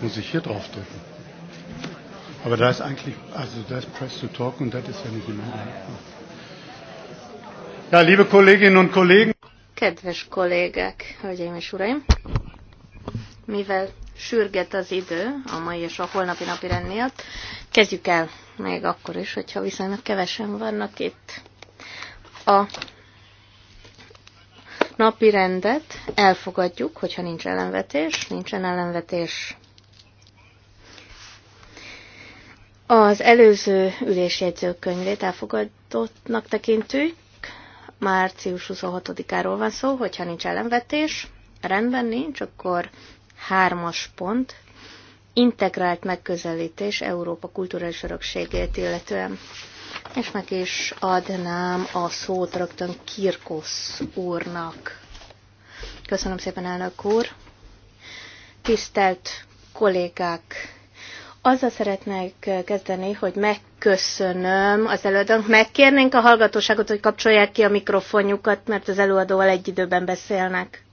Muss ich hier drauf drücken? Aber da ist eigentlich, also da ist Press to Talk und das ist ja nicht immer. Ja, liebe Kolleginnen und Kollegen. Kedves kollégák, hölgyeim és uraim! Mivel sürget az idő a mai és a holnapi napi rend kezdjük el még akkor is, hogyha viszonylag kevesen vannak itt. A napi rendet elfogadjuk, hogyha nincs ellenvetés, nincsen ellenvetés, Az előző ülésjegyzőkönyvét elfogadottnak tekintjük. Március 26-áról van szó, hogyha nincs ellenvetés. Rendben nincs, akkor hármas pont. Integrált megközelítés Európa kulturális örökségét illetően. És meg is adnám a szót rögtön Kirkosz úrnak. Köszönöm szépen, elnök úr! Tisztelt kollégák! Azzal szeretnék kezdeni, hogy megköszönöm az előadónk. Megkérnénk a hallgatóságot, hogy kapcsolják ki a mikrofonjukat, mert az előadóval egy időben beszélnek.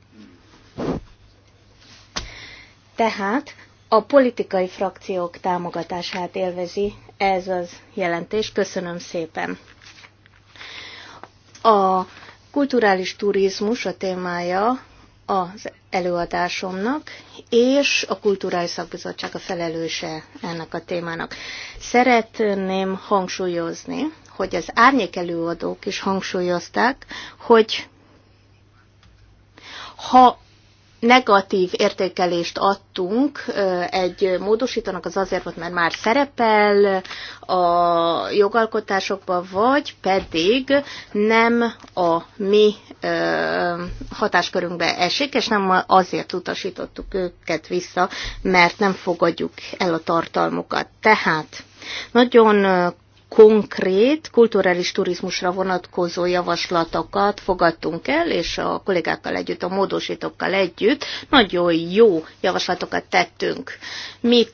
Tehát a politikai frakciók támogatását élvezi ez az jelentés. Köszönöm szépen. A kulturális turizmus a témája az előadásomnak, és a Kulturális Szakbizottság a felelőse ennek a témának. Szeretném hangsúlyozni, hogy az árnyék előadók is hangsúlyozták, hogy ha negatív értékelést adtunk egy módosítónak, az azért volt, mert már szerepel a jogalkotásokban, vagy pedig nem a mi hatáskörünkbe esik, és nem azért utasítottuk őket vissza, mert nem fogadjuk el a tartalmukat. Tehát nagyon konkrét kulturális turizmusra vonatkozó javaslatokat fogadtunk el, és a kollégákkal együtt, a módosítókkal együtt nagyon jó javaslatokat tettünk. Mit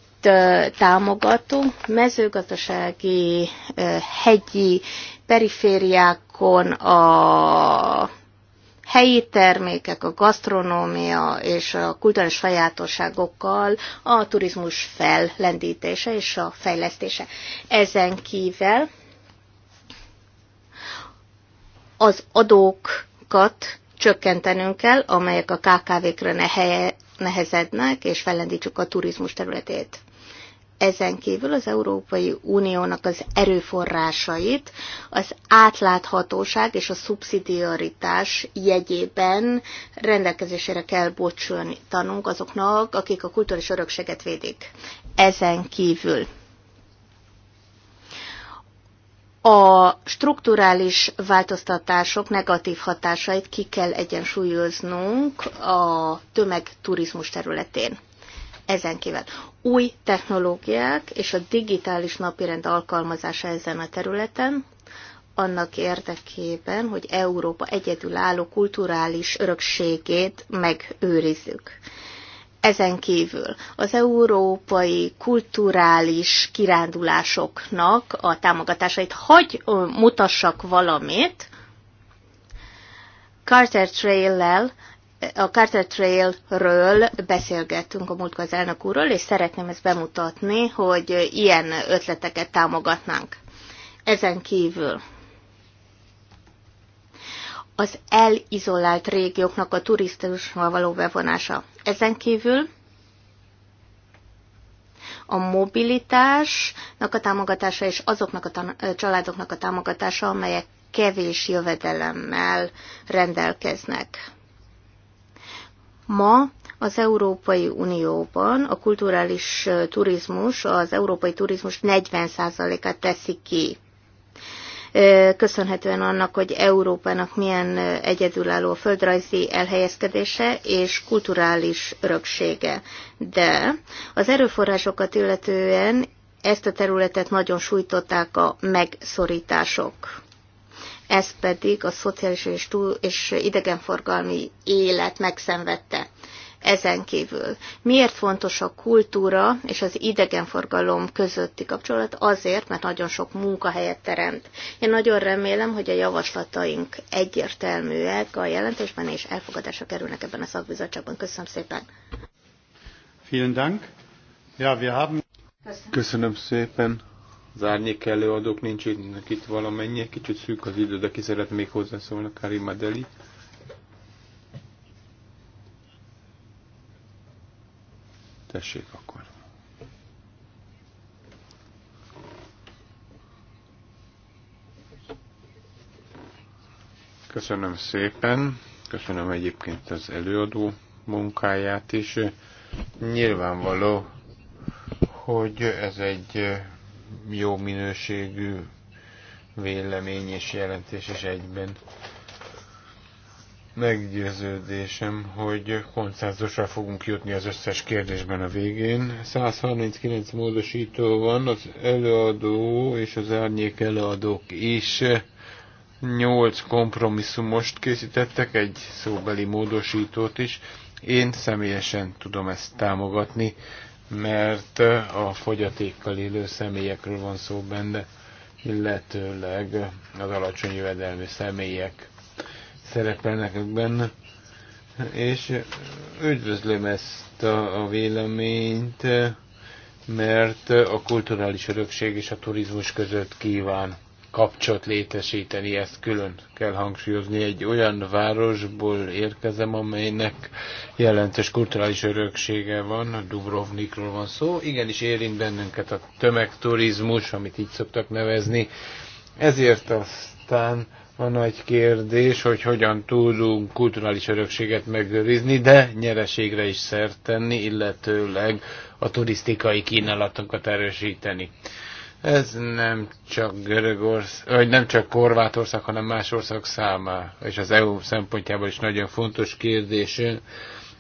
támogatunk? Mezőgazdasági, hegyi perifériákon a helyi termékek, a gasztronómia és a kulturális sajátosságokkal a turizmus fellendítése és a fejlesztése. Ezen kívül az adókat csökkentenünk kell, amelyek a kkv kre nehezednek, és fellendítsük a turizmus területét ezen kívül az Európai Uniónak az erőforrásait az átláthatóság és a szubszidiaritás jegyében rendelkezésére kell bocsátanunk azoknak, akik a kulturális örökséget védik. Ezen kívül a strukturális változtatások negatív hatásait ki kell egyensúlyoznunk a tömegturizmus területén ezen kívül új technológiák és a digitális napirend alkalmazása ezen a területen, annak érdekében, hogy Európa egyedülálló kulturális örökségét megőrizzük. Ezen kívül az európai kulturális kirándulásoknak a támogatásait hagy mutassak valamit. Carter Trail-lel a Carter Trail-ről beszélgettünk a múltkor az elnök úrról, és szeretném ezt bemutatni, hogy ilyen ötleteket támogatnánk. Ezen kívül az elizolált régióknak a turisztusra való bevonása. Ezen kívül a mobilitásnak a támogatása és azoknak a családoknak a támogatása, amelyek kevés jövedelemmel rendelkeznek. Ma az Európai Unióban a kulturális turizmus, az európai turizmus 40%-át teszi ki. Köszönhetően annak, hogy Európának milyen egyedülálló a földrajzi elhelyezkedése és kulturális öröksége. De az erőforrásokat illetően ezt a területet nagyon sújtották a megszorítások ez pedig a szociális és, túl, és idegenforgalmi élet megszenvedte. Ezen kívül miért fontos a kultúra és az idegenforgalom közötti kapcsolat? Azért, mert nagyon sok munkahelyet teremt. Én nagyon remélem, hogy a javaslataink egyértelműek a jelentésben és elfogadásra kerülnek ebben a szakbizottságban. Köszönöm szépen! Vielen Dank. Ja, wir haben... Köszönöm. Köszönöm szépen. Az árnyék előadók nincs itt valamennyi, kicsit szűk az idő, de ki szeret még hozzászólni, Karim Adeli. Tessék akkor. Köszönöm szépen, köszönöm egyébként az előadó munkáját is. Nyilvánvaló, hogy ez egy jó minőségű vélemény és jelentés is egyben. Meggyőződésem, hogy konszenzusra fogunk jutni az összes kérdésben a végén. 139 módosító van, az előadó és az árnyék előadók is 8 kompromisszumost készítettek, egy szóbeli módosítót is. Én személyesen tudom ezt támogatni, mert a fogyatékkal élő személyekről van szó benne, illetőleg az alacsony jövedelmi személyek szerepelnek benne. És üdvözlöm ezt a, véleményt, mert a kulturális örökség és a turizmus között kíván kapcsot létesíteni, ezt külön kell hangsúlyozni. Egy olyan városból érkezem, amelynek jelentős kulturális öröksége van, Dubrovnikról van szó. Igenis érint bennünket a tömegturizmus, amit így szoktak nevezni. Ezért aztán a nagy kérdés, hogy hogyan tudunk kulturális örökséget megőrizni, de nyereségre is szert tenni, illetőleg a turisztikai kínálatunkat erősíteni. Ez nem csak Görögország, vagy nem csak Korvátország, hanem más ország száma, és az EU szempontjából is nagyon fontos kérdés.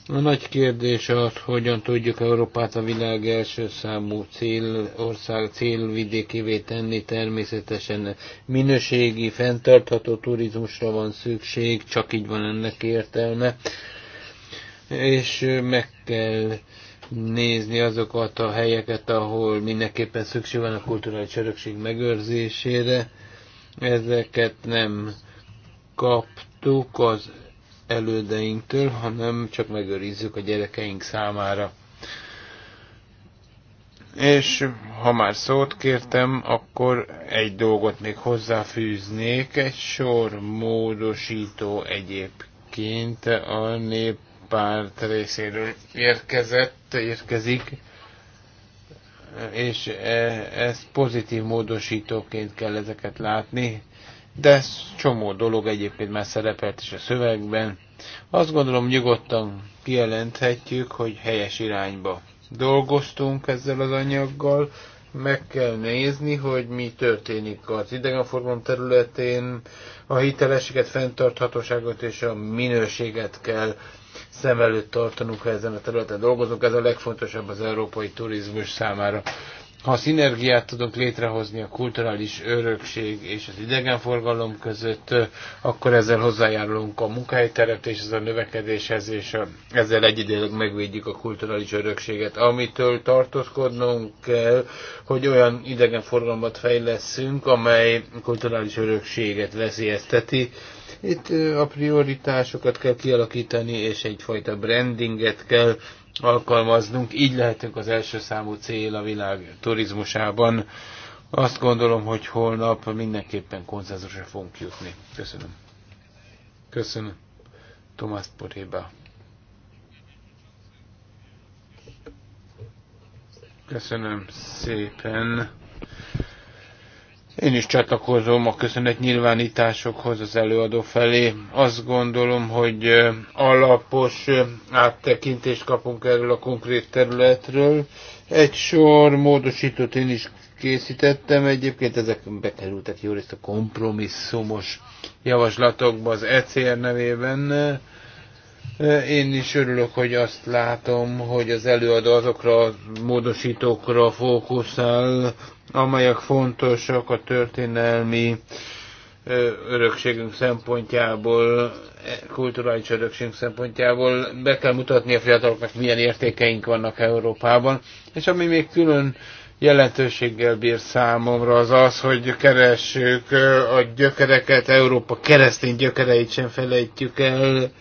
A nagy kérdés az, hogyan tudjuk Európát a világ első számú cél, ország célvidékévé tenni. Természetesen minőségi, fenntartható turizmusra van szükség, csak így van ennek értelme. És meg kell nézni azokat a helyeket, ahol mindenképpen szükség van a kulturális örökség megőrzésére. Ezeket nem kaptuk az elődeinktől, hanem csak megőrizzük a gyerekeink számára. És ha már szót kértem, akkor egy dolgot még hozzáfűznék, egy sor módosító egyébként a nép párt részéről érkezett, érkezik, és e, ez pozitív módosítóként kell ezeket látni, de ez csomó dolog egyébként már szerepelt is a szövegben. Azt gondolom nyugodtan kijelenthetjük, hogy helyes irányba dolgoztunk ezzel az anyaggal, meg kell nézni, hogy mi történik az idegenforgalom területén, a hitelességet, fenntarthatóságot és a minőséget kell szem előtt tartanunk, ha ezen a területen dolgozunk. Ez a legfontosabb az európai turizmus számára. Ha szinergiát tudunk létrehozni a kulturális örökség és az idegenforgalom között, akkor ezzel hozzájárulunk a munkahelyteremtéshez, a növekedéshez, és ezzel egyidejűleg megvédjük a kulturális örökséget, amitől tartózkodnunk kell, hogy olyan idegenforgalmat fejleszünk, amely kulturális örökséget veszélyezteti, itt a prioritásokat kell kialakítani, és egyfajta brandinget kell alkalmaznunk. Így lehetünk az első számú cél a világ turizmusában. Azt gondolom, hogy holnap mindenképpen konzenzusra fogunk jutni. Köszönöm. Köszönöm. Tomás Poréba. Köszönöm szépen. Én is csatlakozom a köszönet nyilvánításokhoz az előadó felé. Azt gondolom, hogy alapos áttekintést kapunk erről a konkrét területről. Egy sor módosítót én is készítettem, egyébként ezek bekerültek jó részt a kompromisszumos javaslatokba az ECR nevében. Én is örülök, hogy azt látom, hogy az előadó azokra a módosítókra fókuszál, amelyek fontosak a történelmi örökségünk szempontjából, e, kulturális örökségünk szempontjából. Be kell mutatni a fiataloknak, milyen értékeink vannak Európában. És ami még külön jelentőséggel bír számomra az az, hogy keressük a gyökereket, Európa keresztény gyökereit sem felejtjük el,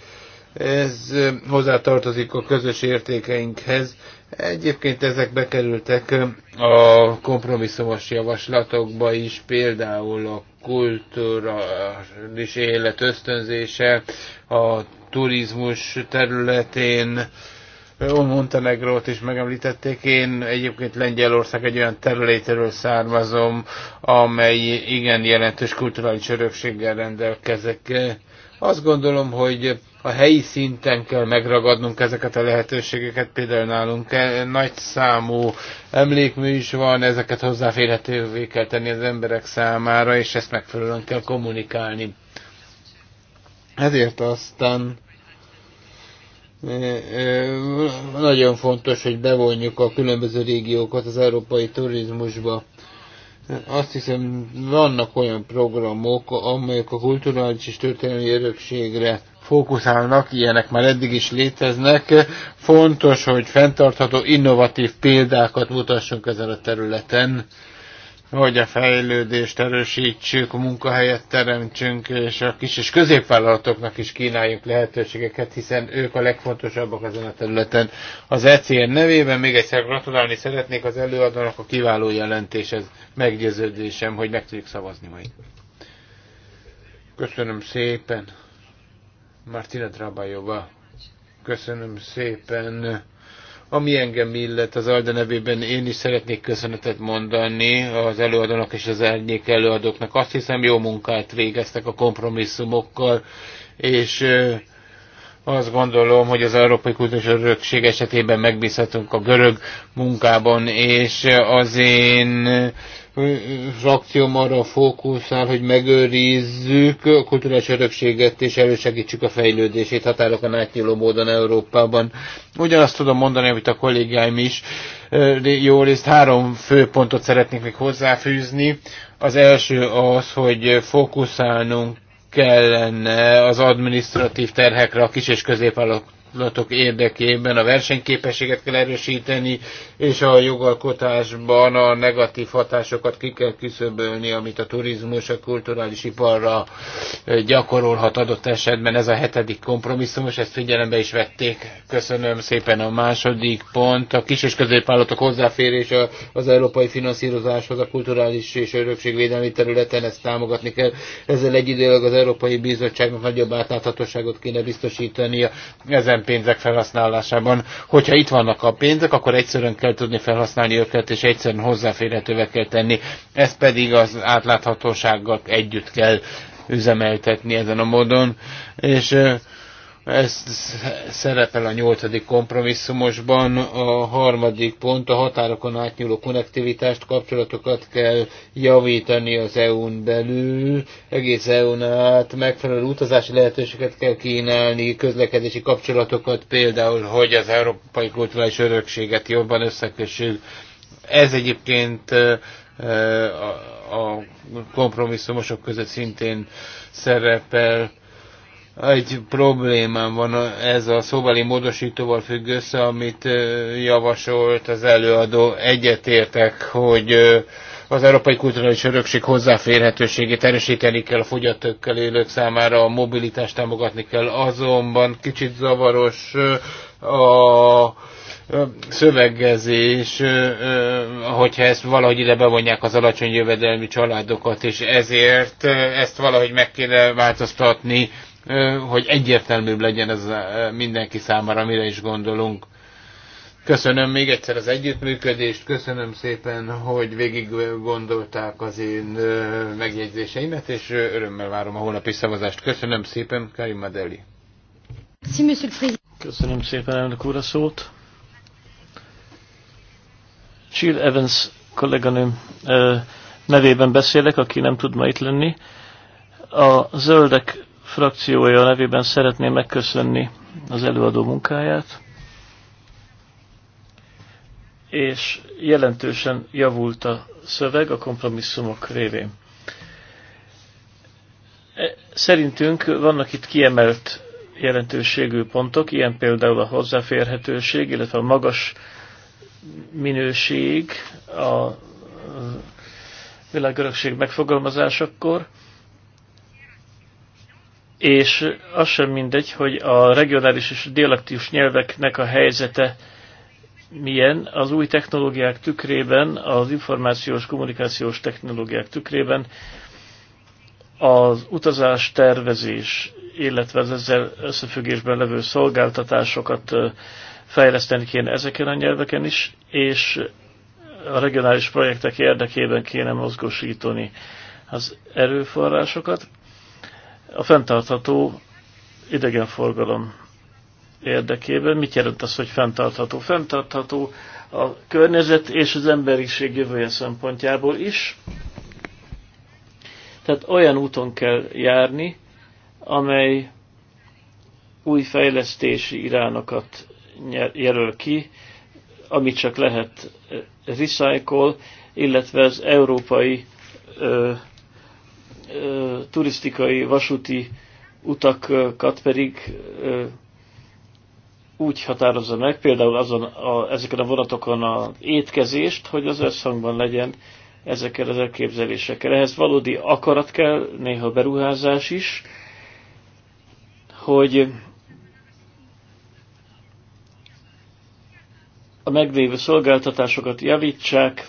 ez hozzátartozik a közös értékeinkhez. Egyébként ezek bekerültek a kompromisszumos javaslatokba is, például a kulturális élet ösztönzése, a turizmus területén, Montenegrót is megemlítették. Én egyébként Lengyelország egy olyan területéről származom, amely igen jelentős kulturális örökséggel rendelkezik. Azt gondolom, hogy a helyi szinten kell megragadnunk ezeket a lehetőségeket, például nálunk e, nagy számú emlékmű is van, ezeket hozzáférhetővé kell tenni az emberek számára, és ezt megfelelően kell kommunikálni. Ezért aztán e, e, nagyon fontos, hogy bevonjuk a különböző régiókat az európai turizmusba. Azt hiszem, vannak olyan programok, amelyek a kulturális és történelmi örökségre fókuszálnak, ilyenek már eddig is léteznek. Fontos, hogy fenntartható, innovatív példákat mutassunk ezen a területen, hogy a fejlődést erősítsük, a munkahelyet teremtsünk, és a kis és középvállalatoknak is kínáljunk lehetőségeket, hiszen ők a legfontosabbak ezen a területen. Az ECN nevében még egyszer gratulálni szeretnék az előadónak a kiváló jelentéshez, meggyőződésem, hogy meg tudjuk szavazni majd. Köszönöm szépen! Martina Trabajova. Köszönöm szépen. Ami engem illet az Alda nevében, én is szeretnék köszönetet mondani az előadónak és az árnyék előadóknak. Azt hiszem, jó munkát végeztek a kompromisszumokkal, és azt gondolom, hogy az Európai Kultúrás Örökség esetében megbízhatunk a görög munkában, és az én frakcióm arra fókuszál, hogy megőrizzük a kulturális örökséget és elősegítsük a fejlődését határokon átnyúló módon Európában. Ugyanazt tudom mondani, amit a kollégáim is. Jó részt három fő pontot szeretnék még hozzáfűzni. Az első az, hogy fókuszálnunk kellene az administratív terhekre a kis és középállók feladatok érdekében a versenyképességet kell erősíteni, és a jogalkotásban a negatív hatásokat ki kell küszöbölni, amit a turizmus a kulturális iparra gyakorolhat adott esetben. Ez a hetedik és ezt figyelembe is vették. Köszönöm szépen a második pont. A kis és középvállalatok hozzáférése az európai finanszírozáshoz a kulturális és örökségvédelmi területen ezt támogatni kell. Ezzel egyidőleg az Európai Bizottságnak nagyobb átláthatóságot kéne biztosítania ezen pénzek felhasználásában. Hogyha itt vannak a pénzek, akkor egyszerűen kell tudni felhasználni őket, és egyszerűen hozzáférhetővé kell tenni. Ez pedig az átláthatósággal együtt kell üzemeltetni ezen a módon. És ez szerepel a nyolcadik kompromisszumosban. A harmadik pont a határokon átnyúló konnektivitást, kapcsolatokat kell javítani az EU-n belül, egész EU-n át megfelelő utazási lehetőséget kell kínálni, közlekedési kapcsolatokat például, hogy az európai kulturális örökséget jobban összekössük. Ez egyébként a kompromisszumosok között szintén szerepel egy problémám van, ez a szóbeli módosítóval függ össze, amit javasolt az előadó. Egyetértek, hogy az Európai Kulturális Örökség hozzáférhetőségét erősíteni kell a fogyatökkel élők számára, a mobilitást támogatni kell, azonban kicsit zavaros a szövegezés, hogyha ezt valahogy ide bevonják az alacsony jövedelmi családokat, és ezért ezt valahogy meg kéne változtatni, hogy egyértelműbb legyen ez mindenki számára, mire is gondolunk. Köszönöm még egyszer az együttműködést, köszönöm szépen, hogy végig gondolták az én megjegyzéseimet, és örömmel várom a holnapi szavazást. Köszönöm szépen, Karim Madeli. Köszönöm szépen, elnök úr, a szót. Jill Evans kolléganőm nevében beszélek, aki nem tud ma itt lenni. A zöldek frakciója nevében szeretném megköszönni az előadó munkáját, és jelentősen javult a szöveg a kompromisszumok révén. E, szerintünk vannak itt kiemelt jelentőségű pontok, ilyen például a hozzáférhetőség, illetve a magas minőség a világörökség megfogalmazásakor, és az sem mindegy, hogy a regionális és dialektikus nyelveknek a helyzete milyen. Az új technológiák tükrében, az információs, kommunikációs technológiák tükrében az utazás tervezés, illetve az ezzel összefüggésben levő szolgáltatásokat fejleszteni kéne ezeken a nyelveken is, és a regionális projektek érdekében kéne mozgosítani az erőforrásokat a fenntartható idegenforgalom érdekében. Mit jelent az, hogy fenntartható? Fenntartható a környezet és az emberiség jövője szempontjából is. Tehát olyan úton kell járni, amely új fejlesztési irányokat jelöl ki, amit csak lehet recycle, illetve az európai ö, turisztikai vasúti utakat pedig úgy határozza meg, például azon a, ezeken a vonatokon a étkezést, hogy az összhangban legyen ezekkel az elképzelésekkel. Ehhez valódi akarat kell, néha beruházás is, hogy a meglévő szolgáltatásokat javítsák,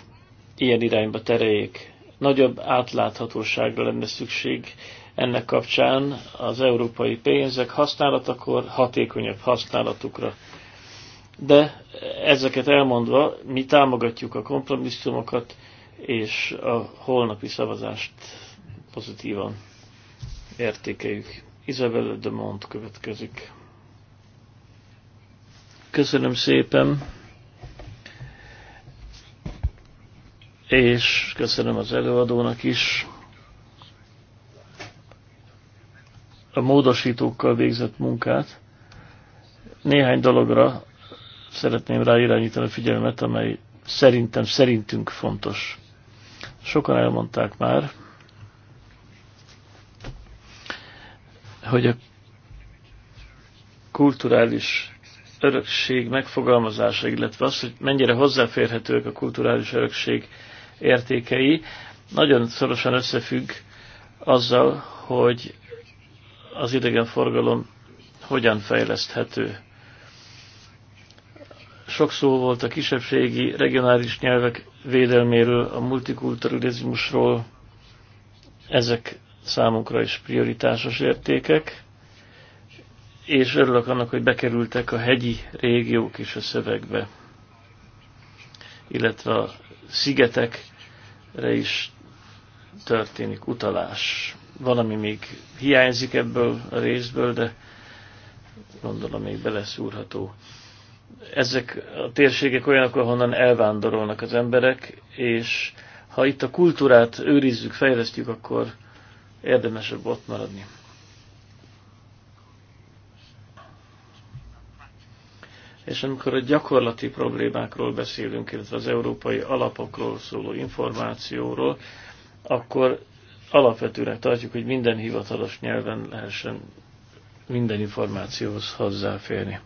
ilyen irányba tereljék Nagyobb átláthatóságra lenne szükség ennek kapcsán az európai pénzek használatakor, hatékonyabb használatukra. De ezeket elmondva, mi támogatjuk a kompromisszumokat, és a holnapi szavazást pozitívan értékeljük. Isabel de Mont következik. Köszönöm szépen! és köszönöm az előadónak is a módosítókkal végzett munkát. Néhány dologra szeretném rá irányítani a figyelmet, amely szerintem, szerintünk fontos. Sokan elmondták már, hogy a kulturális örökség megfogalmazása, illetve az, hogy mennyire hozzáférhetőek a kulturális örökség értékei nagyon szorosan összefügg azzal, hogy az idegenforgalom hogyan fejleszthető. Sok szó volt a kisebbségi, regionális nyelvek védelméről, a multikulturalizmusról, ezek számunkra is prioritásos értékek, és örülök annak, hogy bekerültek a hegyi régiók is a szövegbe, illetve a szigetekre is történik utalás. Valami még hiányzik ebből a részből, de gondolom még beleszúrható. Ezek a térségek olyanok, ahonnan elvándorolnak az emberek, és ha itt a kultúrát őrizzük, fejlesztjük, akkor érdemesebb ott maradni. és amikor a gyakorlati problémákról beszélünk, illetve az európai alapokról szóló információról, akkor alapvetőnek tartjuk, hogy minden hivatalos nyelven lehessen minden információhoz hozzáférni.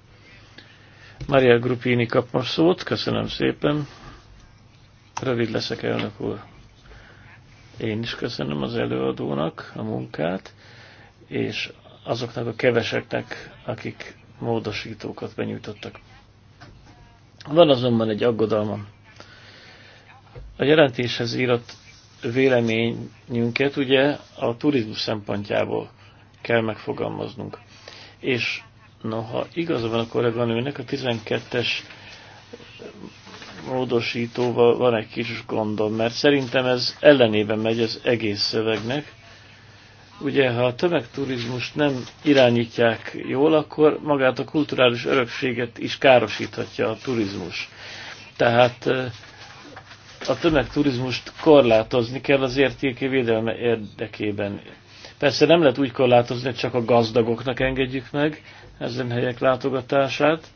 Maria Grupini kap most szót, köszönöm szépen. Rövid leszek, elnök úr. Én is köszönöm az előadónak a munkát, és azoknak a keveseknek, akik módosítókat benyújtottak. Van azonban egy aggodalmam. A jelentéshez írott véleményünket ugye a turizmus szempontjából kell megfogalmaznunk. És noha igaza van a kolléganőnek, a 12-es módosítóval van egy kis gondom, mert szerintem ez ellenében megy az egész szövegnek, ugye ha a tömegturizmust nem irányítják jól, akkor magát a kulturális örökséget is károsíthatja a turizmus. Tehát a tömegturizmust korlátozni kell az értéki védelme érdekében. Persze nem lehet úgy korlátozni, hogy csak a gazdagoknak engedjük meg ezen helyek látogatását,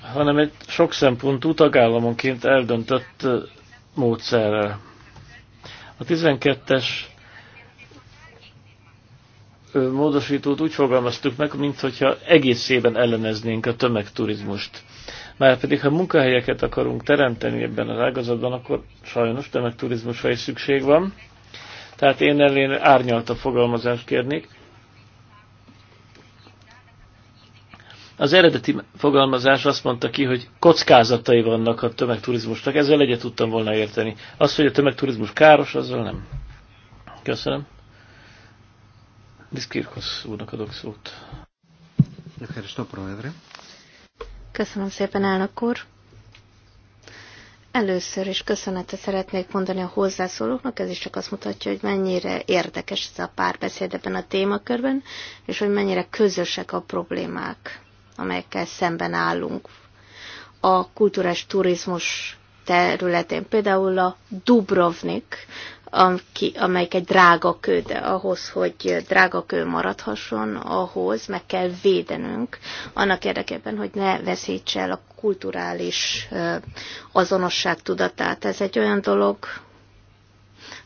hanem egy sok szempontú tagállamonként eldöntött módszerrel. A 12-es módosítót úgy fogalmaztuk meg, mintha egészében elleneznénk a tömegturizmust. Márpedig, ha munkahelyeket akarunk teremteni ebben az ágazatban, akkor sajnos tömegturizmusra is szükség van. Tehát én árnyalt árnyalta fogalmazást kérnék. Az eredeti fogalmazás azt mondta ki, hogy kockázatai vannak a tömegturizmusnak. Ezzel egyet tudtam volna érteni. Az, hogy a tömegturizmus káros, azzal nem. Köszönöm. Biszkirkosz úrnak adok szót. Köszönöm szépen, elnök úr. Először is köszönetet szeretnék mondani a hozzászólóknak, ez is csak azt mutatja, hogy mennyire érdekes ez a párbeszéd ebben a témakörben, és hogy mennyire közösek a problémák, amelyekkel szemben állunk. A kulturális turizmus területén például a Dubrovnik, amelyik egy drága kő, de ahhoz, hogy drága kő maradhasson, ahhoz meg kell védenünk, annak érdekében, hogy ne veszítse el a kulturális azonosság tudatát. Ez egy olyan dolog,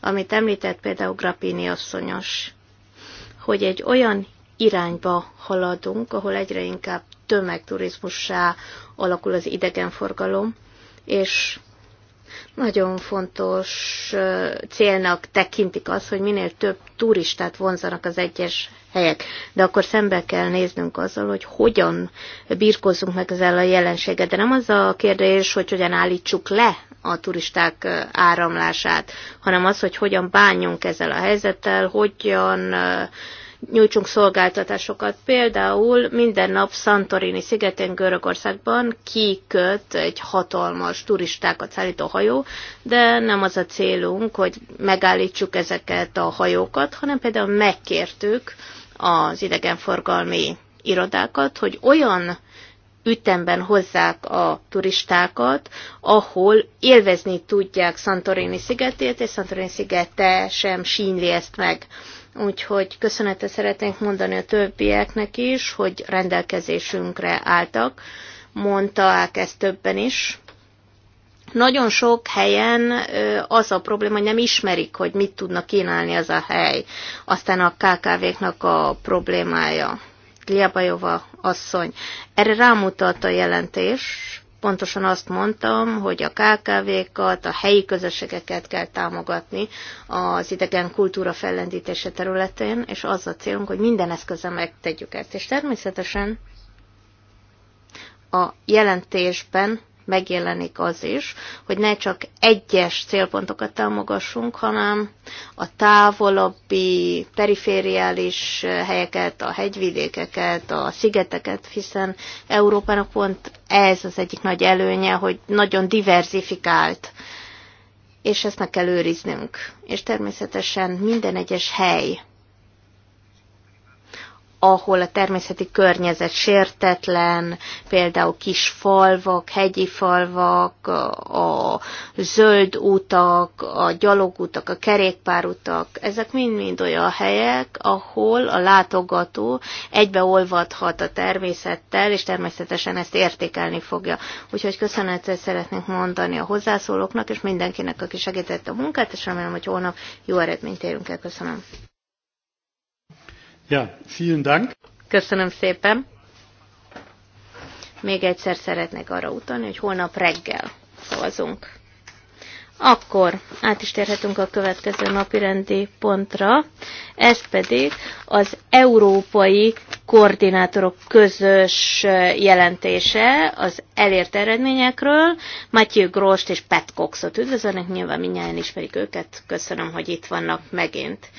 amit említett például Grappini asszonyos, hogy egy olyan irányba haladunk, ahol egyre inkább tömegturizmussá alakul az idegenforgalom, és nagyon fontos célnak tekintik az, hogy minél több turistát vonzanak az egyes helyek. De akkor szembe kell néznünk azzal, hogy hogyan birkozzunk meg ezzel a jelenséget. De nem az a kérdés, hogy hogyan állítsuk le a turisták áramlását, hanem az, hogy hogyan bánjunk ezzel a helyzettel, hogyan nyújtsunk szolgáltatásokat. Például minden nap Santorini szigetén Görögországban kiköt egy hatalmas turistákat szállító hajó, de nem az a célunk, hogy megállítsuk ezeket a hajókat, hanem például megkértük az idegenforgalmi irodákat, hogy olyan ütemben hozzák a turistákat, ahol élvezni tudják Santorini szigetét, és Santorini szigete sem sínli ezt meg úgyhogy köszönetet szeretnénk mondani a többieknek is, hogy rendelkezésünkre álltak, mondták ezt többen is. Nagyon sok helyen az a probléma, hogy nem ismerik, hogy mit tudnak kínálni az a hely. Aztán a KKV-knak a problémája. Liabajova asszony. Erre rámutat a jelentés, pontosan azt mondtam, hogy a KKV-kat, a helyi közösségeket kell támogatni az idegen kultúra fellendítése területén, és az a célunk, hogy minden eszközzel megtegyük ezt. És természetesen a jelentésben megjelenik az is, hogy ne csak egyes célpontokat támogassunk, hanem a távolabbi, perifériális helyeket, a hegyvidékeket, a szigeteket, hiszen Európának pont ez az egyik nagy előnye, hogy nagyon diverzifikált és ezt meg kell őriznünk. És természetesen minden egyes hely ahol a természeti környezet sértetlen, például kis falvak, hegyi falvak, a zöld utak, a gyalogutak, a kerékpárutak, ezek mind-mind olyan helyek, ahol a látogató egybeolvadhat a természettel, és természetesen ezt értékelni fogja. Úgyhogy köszönetet szeretnénk mondani a hozzászólóknak, és mindenkinek, aki segített a munkát, és remélem, hogy holnap jó eredményt érünk el. Köszönöm. Ja, vielen Dank. Köszönöm szépen. Még egyszer szeretnék arra utalni, hogy holnap reggel szavazunk. Akkor át is térhetünk a következő napi rendi pontra, ez pedig az európai koordinátorok közös jelentése az elért eredményekről. Matthew Grost és Pat Coxot üdvözölnek, nyilván mindjárt ismerik őket, köszönöm, hogy itt vannak megint.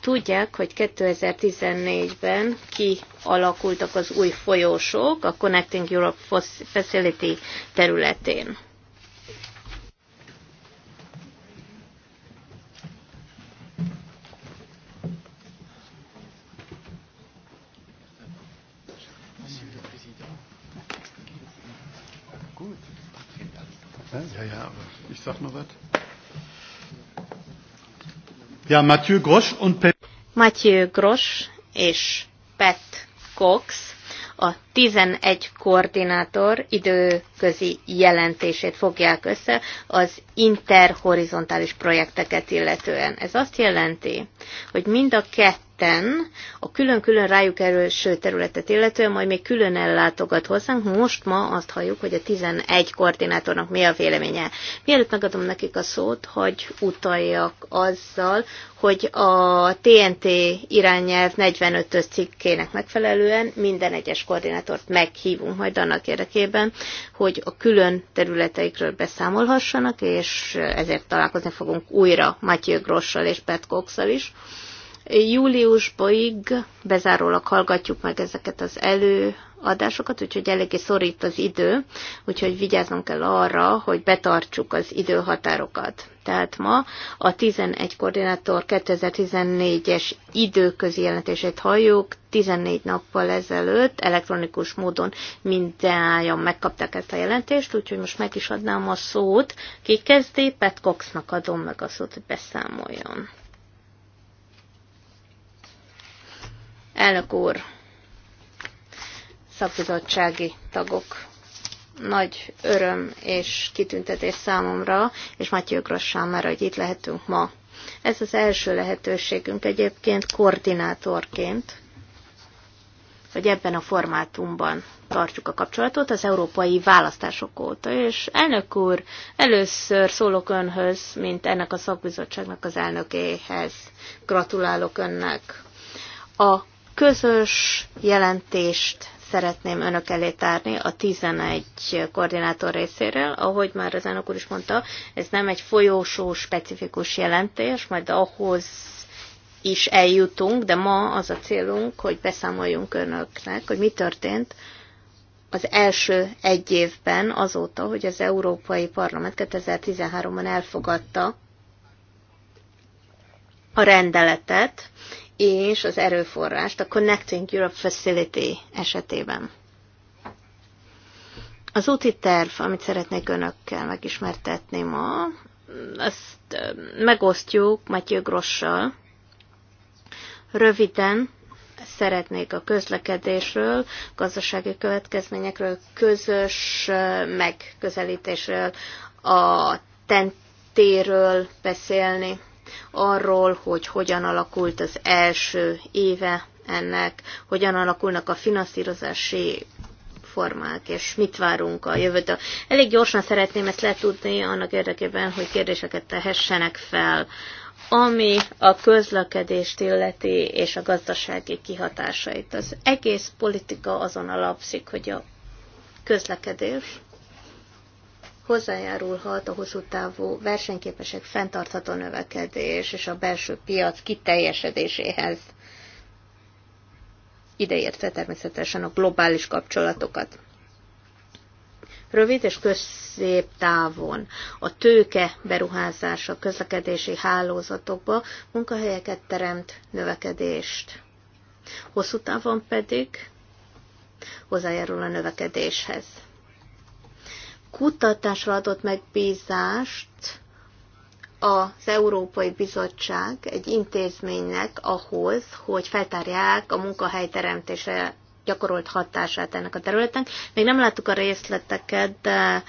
Tudják, hogy 2014-ben kialakultak az új folyósok a Connecting Europe Facility területén. Ja, ja, aber ich sag mal was. Ja, Mathieu Grosch und Pet... Mathieu Grosch és Pet Cox a 11 koordinátor időközi jelentését fogják össze az interhorizontális projekteket illetően. Ez azt jelenti, hogy mind a kettő területen, a külön-külön rájuk erőső területet illetően, majd még külön ellátogat hozzánk. Most ma azt halljuk, hogy a 11 koordinátornak mi a véleménye. Mielőtt megadom nekik a szót, hogy utaljak azzal, hogy a TNT irányelv 45-ös cikkének megfelelően minden egyes koordinátort meghívunk majd annak érdekében, hogy a külön területeikről beszámolhassanak, és ezért találkozni fogunk újra Matthew Grossal és Pat Cox-szal is. Júliusboig bezárólag hallgatjuk meg ezeket az előadásokat, úgyhogy eléggé szorít az idő, úgyhogy vigyáznunk kell arra, hogy betartsuk az időhatárokat. Tehát ma a 11 koordinátor 2014-es időközi jelentését halljuk, 14 nappal ezelőtt elektronikus módon mindjárt megkapták ezt a jelentést, úgyhogy most meg is adnám a szót. Ki kezdi? Petcoxnak adom meg a szót, hogy beszámoljon. Elnök úr, szakbizottsági tagok, nagy öröm és kitüntetés számomra, és Matyő Gross számára, hogy itt lehetünk ma. Ez az első lehetőségünk egyébként koordinátorként, hogy ebben a formátumban tartjuk a kapcsolatot az európai választások óta. És elnök úr, először szólok önhöz, mint ennek a szakbizottságnak az elnökéhez. Gratulálok önnek. A közös jelentést szeretném önök elé tárni a 11 koordinátor részéről. Ahogy már az elnök úr is mondta, ez nem egy folyósó specifikus jelentés, majd ahhoz is eljutunk, de ma az a célunk, hogy beszámoljunk önöknek, hogy mi történt az első egy évben azóta, hogy az Európai Parlament 2013-ban elfogadta a rendeletet, és az erőforrást a Connecting Europe Facility esetében. Az úti terv, amit szeretnék önökkel megismertetni ma, azt megosztjuk Matyő Grossal. Röviden szeretnék a közlekedésről, gazdasági következményekről, közös megközelítésről, a tentéről beszélni arról, hogy hogyan alakult az első éve ennek, hogyan alakulnak a finanszírozási formák, és mit várunk a jövőtől. Elég gyorsan szeretném ezt letudni annak érdekében, hogy kérdéseket tehessenek fel, ami a közlekedést illeti és a gazdasági kihatásait. Az egész politika azon alapszik, hogy a közlekedés hozzájárulhat a hosszú távú versenyképesek fenntartható növekedés és a belső piac kiteljesedéséhez. Ideértve természetesen a globális kapcsolatokat. Rövid és távon a tőke beruházása közlekedési hálózatokba munkahelyeket teremt, növekedést. Hosszú távon pedig hozzájárul a növekedéshez kutatásra adott megbízást az Európai Bizottság egy intézménynek ahhoz, hogy feltárják a munkahely teremtése gyakorolt hatását ennek a területen. Még nem láttuk a részleteket, de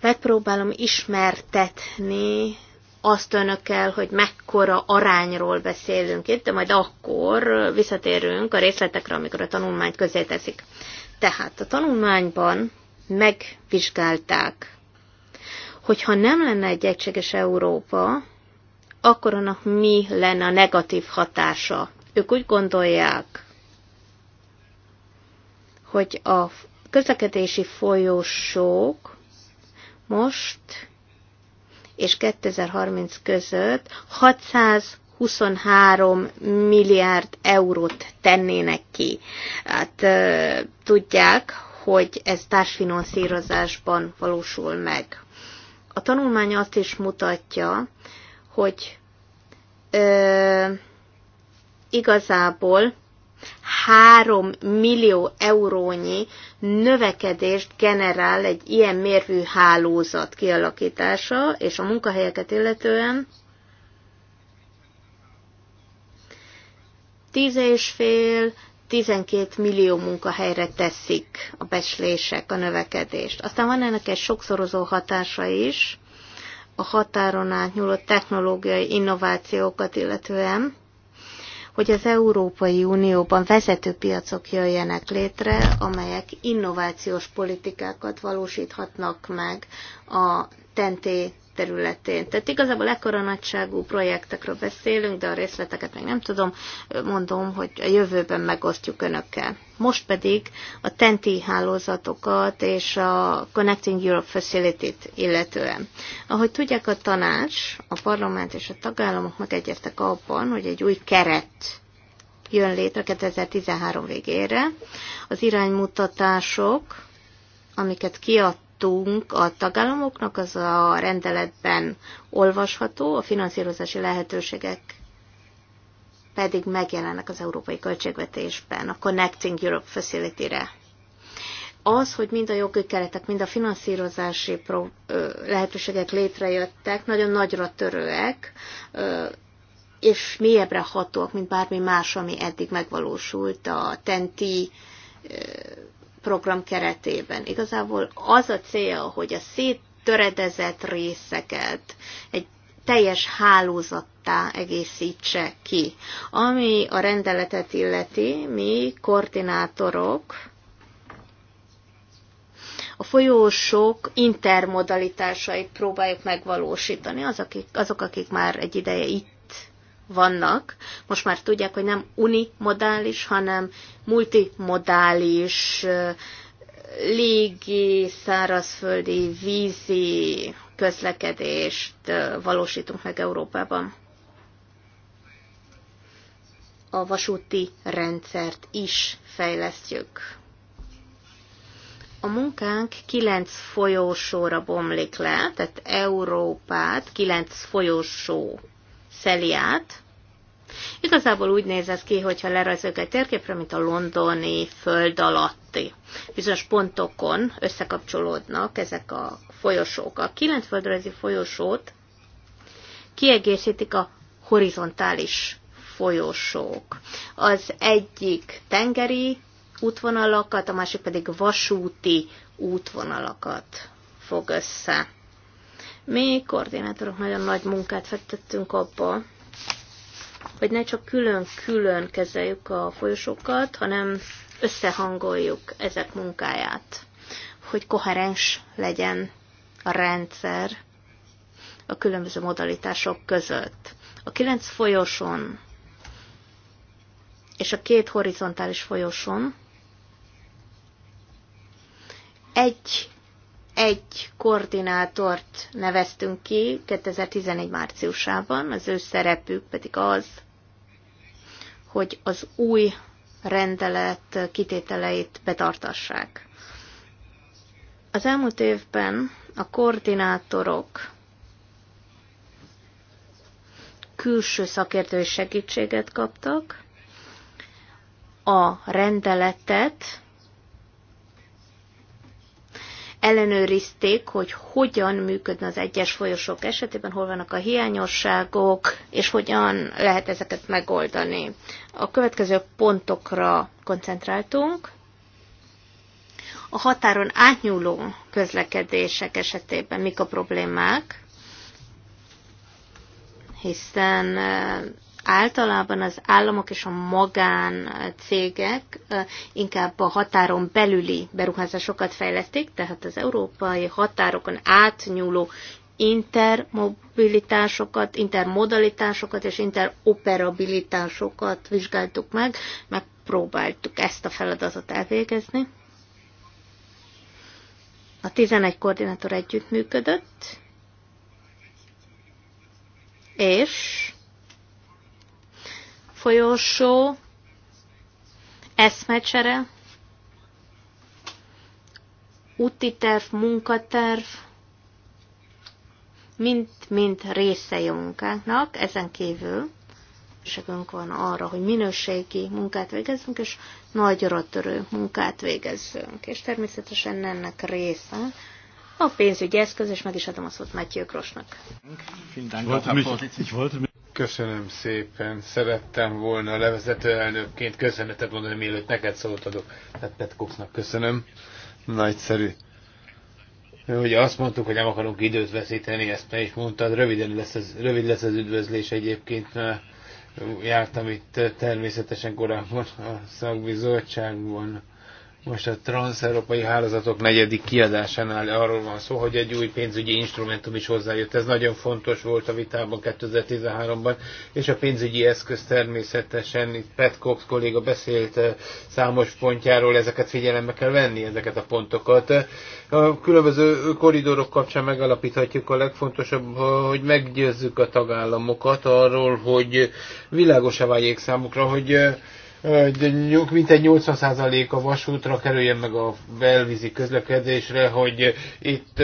megpróbálom ismertetni azt önökkel, hogy mekkora arányról beszélünk itt, de majd akkor visszatérünk a részletekre, amikor a tanulmányt közé teszik. Tehát a tanulmányban megvizsgálták, hogyha nem lenne egy egységes Európa, akkor annak mi lenne a negatív hatása. Ők úgy gondolják, hogy a közlekedési folyósók most és 2030 között 623 milliárd eurót tennének ki. Hát tudják, hogy ez társfinanszírozásban valósul meg. A tanulmány azt is mutatja, hogy ö, igazából 3 millió eurónyi növekedést generál egy ilyen mérvű hálózat kialakítása, és a munkahelyeket illetően 10,5 12 millió munkahelyre teszik a beslések, a növekedést. Aztán van ennek egy sokszorozó hatása is, a határon átnyúló technológiai innovációkat illetően, hogy az Európai Unióban vezető piacok jöjjenek létre, amelyek innovációs politikákat valósíthatnak meg a tenté területén. Tehát igazából ekkora nagyságú projektekről beszélünk, de a részleteket még nem tudom. Mondom, hogy a jövőben megosztjuk önökkel. Most pedig a TENTI hálózatokat és a Connecting Europe Facility-t illetően. Ahogy tudják, a tanács, a parlament és a tagállamok megegyeztek abban, hogy egy új keret jön létre 2013 végére. Az iránymutatások, amiket kiadtak, adtunk a tagállamoknak, az a rendeletben olvasható, a finanszírozási lehetőségek pedig megjelennek az európai költségvetésben, a Connecting Europe Facility-re. Az, hogy mind a jogi keretek, mind a finanszírozási pro, ö, lehetőségek létrejöttek, nagyon nagyra törőek, ö, és mélyebbre hatóak, mint bármi más, ami eddig megvalósult a TENTI program keretében. Igazából az a cél, hogy a széttöredezett részeket egy teljes hálózattá egészítse ki. Ami a rendeletet illeti, mi koordinátorok a folyósok intermodalitásait próbáljuk megvalósítani. Azok, akik, azok, akik már egy ideje itt vannak. Most már tudják, hogy nem unimodális, hanem multimodális, légi, szárazföldi, vízi közlekedést valósítunk meg Európában. A vasúti rendszert is fejlesztjük. A munkánk kilenc folyósóra bomlik le, tehát Európát kilenc folyósó Celiát. Igazából úgy néz ez ki, hogyha lerajzoljuk egy térképre, mint a londoni föld alatti. Bizonyos pontokon összekapcsolódnak ezek a folyosók. A kilenc földrajzi folyosót kiegészítik a horizontális folyosók. Az egyik tengeri útvonalakat, a másik pedig vasúti útvonalakat fog össze. Mi koordinátorok nagyon nagy munkát fektettünk abba, hogy ne csak külön-külön kezeljük a folyosókat, hanem összehangoljuk ezek munkáját, hogy koherens legyen a rendszer a különböző modalitások között. A kilenc folyosón és a két horizontális folyosón egy egy koordinátort neveztünk ki 2011 márciusában, az ő szerepük pedig az, hogy az új rendelet kitételeit betartassák. Az elmúlt évben a koordinátorok külső szakértői segítséget kaptak, a rendeletet ellenőrizték, hogy hogyan működne az egyes folyosók esetében, hol vannak a hiányosságok, és hogyan lehet ezeket megoldani. A következő pontokra koncentráltunk. A határon átnyúló közlekedések esetében mik a problémák, hiszen általában az államok és a magán cégek inkább a határon belüli beruházásokat fejleszték, tehát az európai határokon átnyúló intermobilitásokat, intermodalitásokat és interoperabilitásokat vizsgáltuk meg, megpróbáltuk ezt a feladatot elvégezni. A 11 koordinátor együttműködött, és folyosó, eszmecsere, úti terv, munkaterv, mind-mind részei a munkánknak, ezen kívül segünk van arra, hogy minőségi munkát végezzünk, és nagyra törő munkát végezzünk. És természetesen ennek része a pénzügyi eszköz, és meg is adom a szót Mátyő Krosnak. Köszönöm szépen. Szerettem volna levezető elnökként köszönetet mondani, mielőtt neked szólt adok. Tehát Petkoxnak köszönöm. Nagyszerű. Ugye azt mondtuk, hogy nem akarunk időt veszíteni, ezt te is mondtad, röviden lesz ez, rövid lesz az üdvözlés egyébként, mert jártam itt természetesen korábban a szakbizottságban. Most a transzeurópai hálózatok negyedik kiadásánál arról van szó, hogy egy új pénzügyi instrumentum is hozzájött. Ez nagyon fontos volt a vitában 2013-ban, és a pénzügyi eszköz természetesen, itt Pat Cox kolléga beszélt eh, számos pontjáról, ezeket figyelembe kell venni, ezeket a pontokat. A különböző koridorok kapcsán megalapíthatjuk a legfontosabb, eh, hogy meggyőzzük a tagállamokat arról, hogy világosá váljék számukra, hogy eh, egy 80% a vasútra kerüljön meg a belvízi közlekedésre, hogy itt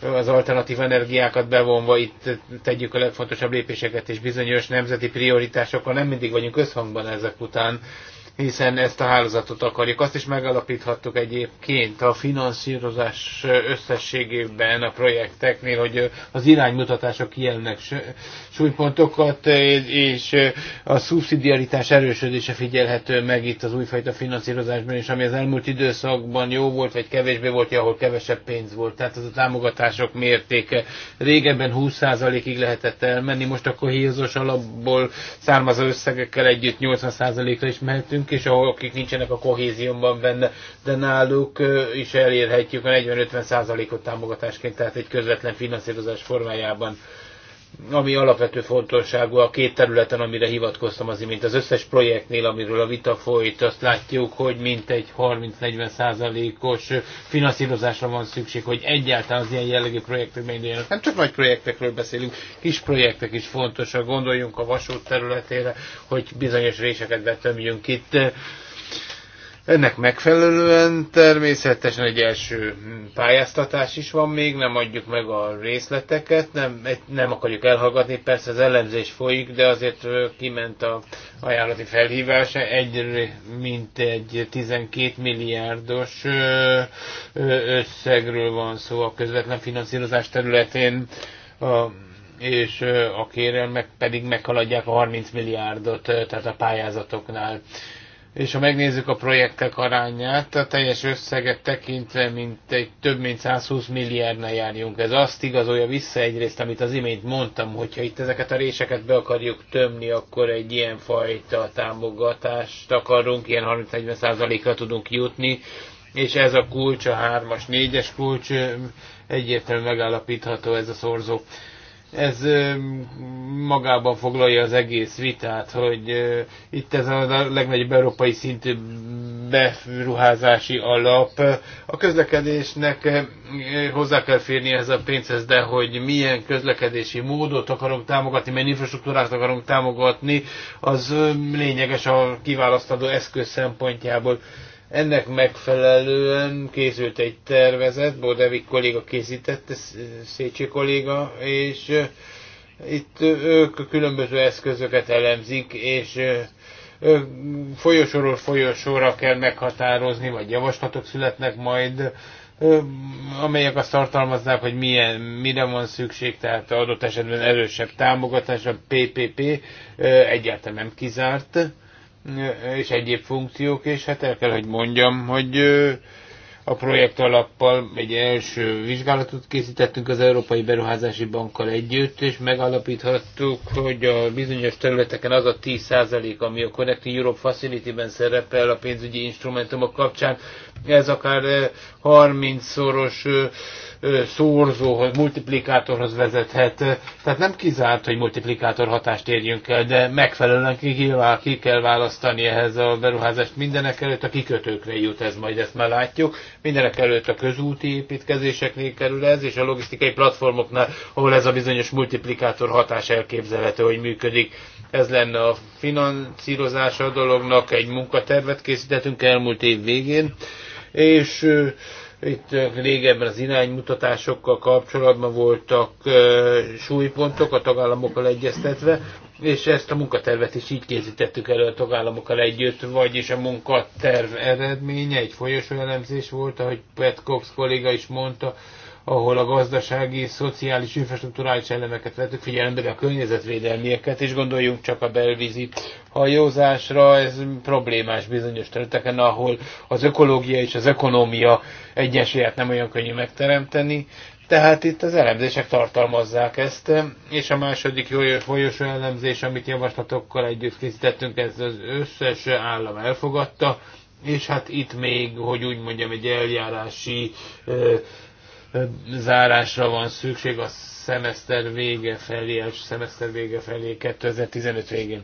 az alternatív energiákat bevonva itt tegyük a legfontosabb lépéseket, és bizonyos nemzeti prioritásokkal nem mindig vagyunk összhangban ezek után hiszen ezt a hálózatot akarjuk. Azt is megalapíthattuk egyébként a finanszírozás összességében a projekteknél, hogy az iránymutatások kijelnek súlypontokat, és a szubszidiaritás erősödése figyelhető meg itt az újfajta finanszírozásban, és ami az elmúlt időszakban jó volt, vagy kevésbé volt, ahol kevesebb pénz volt. Tehát az a támogatások mértéke. Régebben 20%-ig lehetett elmenni, most a kohézós alapból származó összegekkel együtt 80%-ra is mehetünk vagyunk, és ahol akik nincsenek a kohézióban benne, de náluk is elérhetjük a 40-50 százalékot támogatásként, tehát egy közvetlen finanszírozás formájában ami alapvető fontosságú a két területen, amire hivatkoztam az imént. Az összes projektnél, amiről a vita folyt, azt látjuk, hogy mintegy 30-40 százalékos finanszírozásra van szükség, hogy egyáltalán az ilyen jellegű projektek meginduljanak. Nem hát csak nagy projektekről beszélünk, kis projektek is fontosak. Gondoljunk a vasút területére, hogy bizonyos réseket betömjünk itt ennek megfelelően természetesen egy első pályáztatás is van még, nem adjuk meg a részleteket, nem, nem akarjuk elhallgatni, persze az elemzés folyik, de azért kiment a ajánlati felhívás, egy, mint egy 12 milliárdos összegről van szó a közvetlen finanszírozás területén, a, és a kérelmek pedig meghaladják a 30 milliárdot, tehát a pályázatoknál és ha megnézzük a projektek arányát, a teljes összeget tekintve, mint egy több mint 120 milliárdnál járjunk. Ez azt igazolja vissza egyrészt, amit az imént mondtam, hogyha itt ezeket a réseket be akarjuk tömni, akkor egy ilyen fajta támogatást akarunk, ilyen 30-40%-ra tudunk jutni, és ez a kulcs, a 3-as, 4-es kulcs, egyértelműen megállapítható ez a szorzó ez magában foglalja az egész vitát, hogy itt ez a legnagyobb európai szintű beruházási alap. A közlekedésnek hozzá kell férni ez a pénzhez, de hogy milyen közlekedési módot akarunk támogatni, milyen infrastruktúrát akarunk támogatni, az lényeges a kiválasztandó eszköz szempontjából. Ennek megfelelően készült egy tervezet, Bodevik kolléga készítette, Szécsi kolléga, és itt ők különböző eszközöket elemzik, és folyosóról folyosóra kell meghatározni, vagy javaslatok születnek majd, amelyek azt tartalmaznák, hogy milyen, mire van szükség, tehát adott esetben erősebb támogatás, a PPP egyáltalán nem kizárt és egyéb funkciók, és hát el kell, hogy mondjam, hogy a projekt alappal egy első vizsgálatot készítettünk az Európai Beruházási Bankkal együtt, és megalapíthattuk, hogy a bizonyos területeken az a 10% ami a Connecting Europe Facility-ben szerepel a pénzügyi instrumentumok kapcsán, ez akár 30-szoros szorzóhoz, multiplikátorhoz vezethet. Tehát nem kizárt, hogy multiplikátor hatást érjünk el, de megfelelően ki kell választani ehhez a beruházást. Mindenek előtt a kikötőkre jut ez, majd ezt már látjuk. Mindenek előtt a közúti építkezéseknél kerül ez, és a logisztikai platformoknál, ahol ez a bizonyos multiplikátor hatás elképzelhető, hogy működik. Ez lenne a finanszírozása a dolognak, egy munkatervet készítettünk elmúlt év végén, és itt régebben az iránymutatásokkal kapcsolatban voltak súlypontok a tagállamokkal egyeztetve, és ezt a munkatervet is így készítettük elő a tagállamokkal együtt, vagyis a munkaterv eredménye, egy folyosó elemzés volt, ahogy Petkox kolléga is mondta, ahol a gazdasági, szociális, infrastruktúrális elemeket vettük figyelembe, de a környezetvédelmieket, és gondoljunk csak a belvízi hajózásra, ez problémás bizonyos területeken, ahol az ökológia és az ekonómia egyensúlyát nem olyan könnyű megteremteni. Tehát itt az elemzések tartalmazzák ezt, és a második folyosó elemzés, amit javaslatokkal együtt készítettünk, ez az összes állam elfogadta, és hát itt még, hogy úgy mondjam, egy eljárási zárásra van szükség a szemeszter vége felé, a szemeszter vége felé 2015 végén.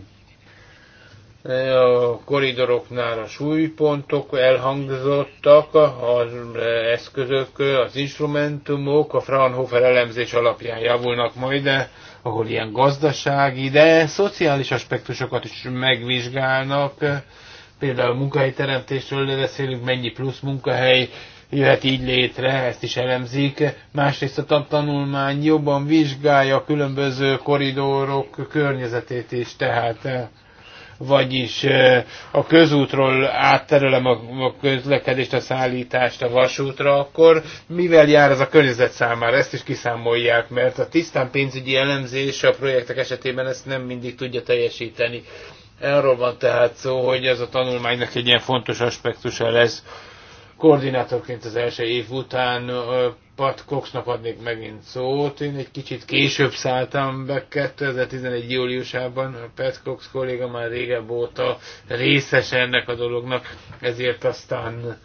A koridoroknál a súlypontok elhangzottak, az eszközök, az instrumentumok, a Fraunhofer elemzés alapján javulnak majd, de ahol ilyen gazdasági, de szociális aspektusokat is megvizsgálnak, például a munkahelyteremtésről beszélünk, mennyi plusz munkahely jöhet így létre, ezt is elemzik. Másrészt a tanulmány jobban vizsgálja a különböző koridorok környezetét is, tehát eh, vagyis eh, a közútról átterelem a közlekedést, a szállítást a vasútra, akkor mivel jár ez a környezet számára? Ezt is kiszámolják, mert a tisztán pénzügyi elemzés a projektek esetében ezt nem mindig tudja teljesíteni. Erről van tehát szó, hogy ez a tanulmánynak egy ilyen fontos aspektusa lesz koordinátorként az első év után Pat Coxnak adnék megint szót. Én egy kicsit később szálltam be 2011. júliusában. Pat Cox kolléga már régebb óta részes ennek a dolognak, ezért aztán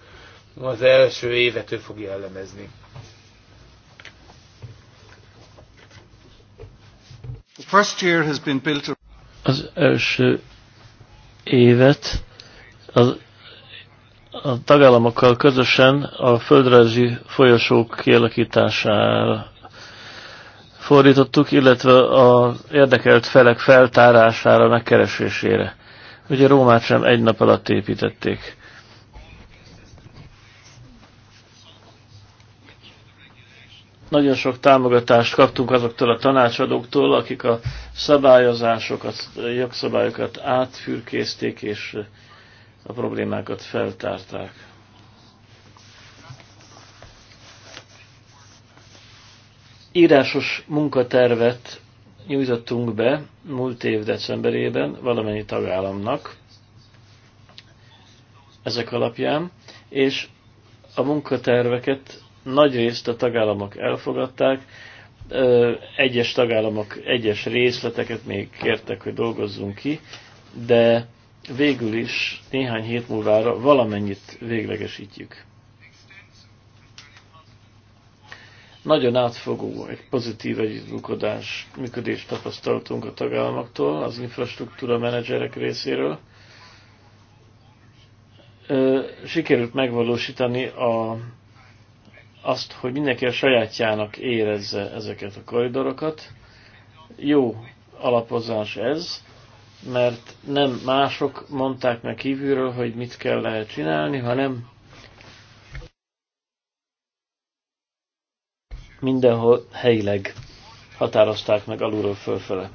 az első évet ő fogja elemezni. Az első évet az a tagállamokkal közösen a földrajzi folyosók kialakítására fordítottuk, illetve az érdekelt felek feltárására, megkeresésére. Ugye Rómát sem egy nap alatt építették. Nagyon sok támogatást kaptunk azoktól a tanácsadóktól, akik a szabályozásokat, jogszabályokat átfürkészték és a problémákat feltárták. Írásos munkatervet nyújtottunk be múlt év decemberében valamennyi tagállamnak ezek alapján, és a munkaterveket nagy részt a tagállamok elfogadták, egyes tagállamok egyes részleteket még kértek, hogy dolgozzunk ki, de végül is néhány hét múlvára valamennyit véglegesítjük. Nagyon átfogó, egy pozitív együttműködés működést tapasztaltunk a tagállamoktól, az infrastruktúra menedzserek részéről. Sikerült megvalósítani a, azt, hogy mindenki a sajátjának érezze ezeket a koridorokat. Jó alapozás ez mert nem mások mondták meg kívülről, hogy mit kell lehet csinálni, hanem mindenhol helyileg határozták meg alulról fölfele.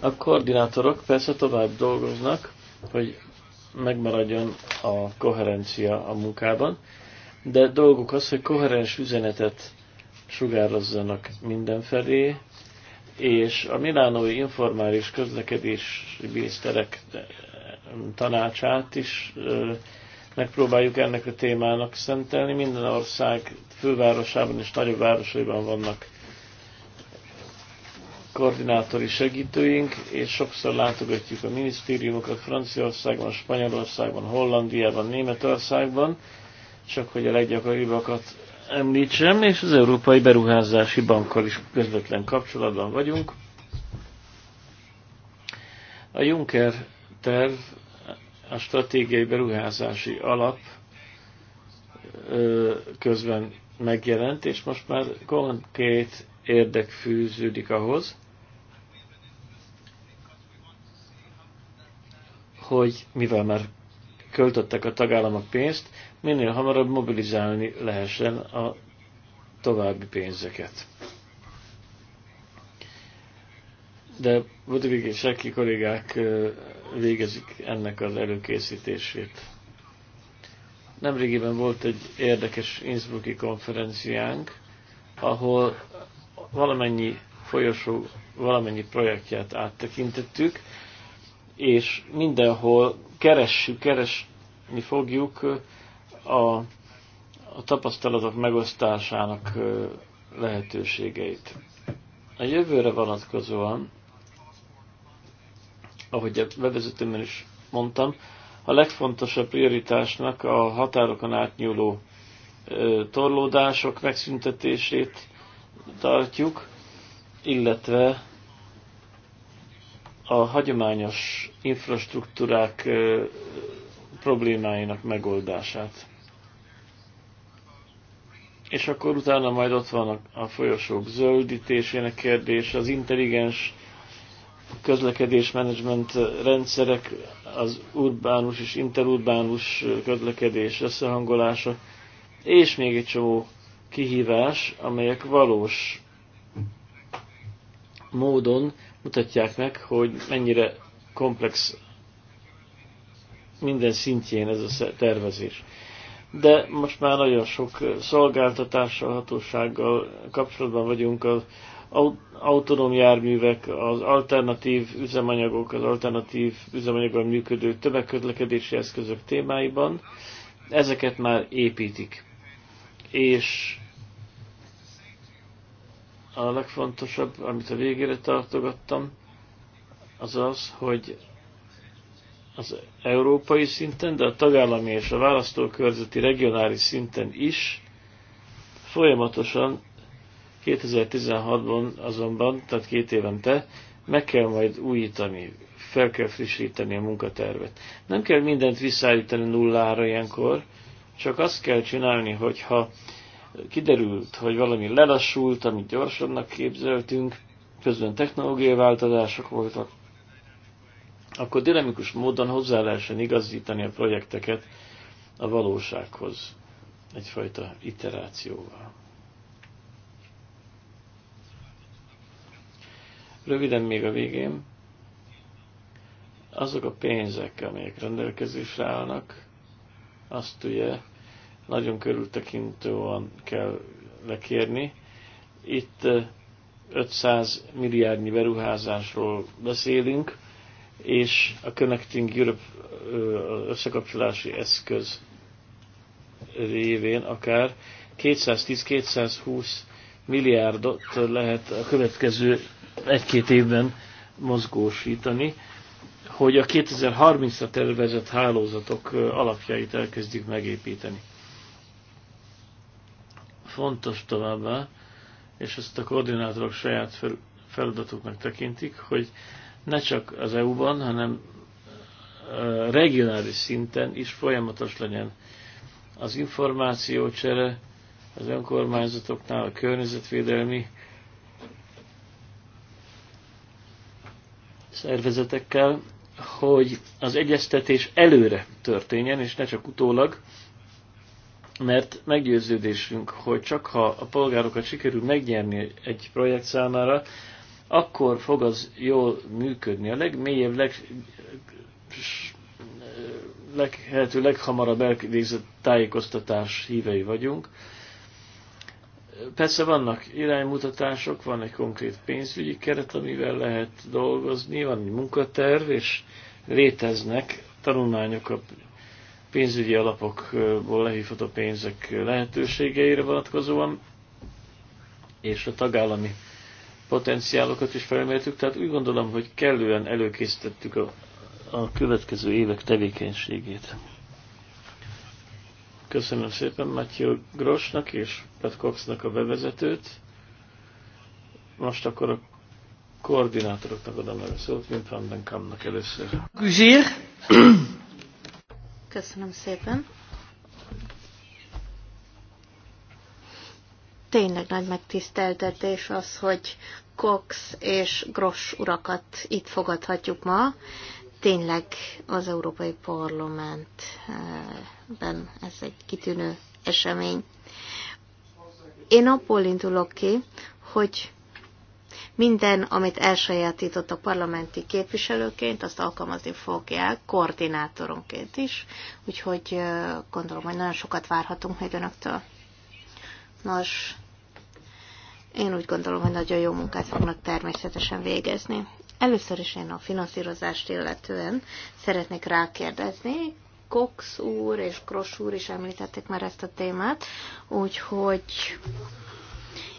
A koordinátorok persze tovább dolgoznak, hogy megmaradjon a koherencia a munkában, de dolguk az, hogy koherens üzenetet sugározzanak mindenfelé, és a Milánói Informális Közlekedési Miniszterek eh, tanácsát is eh, megpróbáljuk ennek a témának szentelni. Minden ország fővárosában és nagyobb városaiban vannak koordinátori segítőink, és sokszor látogatjuk a minisztériumokat Franciaországban, Spanyolországban, Hollandiában, Németországban, csak hogy a leggyakoribbakat említsem, és az Európai Beruházási Bankkal is közvetlen kapcsolatban vagyunk. A Juncker terv, a stratégiai beruházási alap közben megjelent, és most már konkrét érdek fűződik ahhoz, hogy mivel már költöttek a tagállamok pénzt, minél hamarabb mobilizálni lehessen a további pénzeket. De Budvig és Seki kollégák végezik ennek az előkészítését. Nemrégiben volt egy érdekes Innsbrucki konferenciánk, ahol valamennyi folyosó, valamennyi projektját áttekintettük, és mindenhol keressük, keresni fogjuk a, a tapasztalatok megosztásának lehetőségeit. A jövőre vonatkozóan, ahogy a bevezetőmben is mondtam, a legfontosabb prioritásnak a határokon átnyúló torlódások megszüntetését tartjuk, illetve a hagyományos infrastruktúrák problémáinak megoldását és akkor utána majd ott van a, folyosók zöldítésének kérdése, az intelligens menedzsment rendszerek, az urbánus és interurbánus közlekedés összehangolása, és még egy csomó kihívás, amelyek valós módon mutatják meg, hogy mennyire komplex minden szintjén ez a tervezés de most már nagyon sok szolgáltatással, hatósággal kapcsolatban vagyunk az autonóm járművek, az alternatív üzemanyagok, az alternatív üzemanyagban működő tömegközlekedési eszközök témáiban. Ezeket már építik. És a legfontosabb, amit a végére tartogattam, az az, hogy az európai szinten, de a tagállami és a választókörzeti regionális szinten is folyamatosan 2016-ban azonban, tehát két évente meg kell majd újítani, fel kell frissíteni a munkatervet. Nem kell mindent visszaállítani nullára ilyenkor, csak azt kell csinálni, hogyha kiderült, hogy valami lelassult, amit gyorsabbnak képzeltünk, közben technológiai változások voltak, akkor dinamikus módon hozzá lehessen igazítani a projekteket a valósághoz egyfajta iterációval. Röviden még a végén, azok a pénzek, amelyek rendelkezésre állnak, azt ugye nagyon körültekintően kell lekérni. Itt 500 eh, milliárdnyi beruházásról beszélünk, és a Connecting Europe összekapcsolási eszköz révén akár 210-220 milliárdot lehet a következő egy-két évben mozgósítani, hogy a 2030-ra tervezett hálózatok alapjait elkezdjük megépíteni. Fontos továbbá, és ezt a koordinátorok saját feladatuknak tekintik, hogy ne csak az EU-ban, hanem regionális szinten is folyamatos legyen az információcsere az önkormányzatoknál, a környezetvédelmi szervezetekkel, hogy az egyeztetés előre történjen, és ne csak utólag, mert meggyőződésünk, hogy csak ha a polgárokat sikerül megnyerni egy projekt számára, akkor fog az jól működni. A legmélyebb, leg, lehető leghamarabb elvégzett tájékoztatás hívei vagyunk. Persze vannak iránymutatások, van egy konkrét pénzügyi keret, amivel lehet dolgozni, van egy munkaterv, és léteznek tanulmányok a pénzügyi alapokból lehívható pénzek lehetőségeire vonatkozóan, és a tagállami potenciálokat is felmértük, tehát úgy gondolom, hogy kellően előkészítettük a, a következő évek tevékenységét. Köszönöm szépen Matthew Grossnak és Pat Coxnak a bevezetőt. Most akkor a koordinátoroknak adom el a szót, mint Van den Kamnak először. Köszönöm szépen. tényleg nagy megtiszteltetés az, hogy Cox és Gross urakat itt fogadhatjuk ma. Tényleg az Európai Parlamentben ez egy kitűnő esemény. Én abból indulok ki, hogy minden, amit elsajátított a parlamenti képviselőként, azt alkalmazni fogják koordinátoronként is, úgyhogy gondolom, hogy nagyon sokat várhatunk még önöktől. Nos, én úgy gondolom, hogy nagyon jó munkát fognak természetesen végezni. Először is én a finanszírozást illetően szeretnék rákérdezni. Cox úr és Gross úr is említették már ezt a témát, úgyhogy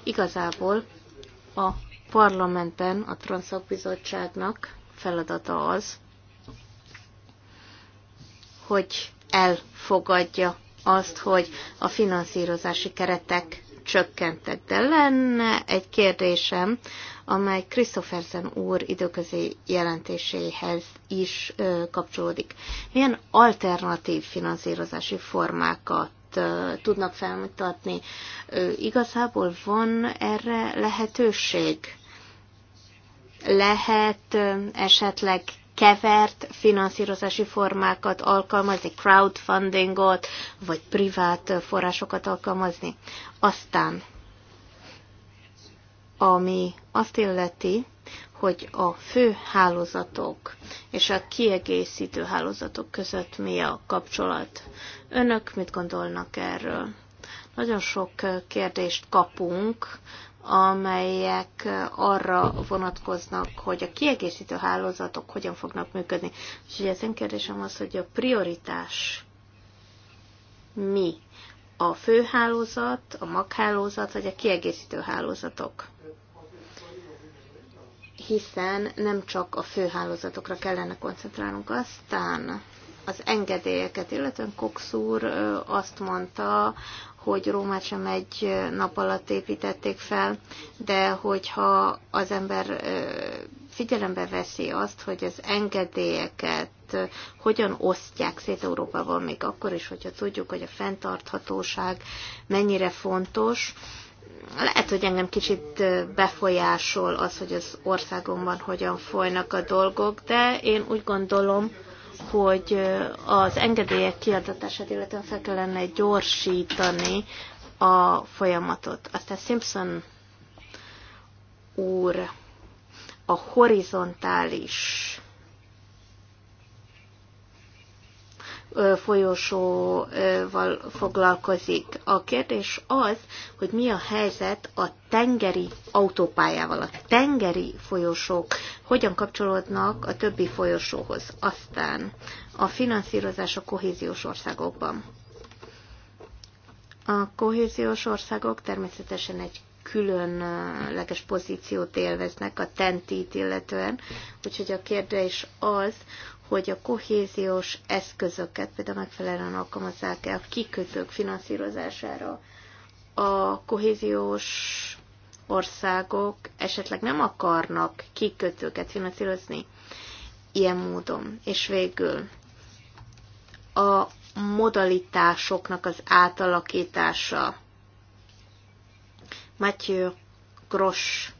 igazából a parlamentben a Bizottságnak feladata az, hogy elfogadja azt, hogy a finanszírozási keretek csökkentek. De lenne egy kérdésem, amely Christophersen úr időközi jelentéséhez is kapcsolódik. Milyen alternatív finanszírozási formákat tudnak felmutatni? Igazából van erre lehetőség? Lehet esetleg kevert finanszírozási formákat alkalmazni, crowdfundingot, vagy privát forrásokat alkalmazni. Aztán, ami azt illeti, hogy a fő hálózatok és a kiegészítő hálózatok között mi a kapcsolat. Önök mit gondolnak erről? Nagyon sok kérdést kapunk amelyek arra vonatkoznak, hogy a kiegészítő hálózatok hogyan fognak működni. És ugye az én kérdésem az, hogy a prioritás mi? A főhálózat, a maghálózat, vagy a kiegészítő hálózatok? Hiszen nem csak a főhálózatokra kellene koncentrálnunk. Aztán az engedélyeket, illetve Cox úr azt mondta, hogy Rómát sem egy nap alatt építették fel, de hogyha az ember figyelembe veszi azt, hogy az engedélyeket hogyan osztják szét Európában, még akkor is, hogyha tudjuk, hogy a fenntarthatóság mennyire fontos, lehet, hogy engem kicsit befolyásol az, hogy az országomban hogyan folynak a dolgok, de én úgy gondolom, hogy az engedélyek kiadatását illetve fel kellene gyorsítani a folyamatot. Aztán Simpson úr a horizontális folyosóval foglalkozik. A kérdés az, hogy mi a helyzet a tengeri autópályával, a tengeri folyosók hogyan kapcsolódnak a többi folyosóhoz. Aztán a finanszírozás a kohéziós országokban. A kohéziós országok természetesen egy különleges pozíciót élveznek a tentit illetően. Úgyhogy a kérdés az, hogy a kohéziós eszközöket például megfelelően alkalmazzák el a kikötők finanszírozására. A kohéziós országok esetleg nem akarnak kikötőket finanszírozni ilyen módon. És végül a modalitásoknak az átalakítása. Mathieu Gros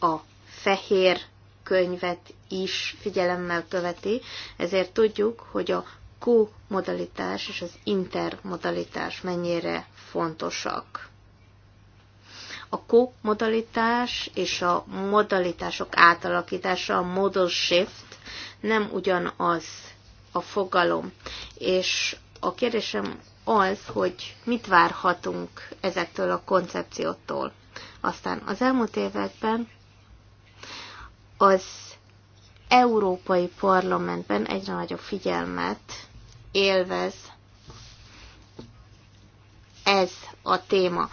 a fehér könyvet is figyelemmel követi, ezért tudjuk, hogy a Q-modalitás és az intermodalitás mennyire fontosak. A Q-modalitás és a modalitások átalakítása, a modal shift nem ugyanaz a fogalom. És a kérdésem az, hogy mit várhatunk ezektől a koncepciótól. Aztán az elmúlt években az Európai Parlamentben egyre nagyobb figyelmet élvez ez a téma.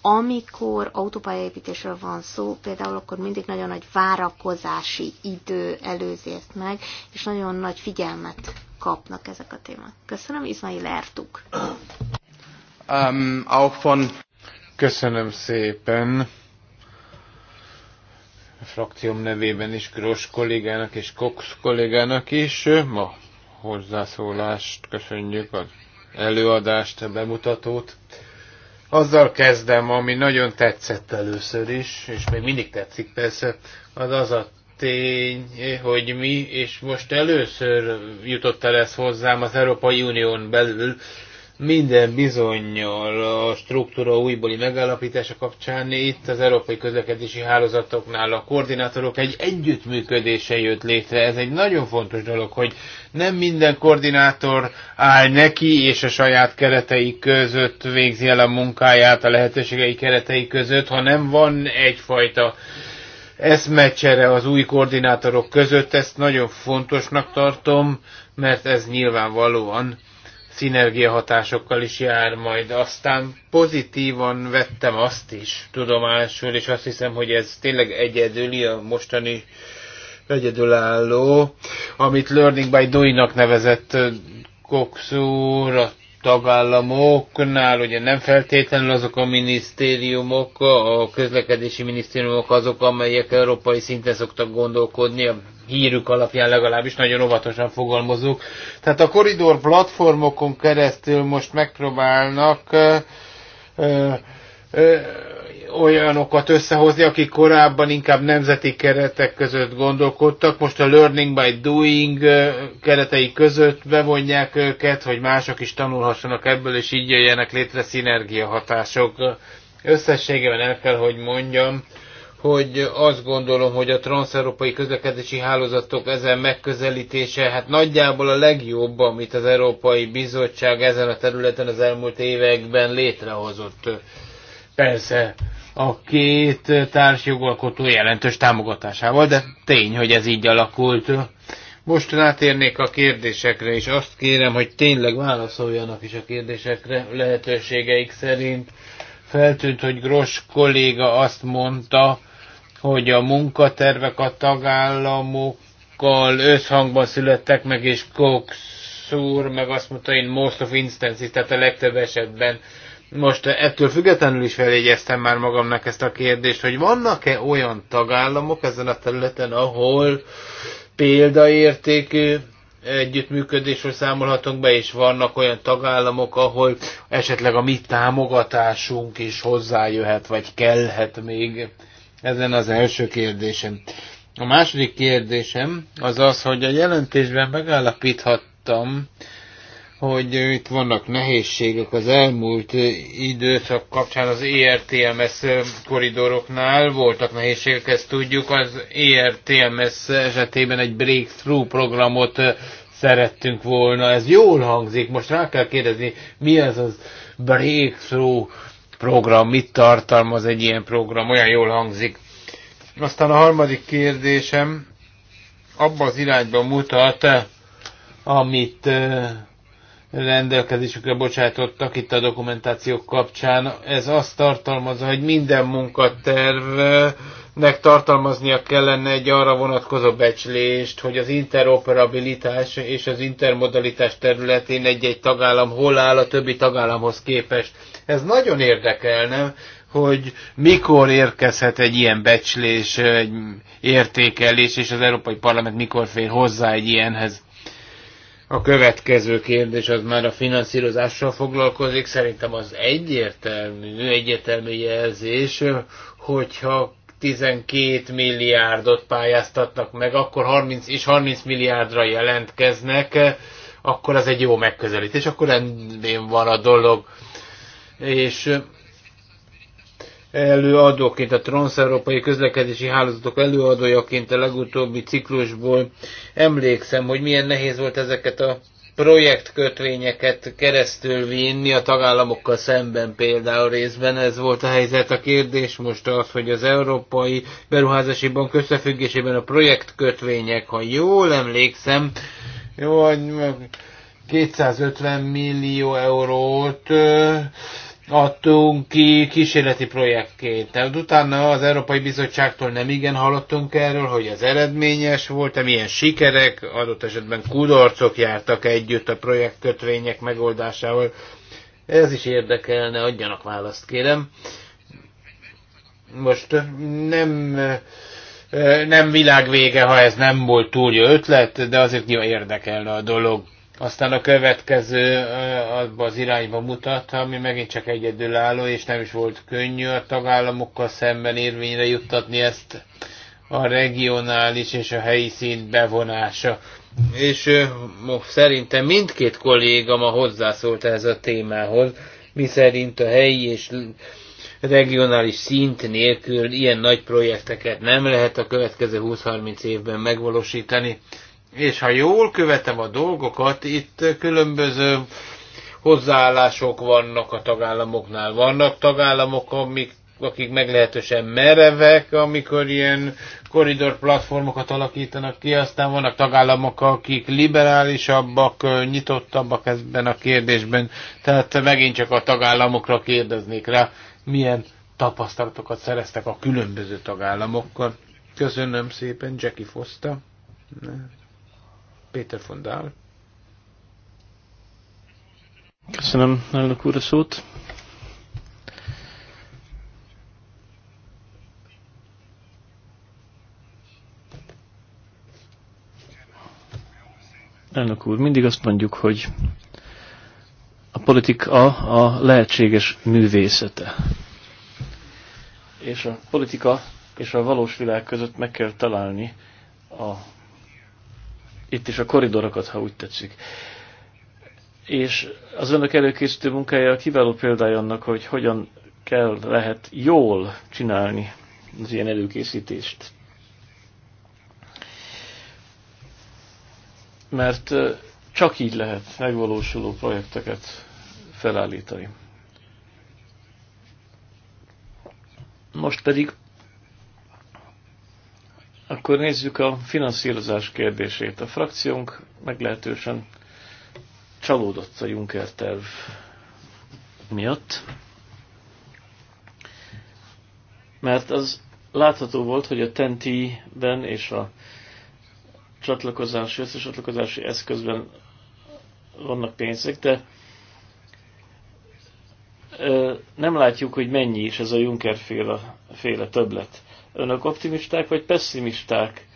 Amikor autópályaépítésről van szó, például akkor mindig nagyon nagy várakozási idő előzi ezt meg, és nagyon nagy figyelmet kapnak ezek a témák. Köszönöm, Izmai Lertuk. Um, auch von... Köszönöm szépen a frakcióm nevében is, Grosz kollégának és Cox kollégának is. Ma hozzászólást köszönjük, az előadást, a bemutatót. Azzal kezdem, ami nagyon tetszett először is, és még mindig tetszik persze, az az a tény, hogy mi, és most először jutott el ez hozzám az Európai Unión belül, minden bizonyal a struktúra újbóli megállapítása kapcsán itt az európai közlekedési hálózatoknál a koordinátorok egy együttműködése jött létre. Ez egy nagyon fontos dolog, hogy nem minden koordinátor áll neki és a saját keretei között végzi el a munkáját a lehetőségei keretei között, hanem van egyfajta eszmecsere az új koordinátorok között, ezt nagyon fontosnak tartom, mert ez nyilvánvalóan szinergiahatásokkal is jár majd. Aztán pozitívan vettem azt is tudomásul, és azt hiszem, hogy ez tényleg egyedüli a mostani egyedülálló, amit Learning by Doing-nak nevezett Cox a tagállamoknál ugye nem feltétlenül azok a minisztériumok, a közlekedési minisztériumok azok, amelyek európai szinten szoktak gondolkodni, a hírük alapján legalábbis nagyon óvatosan fogalmazók. Tehát a koridor platformokon keresztül most megpróbálnak ö, ö, olyanokat összehozni, akik korábban inkább nemzeti keretek között gondolkodtak, most a Learning by Doing keretei között bevonják őket, hogy mások is tanulhassanak ebből, és így jöjjenek létre szinergia hatások. Összességében el kell, hogy mondjam, hogy azt gondolom, hogy a transzeurópai közlekedési hálózatok ezen megközelítése hát nagyjából a legjobb, amit az Európai Bizottság ezen a területen az elmúlt években létrehozott. Persze, a két társjogalkotó jelentős támogatásával, de tény, hogy ez így alakult. Most rátérnék a kérdésekre, és azt kérem, hogy tényleg válaszoljanak is a kérdésekre lehetőségeik szerint. Feltűnt, hogy Gros kolléga azt mondta, hogy a munkatervek a tagállamokkal összhangban születtek meg, és Cox úr meg azt mondta, hogy most of instances, tehát a legtöbb esetben most ettől függetlenül is feljegyeztem már magamnak ezt a kérdést, hogy vannak-e olyan tagállamok ezen a területen, ahol példaértékű együttműködésről számolhatunk be, és vannak olyan tagállamok, ahol esetleg a mi támogatásunk is hozzájöhet, vagy kellhet még. Ezen az első kérdésem. A második kérdésem az az, hogy a jelentésben megállapíthattam, hogy itt vannak nehézségek az elmúlt időszak kapcsán az ERTMS koridoroknál. Voltak nehézségek, ezt tudjuk. Az ERTMS esetében egy breakthrough programot szerettünk volna. Ez jól hangzik. Most rá kell kérdezni, mi ez az breakthrough program, mit tartalmaz egy ilyen program, olyan jól hangzik. Aztán a harmadik kérdésem abba az irányba mutat, amit eh, rendelkezésükre bocsátottak itt a dokumentációk kapcsán. Ez azt tartalmazza, hogy minden munkatervnek tartalmaznia kellene egy arra vonatkozó becslést, hogy az interoperabilitás és az intermodalitás területén egy-egy tagállam hol áll a többi tagállamhoz képest. Ez nagyon érdekelne, hogy mikor érkezhet egy ilyen becslés, egy értékelés, és az Európai Parlament mikor fér hozzá egy ilyenhez. A következő kérdés az már a finanszírozással foglalkozik. Szerintem az egyértelmű, egyértelmű jelzés, hogyha 12 milliárdot pályáztatnak meg, akkor 30 és 30 milliárdra jelentkeznek, akkor az egy jó megközelítés, akkor rendben van a dolog. És előadóként, a transzeurópai közlekedési hálózatok előadójaként a legutóbbi ciklusból emlékszem, hogy milyen nehéz volt ezeket a projektkötvényeket keresztül vinni a tagállamokkal szemben például részben. Ez volt a helyzet. A kérdés most az, hogy az Európai Beruházási Bank összefüggésében a projektkötvények, ha jól emlékszem, jó, 250 millió eurót adtunk ki kísérleti projektként. Tehát utána az Európai Bizottságtól nem igen hallottunk erről, hogy az eredményes volt-e, milyen sikerek, adott esetben kudarcok jártak együtt a projektkötvények megoldásával. Ez is érdekelne, adjanak választ, kérem. Most nem, nem világvége, ha ez nem volt túl jó ötlet, de azért nyilván érdekelne a dolog. Aztán a következő abban az irányba mutat, ami megint csak egyedülálló, és nem is volt könnyű a tagállamokkal szemben érvényre juttatni ezt a regionális és a helyi szint bevonása. És szerintem mindkét kolléga ma hozzászólt ehhez a témához, mi szerint a helyi és regionális szint nélkül ilyen nagy projekteket nem lehet a következő 20-30 évben megvalósítani. És ha jól követem a dolgokat, itt különböző hozzáállások vannak a tagállamoknál. Vannak tagállamok, amik, akik meglehetősen merevek, amikor ilyen koridor platformokat alakítanak ki, aztán vannak tagállamok, akik liberálisabbak, nyitottabbak ebben a kérdésben. Tehát megint csak a tagállamokra kérdeznék rá, milyen tapasztalatokat szereztek a különböző tagállamokkal. Köszönöm szépen, Jackie Foster. Péter Fondál. Köszönöm, elnök úr, a szót. Elnök úr, mindig azt mondjuk, hogy a politika a lehetséges művészete. És a politika és a valós világ között meg kell találni a itt is a koridorokat, ha úgy tetszik. És az önök előkészítő munkája a kiváló példája annak, hogy hogyan kell, lehet jól csinálni az ilyen előkészítést. Mert csak így lehet megvalósuló projekteket felállítani. Most pedig akkor nézzük a finanszírozás kérdését. A frakciónk meglehetősen csalódott a Juncker terv miatt, mert az látható volt, hogy a TENTI-ben és a csatlakozási, összecsatlakozási eszközben vannak pénzek, de nem látjuk, hogy mennyi is ez a Juncker féle, féle többlet önök optimisták vagy pessimisták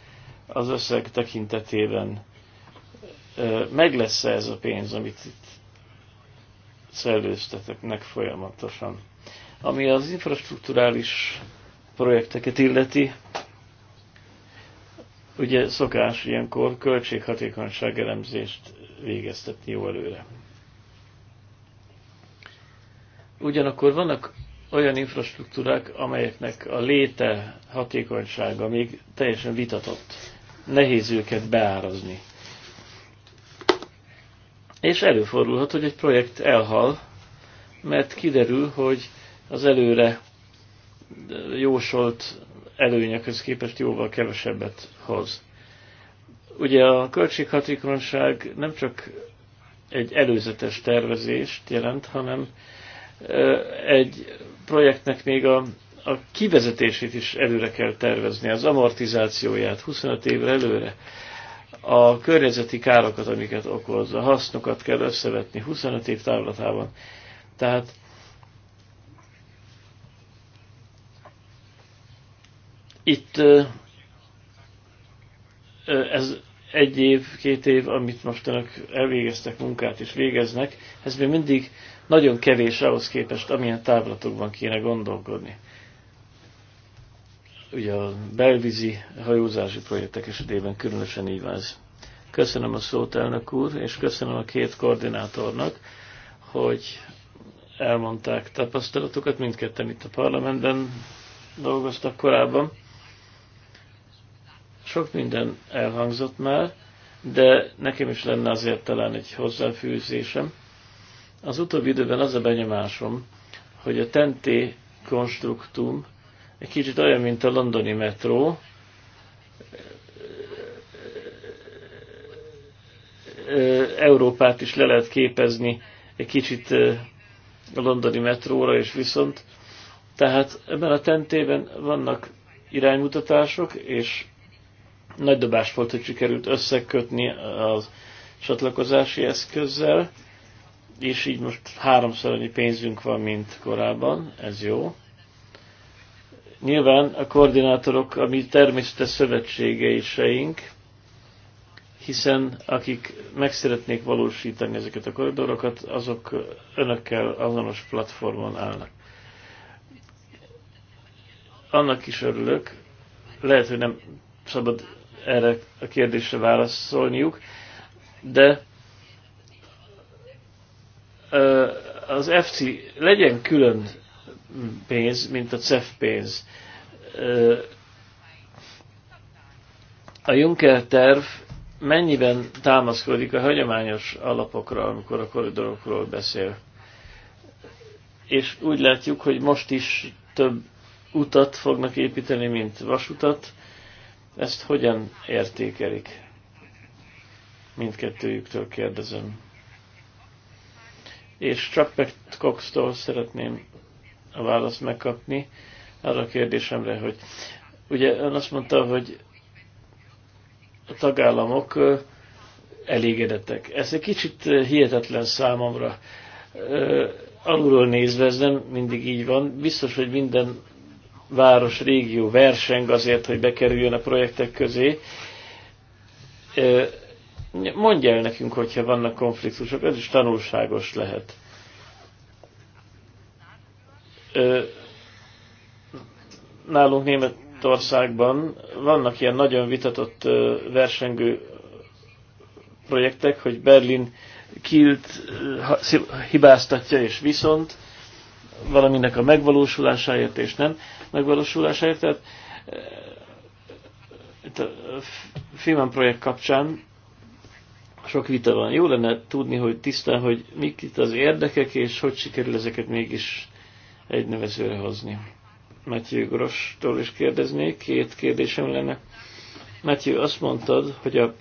az összeg tekintetében? Meg lesz -e ez a pénz, amit itt meg folyamatosan? Ami az infrastruktúrális projekteket illeti, ugye szokás ilyenkor költséghatékonyság elemzést végeztetni jó előre. Ugyanakkor vannak olyan infrastruktúrák, amelyeknek a léte, hatékonysága még teljesen vitatott. Nehéz őket beárazni. És előfordulhat, hogy egy projekt elhal, mert kiderül, hogy az előre jósolt előnyekhez képest jóval kevesebbet hoz. Ugye a költséghatékonyság nem csak egy előzetes tervezést jelent, hanem egy projektnek még a, a kivezetését is előre kell tervezni, az amortizációját 25 évre előre, a környezeti károkat, amiket okoz, a hasznokat kell összevetni 25 év távlatában. Tehát itt ez egy év, két év, amit mostanak elvégeztek munkát és végeznek, ez még mindig nagyon kevés ahhoz képest, amilyen távlatokban kéne gondolkodni. Ugye a belvízi hajózási projektek esetében különösen így van ez. Köszönöm a szót, elnök úr, és köszönöm a két koordinátornak, hogy elmondták tapasztalatokat, mindketten itt a parlamentben dolgoztak korábban. Sok minden elhangzott már, de nekem is lenne azért talán egy hozzáfűzésem. Az utóbbi időben az a benyomásom, hogy a tenté konstruktum egy kicsit olyan, mint a londoni metró, Európát is le lehet képezni egy kicsit a londoni metróra, és viszont. Tehát ebben a tentében vannak iránymutatások, és nagy dobás volt, hogy sikerült összekötni az csatlakozási eszközzel, és így most háromszor annyi pénzünk van, mint korábban, ez jó. Nyilván a koordinátorok a mi természetes szövetségeiseink, hiszen akik meg szeretnék valósítani ezeket a koridorokat, azok önökkel azonos platformon állnak. Annak is örülök, lehet, hogy nem szabad erre a kérdésre válaszolniuk, de az FC legyen külön pénz, mint a CEF pénz. A Juncker terv mennyiben támaszkodik a hagyományos alapokra, amikor a koridorokról beszél? És úgy látjuk, hogy most is több utat fognak építeni, mint vasutat, ezt hogyan értékelik? Mindkettőjüktől kérdezem. És Chuck Cox-tól szeretném a választ megkapni arra a kérdésemre, hogy ugye ön azt mondta, hogy a tagállamok elégedettek. Ez egy kicsit hihetetlen számomra. Alulról nézve ez nem mindig így van. Biztos, hogy minden város, régió verseng azért, hogy bekerüljön a projektek közé. Mondj el nekünk, hogyha vannak konfliktusok, ez is tanulságos lehet. Nálunk Németországban vannak ilyen nagyon vitatott versengő projektek, hogy Berlin Kilt hibáztatja és viszont, valaminek a megvalósulásáért és nem megvalósulásáért. Tehát eh, itt a Fémen projekt kapcsán sok vita van. Jó lenne tudni, hogy tisztán, hogy mik itt az érdekek, és hogy sikerül ezeket mégis egy nevezőre hozni. Matthew Grostól is kérdeznék, két kérdésem lenne. Matthew, azt mondtad, hogy a,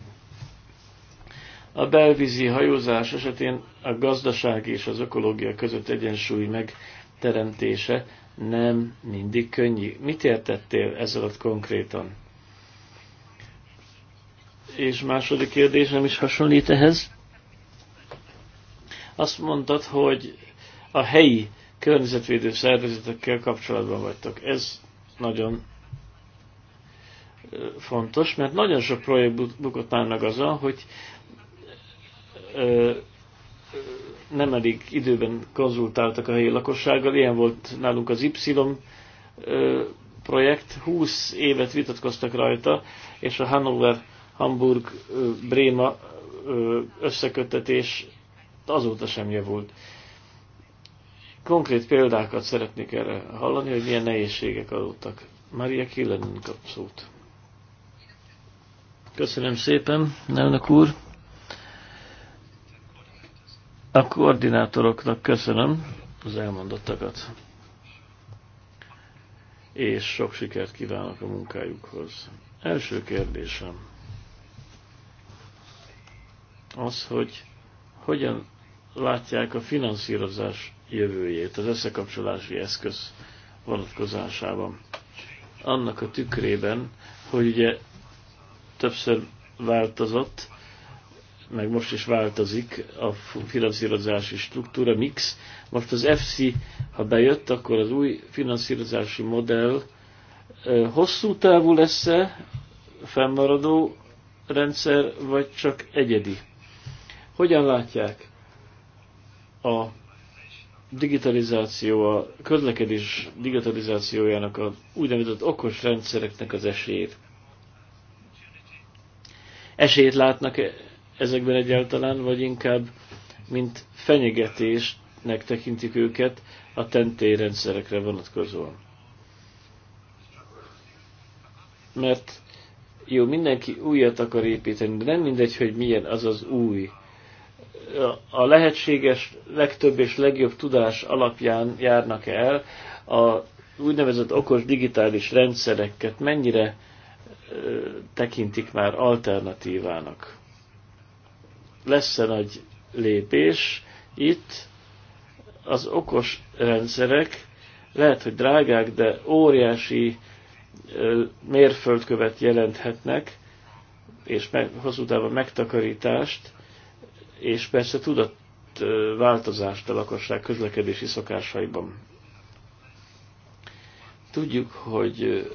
a belvízi hajózás esetén a gazdaság és az ökológia között egyensúly meg teremtése nem mindig könnyű. Mit értettél ez alatt konkrétan? És második kérdésem is hasonlít ehhez. Azt mondtad, hogy a helyi környezetvédő szervezetekkel kapcsolatban vagytok. Ez nagyon fontos, mert nagyon sok projekt bukott már meg azon, hogy nem elég időben konzultáltak a helyi lakossággal. Ilyen volt nálunk az Y projekt, 20 évet vitatkoztak rajta, és a Hannover Hamburg Bréma összekötetés azóta sem javult. Konkrét példákat szeretnék erre hallani, hogy milyen nehézségek adottak. Maria Killenen kap szót. Köszönöm szépen, elnök úr! A koordinátoroknak köszönöm az elmondottakat, és sok sikert kívánok a munkájukhoz. Első kérdésem az, hogy hogyan látják a finanszírozás jövőjét az összekapcsolási eszköz vonatkozásában. Annak a tükrében, hogy ugye többször változott meg most is változik a finanszírozási struktúra, mix. Most az FC, ha bejött, akkor az új finanszírozási modell hosszú távú lesz-e fennmaradó rendszer, vagy csak egyedi? Hogyan látják a digitalizáció, a közlekedés digitalizációjának a úgynevezett okos rendszereknek az esélyét? Esélyt látnak -e ezekben egyáltalán, vagy inkább mint fenyegetésnek tekintik őket a tentély rendszerekre vonatkozóan. Mert jó, mindenki újat akar építeni, de nem mindegy, hogy milyen az az új. A lehetséges legtöbb és legjobb tudás alapján járnak el a úgynevezett okos digitális rendszereket mennyire ö, tekintik már alternatívának lesz-e nagy lépés. Itt az okos rendszerek lehet, hogy drágák, de óriási mérföldkövet jelenthetnek, és meg, hosszú távon megtakarítást, és persze tudat változást a lakosság közlekedési szokásaiban. Tudjuk, hogy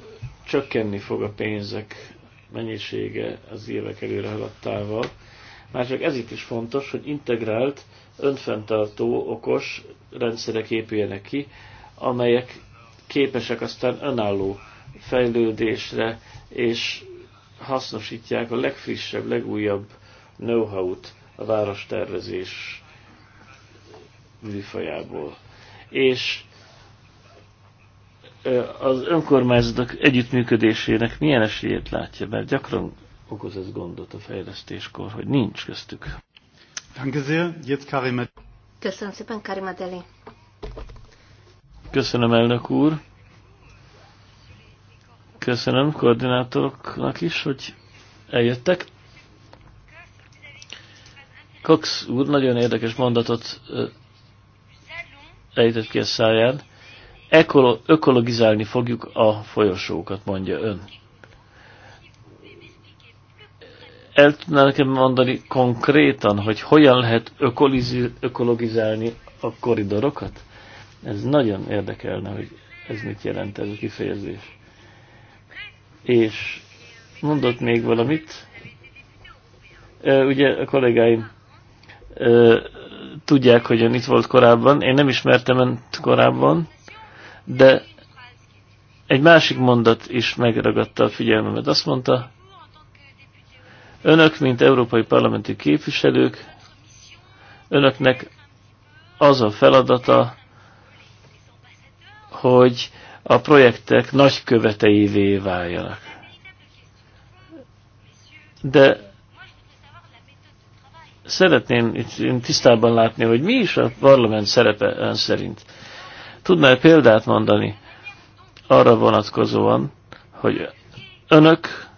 csökkenni fog a pénzek mennyisége az évek előre haladtával, Másrészt ez itt is fontos, hogy integrált, önfenntartó, okos rendszerek épüljenek ki, amelyek képesek aztán önálló fejlődésre, és hasznosítják a legfrissebb, legújabb know-how-t a várostervezés műfajából. És az önkormányzatok együttműködésének milyen esélyét látja, mert gyakran okoz ez gondot a fejlesztéskor, hogy nincs köztük. Köszönöm szépen, Karim Adeli. Köszönöm, elnök úr. Köszönöm koordinátoroknak is, hogy eljöttek. Cox úr nagyon érdekes mondatot ejtett ki a száján. Ekolo- ökologizálni fogjuk a folyosókat, mondja ön. el tudná nekem mondani konkrétan, hogy hogyan lehet ökologizálni a koridorokat? Ez nagyon érdekelne, hogy ez mit jelent ez a kifejezés. És mondott még valamit, ugye a kollégáim tudják, hogy ön itt volt korábban, én nem ismertem önt korábban, de egy másik mondat is megragadta a figyelmemet. Azt mondta, Önök, mint európai parlamenti képviselők, önöknek az a feladata, hogy a projektek nagyköveteivé váljanak. De szeretném itt tisztában látni, hogy mi is a parlament szerepe ön szerint. Tudná példát mondani arra vonatkozóan, hogy önök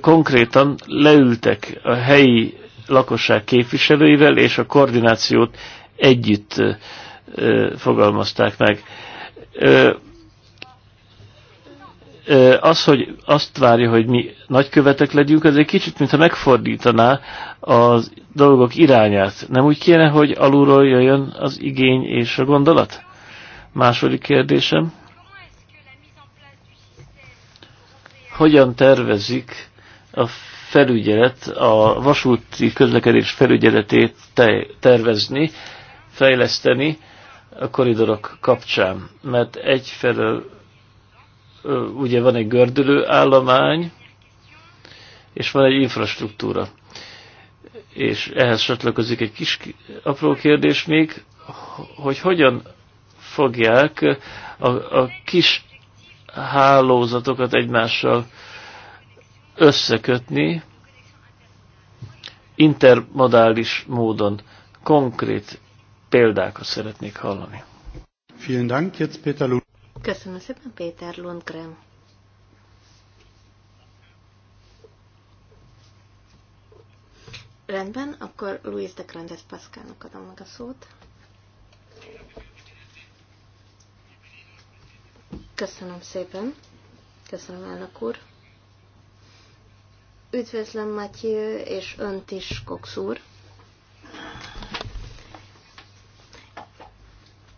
konkrétan leültek a helyi lakosság képviselőivel, és a koordinációt együtt fogalmazták meg. Az, hogy azt várja, hogy mi nagykövetek legyünk, az egy kicsit, mintha megfordítaná a dolgok irányát. Nem úgy kéne, hogy alulról jöjjön az igény és a gondolat? Második kérdésem. Hogyan tervezik a felügyelet, a vasúti közlekedés felügyeletét tervezni, fejleszteni a koridorok kapcsán. Mert egyfelől ugye van egy gördülő állomány, és van egy infrastruktúra. És ehhez csatlakozik egy kis apró kérdés még, hogy hogyan fogják a, a kis hálózatokat egymással összekötni intermodális módon. Konkrét példákat szeretnék hallani. Vielen Dank, jetzt Peter Lund. Köszönöm szépen, Péter Lundgren. Rendben, akkor Luis de Grandes Pascalnak adom meg a szót. Köszönöm szépen. Köszönöm, elnök úr. Üdvözlöm, Matyő, és önt is, Kokszúr.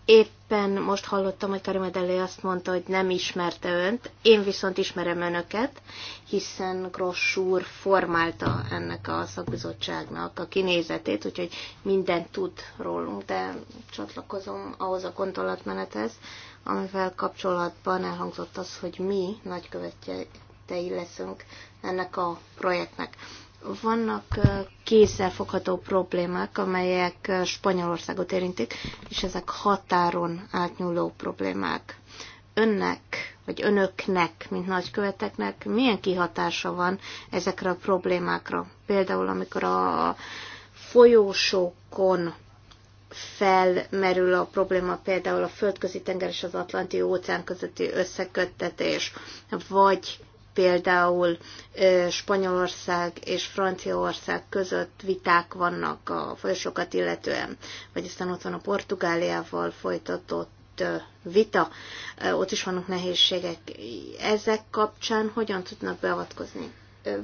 Éppen most hallottam, hogy Karim Adelé azt mondta, hogy nem ismerte önt. Én viszont ismerem önöket, hiszen Gross úr formálta ennek a szakbizottságnak a kinézetét, úgyhogy mindent tud rólunk, de csatlakozom ahhoz a gondolatmenethez, amivel kapcsolatban elhangzott az, hogy mi nagykövetjei részletei leszünk ennek a projektnek. Vannak kézzelfogható problémák, amelyek Spanyolországot érintik, és ezek határon átnyúló problémák. Önnek vagy önöknek, mint nagyköveteknek milyen kihatása van ezekre a problémákra? Például, amikor a folyósókon felmerül a probléma, például a földközi tenger és az Atlanti óceán közötti összeköttetés, vagy például Spanyolország és Franciaország között viták vannak a folyosokat illetően, vagy aztán ott van a Portugáliával folytatott vita, ott is vannak nehézségek. Ezek kapcsán hogyan tudnak beavatkozni?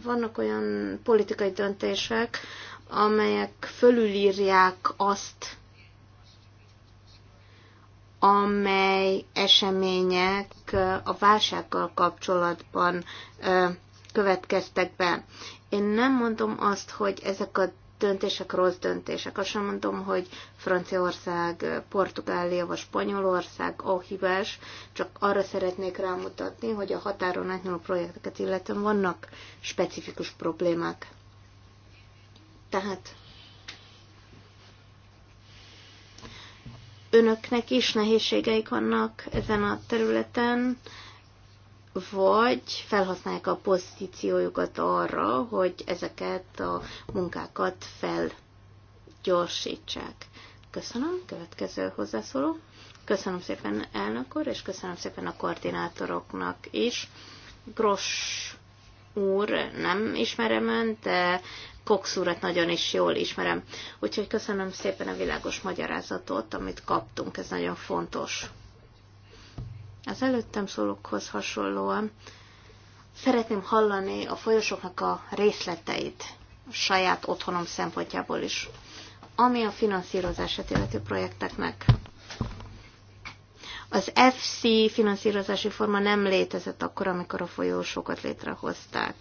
Vannak olyan politikai döntések, amelyek fölülírják azt, amely események a válsággal kapcsolatban következtek be. Én nem mondom azt, hogy ezek a döntések rossz döntések. Azt sem mondom, hogy Franciaország, Portugália vagy Spanyolország a hibás, csak arra szeretnék rámutatni, hogy a határon átnyúló projekteket illetően vannak specifikus problémák. Tehát önöknek is nehézségeik vannak ezen a területen, vagy felhasználják a pozíciójukat arra, hogy ezeket a munkákat felgyorsítsák. Köszönöm, következő hozzászóló. Köszönöm szépen elnök úr, és köszönöm szépen a koordinátoroknak is. Gross úr, nem ismerem önt, de Cox urat nagyon is jól ismerem. Úgyhogy köszönöm szépen a világos magyarázatot, amit kaptunk, ez nagyon fontos. Az előttem szólókhoz hasonlóan szeretném hallani a folyosoknak a részleteit a saját otthonom szempontjából is, ami a finanszírozását illető projekteknek. Az FC finanszírozási forma nem létezett akkor, amikor a folyósokat létrehozták.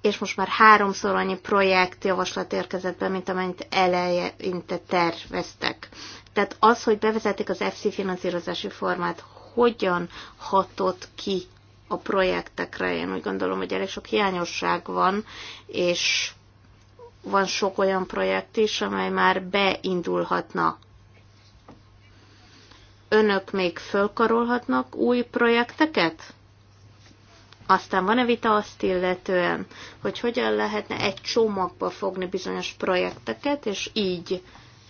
és most már háromszor annyi projekt javaslat érkezett be, mint amennyit eleinte terveztek. Tehát az, hogy bevezették az FC finanszírozási formát, hogyan hatott ki a projektekre, én úgy gondolom, hogy elég sok hiányosság van, és van sok olyan projekt is, amely már beindulhatna. Önök még fölkarolhatnak új projekteket? Aztán van-e vita azt illetően, hogy hogyan lehetne egy csomagba fogni bizonyos projekteket, és így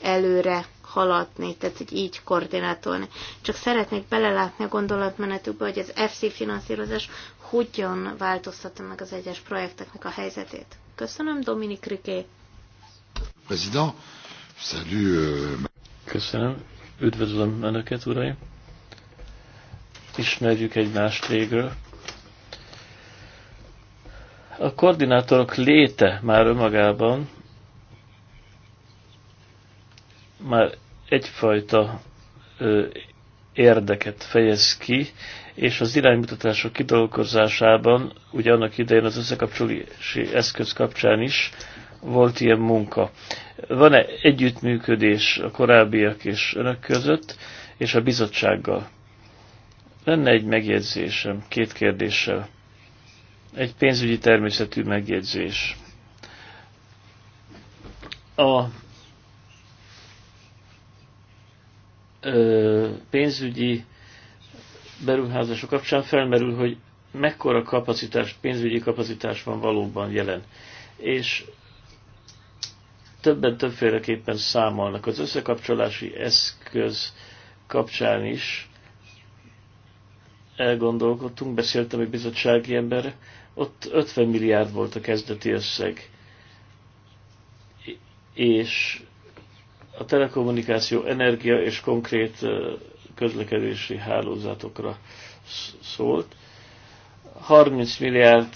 előre haladni, tehát hogy így koordinátolni. Csak szeretnék belelátni a gondolatmenetükbe, hogy az FC finanszírozás hogyan változtatta meg az egyes projekteknek a helyzetét. Köszönöm, Dominik Riké. President, salut. Euh, Köszönöm, üdvözlöm Önöket, uraim. Ismerjük egymást végről. A koordinátorok léte már önmagában már egyfajta ö, érdeket fejez ki, és az iránymutatások kidolgozásában, ugye annak idején az összekapcsolási eszköz kapcsán is volt ilyen munka. Van-e együttműködés a korábbiak és önök között, és a bizottsággal? Lenne egy megjegyzésem, két kérdéssel. Egy pénzügyi természetű megjegyzés. A ö, pénzügyi beruházások kapcsán felmerül, hogy mekkora kapacitás, pénzügyi kapacitás van valóban jelen. És többen többféleképpen számolnak. Az összekapcsolási eszköz kapcsán is elgondolkodtunk, beszéltem egy bizottsági emberre, ott 50 milliárd volt a kezdeti összeg. És a telekommunikáció energia és konkrét közlekedési hálózatokra szólt. 30 milliárd,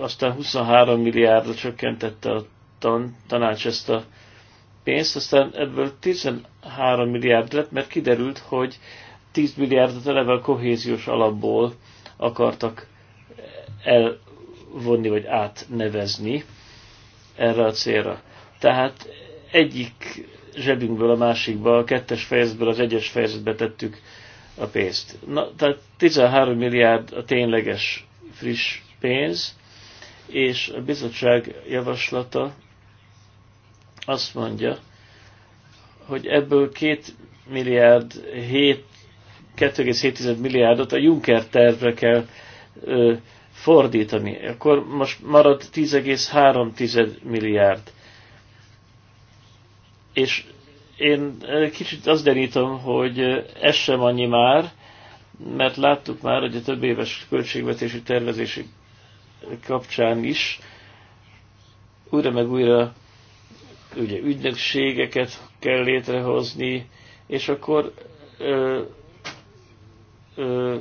aztán 23 milliárdra csökkentette a tan, tanács ezt a pénzt, aztán ebből 13 milliárd lett, mert kiderült, hogy 10 milliárdot eleve a kohéziós alapból akartak elvonni vagy átnevezni erre a célra. Tehát egyik zsebünkből a másikba, a kettes fejezetből az egyes fejezetbe tettük a pénzt. Na, tehát 13 milliárd a tényleges friss pénz, és a bizottság javaslata azt mondja, hogy ebből 2 milliárd 7 2,7 milliárdot a Juncker tervre kell ö, fordítani. Akkor most marad 10,3 milliárd. És én eh, kicsit azt derítem, hogy eh, ez sem annyi már, mert láttuk már, hogy a több éves költségvetési tervezési kapcsán is újra meg újra ugye ügynökségeket kell létrehozni, és akkor ö, ö,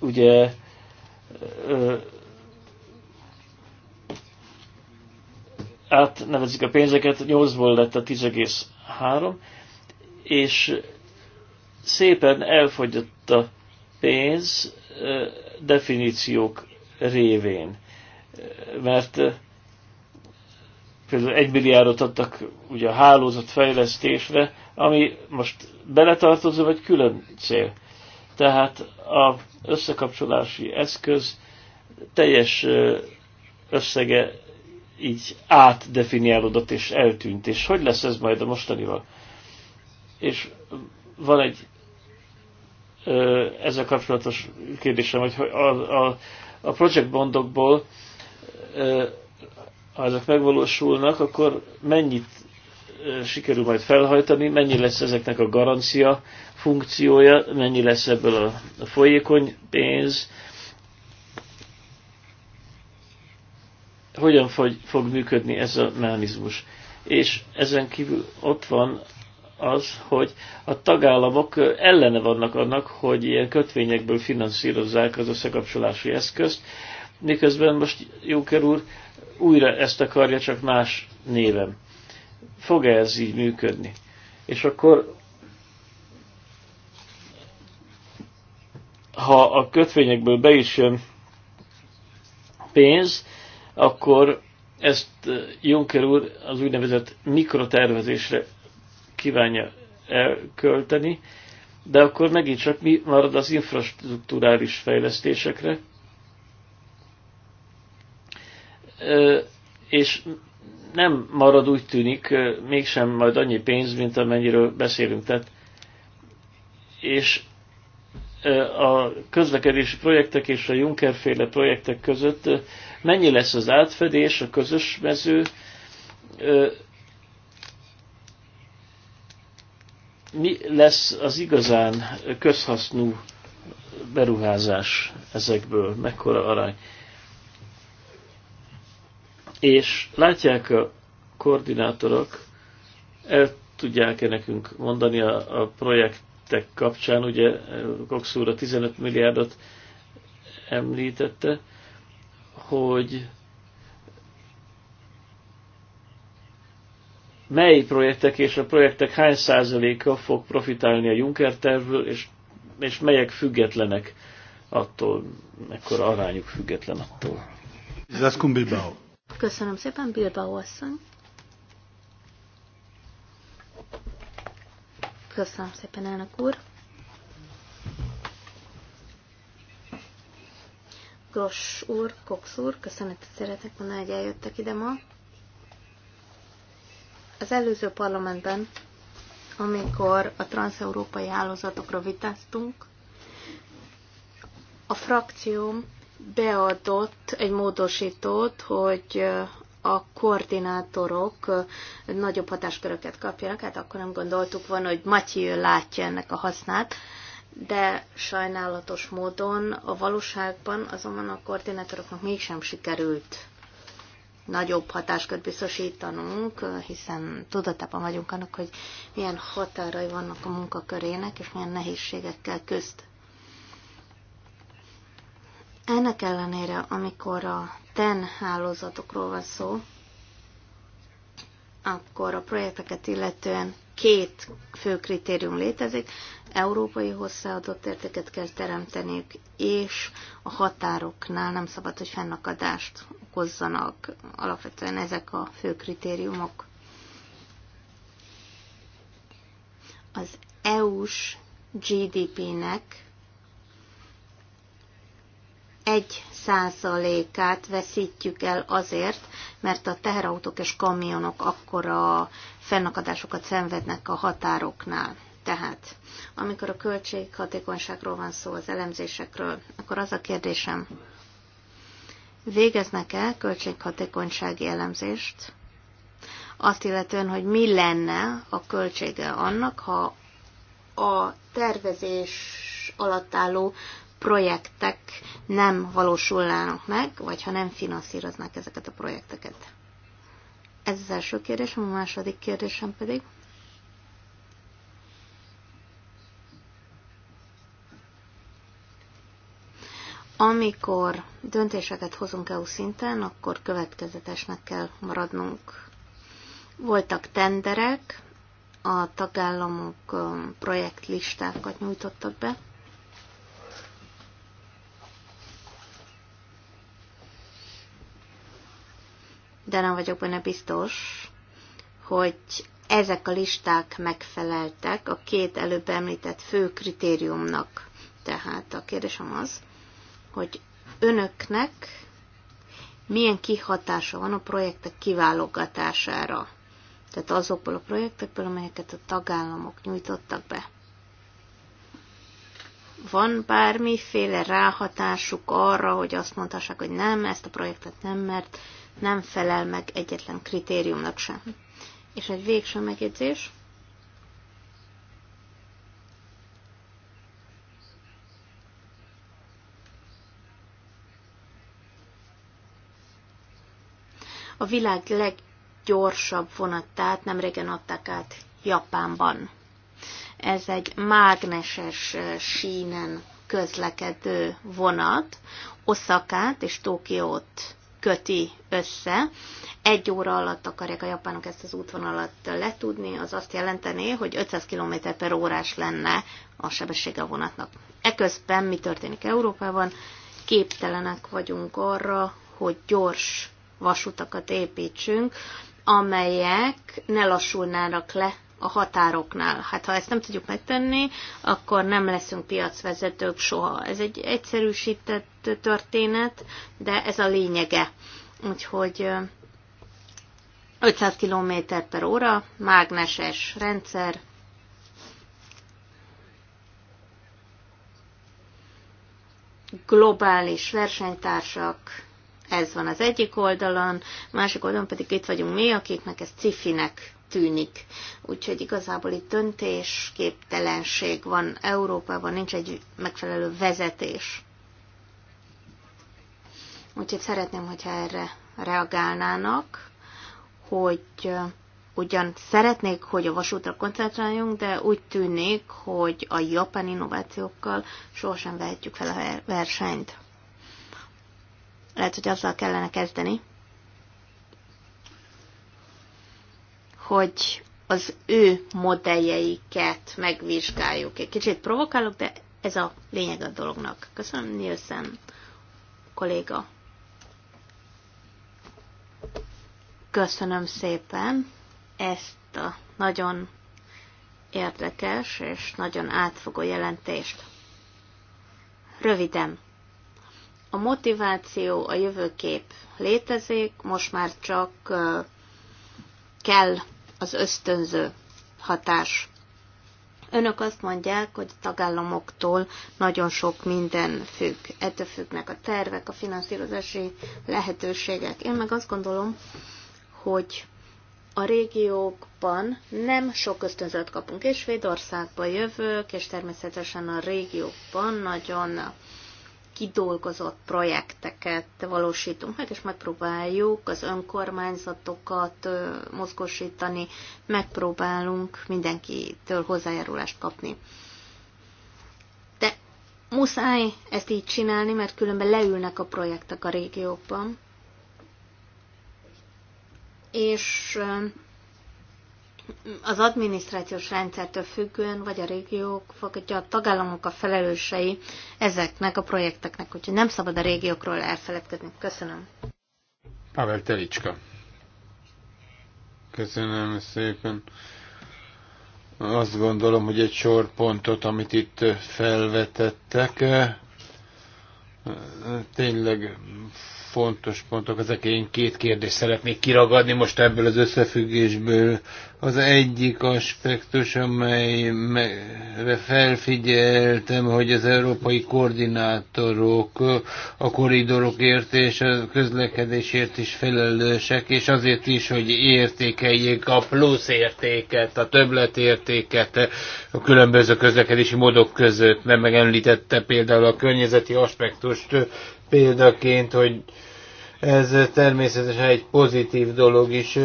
ugye ö, átnevezik a pénzeket, 8-ból lett a 10,3, és szépen elfogyott a pénz definíciók révén. Mert például egy milliárdot adtak ugye a hálózat fejlesztésre, ami most beletartozó vagy külön cél. Tehát a összekapcsolási eszköz teljes összege így átdefiniálódott és eltűnt, és hogy lesz ez majd a mostanival? És van egy ö, ezzel kapcsolatos kérdésem, hogy a, a, a project bondokból, ö, ha ezek megvalósulnak, akkor mennyit sikerül majd felhajtani, mennyi lesz ezeknek a garancia funkciója, mennyi lesz ebből a, a folyékony pénz, hogyan fog, fog működni ez a mechanizmus. És ezen kívül ott van az, hogy a tagállamok ellene vannak annak, hogy ilyen kötvényekből finanszírozzák az összekapcsolási eszközt, miközben most Juncker úr újra ezt akarja, csak más néven. Fog-e ez így működni? És akkor, ha a kötvényekből be is jön pénz, akkor ezt eh, Juncker úr az úgynevezett mikrotervezésre kívánja elkölteni, de akkor megint csak mi marad az infrastruktúrális fejlesztésekre, eh, és nem marad úgy tűnik eh, mégsem majd annyi pénz, mint amennyiről beszélünk. Tehát, és a közlekedési projektek és a Juncker féle projektek között Mennyi lesz az átfedés, a közös mező? Mi lesz az igazán közhasznú beruházás ezekből? Mekkora arány? És látják a koordinátorok, el tudják-e nekünk mondani a, a projektek kapcsán, ugye Cox úr a 15 milliárdot említette, hogy mely projektek és a projektek hány százaléka fog profitálni a Juncker tervből, és, és melyek függetlenek attól, mekkora arányuk független attól. Köszönöm szépen, Bilbao asszony. Köszönöm szépen, elnök úr. Gross úr, Cox úr, köszönetet szeretek volna, hogy eljöttek ide ma. Az előző parlamentben, amikor a transeurópai hálózatokra vitáztunk, a frakcióm beadott egy módosítót, hogy a koordinátorok nagyobb hatásköröket kapjanak, hát akkor nem gondoltuk volna, hogy Matyi látja ennek a hasznát, de sajnálatos módon a valóságban azonban a koordinátoroknak mégsem sikerült nagyobb hatáskört biztosítanunk, hiszen tudatában vagyunk annak, hogy milyen határai vannak a munkakörének, és milyen nehézségekkel közt. Ennek ellenére, amikor a TEN hálózatokról van szó, akkor a projekteket illetően két fő kritérium létezik, európai hozzáadott értéket kell teremteniük, és a határoknál nem szabad, hogy fennakadást okozzanak. Alapvetően ezek a fő kritériumok. Az EU-s GDP-nek egy százalékát veszítjük el azért, mert a teherautók és kamionok akkora fennakadásokat szenvednek a határoknál. Tehát, amikor a költséghatékonyságról van szó, az elemzésekről, akkor az a kérdésem, végeznek-e költséghatékonysági elemzést? Azt illetően, hogy mi lenne a költsége annak, ha a tervezés alatt álló projektek nem valósulnának meg, vagy ha nem finanszíroznák ezeket a projekteket. Ez az első kérdésem, a második kérdésem pedig. Amikor döntéseket hozunk EU szinten, akkor következetesnek kell maradnunk. Voltak tenderek, a tagállamok projektlistákat nyújtottak be, de nem vagyok benne biztos, hogy ezek a listák megfeleltek a két előbb említett fő kritériumnak. Tehát a kérdésem az, hogy önöknek milyen kihatása van a projektek kiválogatására. Tehát azokból a projektekből, amelyeket a tagállamok nyújtottak be. Van bármiféle ráhatásuk arra, hogy azt mondhassák, hogy nem, ezt a projektet nem, mert nem felel meg egyetlen kritériumnak sem. És egy végső megjegyzés. A világ leggyorsabb vonatát nem régen adták át Japánban. Ez egy mágneses eh, sínen közlekedő vonat, Oszakát és Tokiót köti össze. Egy óra alatt akarják a japánok ezt az útvonalat letudni, az azt jelentené, hogy 500 km per órás lenne a sebessége a vonatnak. Eközben mi történik Európában? Képtelenek vagyunk arra, hogy gyors vasutakat építsünk, amelyek ne lassulnának le a határoknál. Hát ha ezt nem tudjuk megtenni, akkor nem leszünk piacvezetők soha. Ez egy egyszerűsített történet, de ez a lényege. Úgyhogy 500 km per óra, mágneses rendszer, globális versenytársak, ez van az egyik oldalon, másik oldalon pedig itt vagyunk mi, akiknek ez cifinek tűnik. Úgyhogy igazából itt döntésképtelenség van Európában, nincs egy megfelelő vezetés. Úgyhogy szeretném, hogyha erre reagálnának, hogy ugyan szeretnék, hogy a vasútra koncentráljunk, de úgy tűnik, hogy a japán innovációkkal sohasem vehetjük fel a versenyt. Lehet, hogy azzal kellene kezdeni, hogy az ő modelljeiket megvizsgáljuk. Egy kicsit provokálok, de ez a lényeg a dolognak. Köszönöm, Nielsen kolléga. Köszönöm szépen ezt a nagyon érdekes és nagyon átfogó jelentést. Röviden. A motiváció, a jövőkép létezik, most már csak kell az ösztönző hatás. Önök azt mondják, hogy a tagállamoktól nagyon sok minden függ. Ettől függnek a tervek, a finanszírozási lehetőségek. Én meg azt gondolom, hogy a régiókban nem sok ösztönzőt kapunk, és Svédországba jövök, és természetesen a régiókban nagyon kidolgozott projekteket valósítunk meg, és megpróbáljuk az önkormányzatokat mozgósítani. megpróbálunk mindenkitől hozzájárulást kapni. De muszáj ezt így csinálni, mert különben leülnek a projektek a régióban. és az adminisztrációs rendszertől függően, vagy a régiók, vagy a tagállamok a felelősei ezeknek a projekteknek. Úgyhogy nem szabad a régiókról elfeledkezni. Köszönöm. Pavel Telicska. Köszönöm szépen. Azt gondolom, hogy egy sor pontot, amit itt felvetettek, tényleg fontos pontok ezek. Én két kérdést szeretnék kiragadni most ebből az összefüggésből. Az egyik aspektus, amelyre felfigyeltem, hogy az európai koordinátorok a koridorokért és a közlekedésért is felelősek, és azért is, hogy értékeljék a plusz értéket, a többletértéket a különböző közlekedési módok között, mert megemlítette például a környezeti aspektust, példaként, hogy ez természetesen egy pozitív dolog is,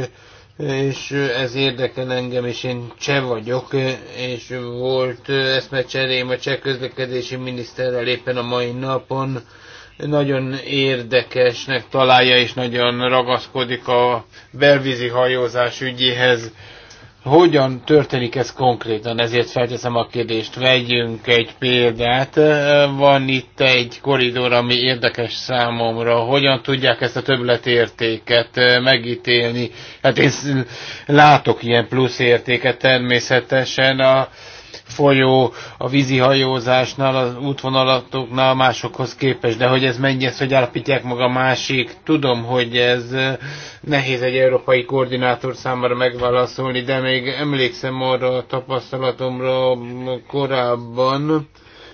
és ez érdekel engem, és én cseh vagyok, és volt eszmecserém a cseh közlekedési miniszterrel éppen a mai napon, nagyon érdekesnek találja, és nagyon ragaszkodik a belvízi hajózás ügyéhez hogyan történik ez konkrétan, ezért felteszem a kérdést, vegyünk egy példát. Van itt egy koridor, ami érdekes számomra, hogyan tudják ezt a többletértéket megítélni. Hát én látok ilyen plusz értéket természetesen a folyó a vízi hajózásnál, az útvonalatoknál másokhoz képest, de hogy ez mennyi, ez hogy állapítják maga másik, tudom, hogy ez eh, nehéz egy európai koordinátor számára megválaszolni, de még emlékszem arra a tapasztalatomra korábban,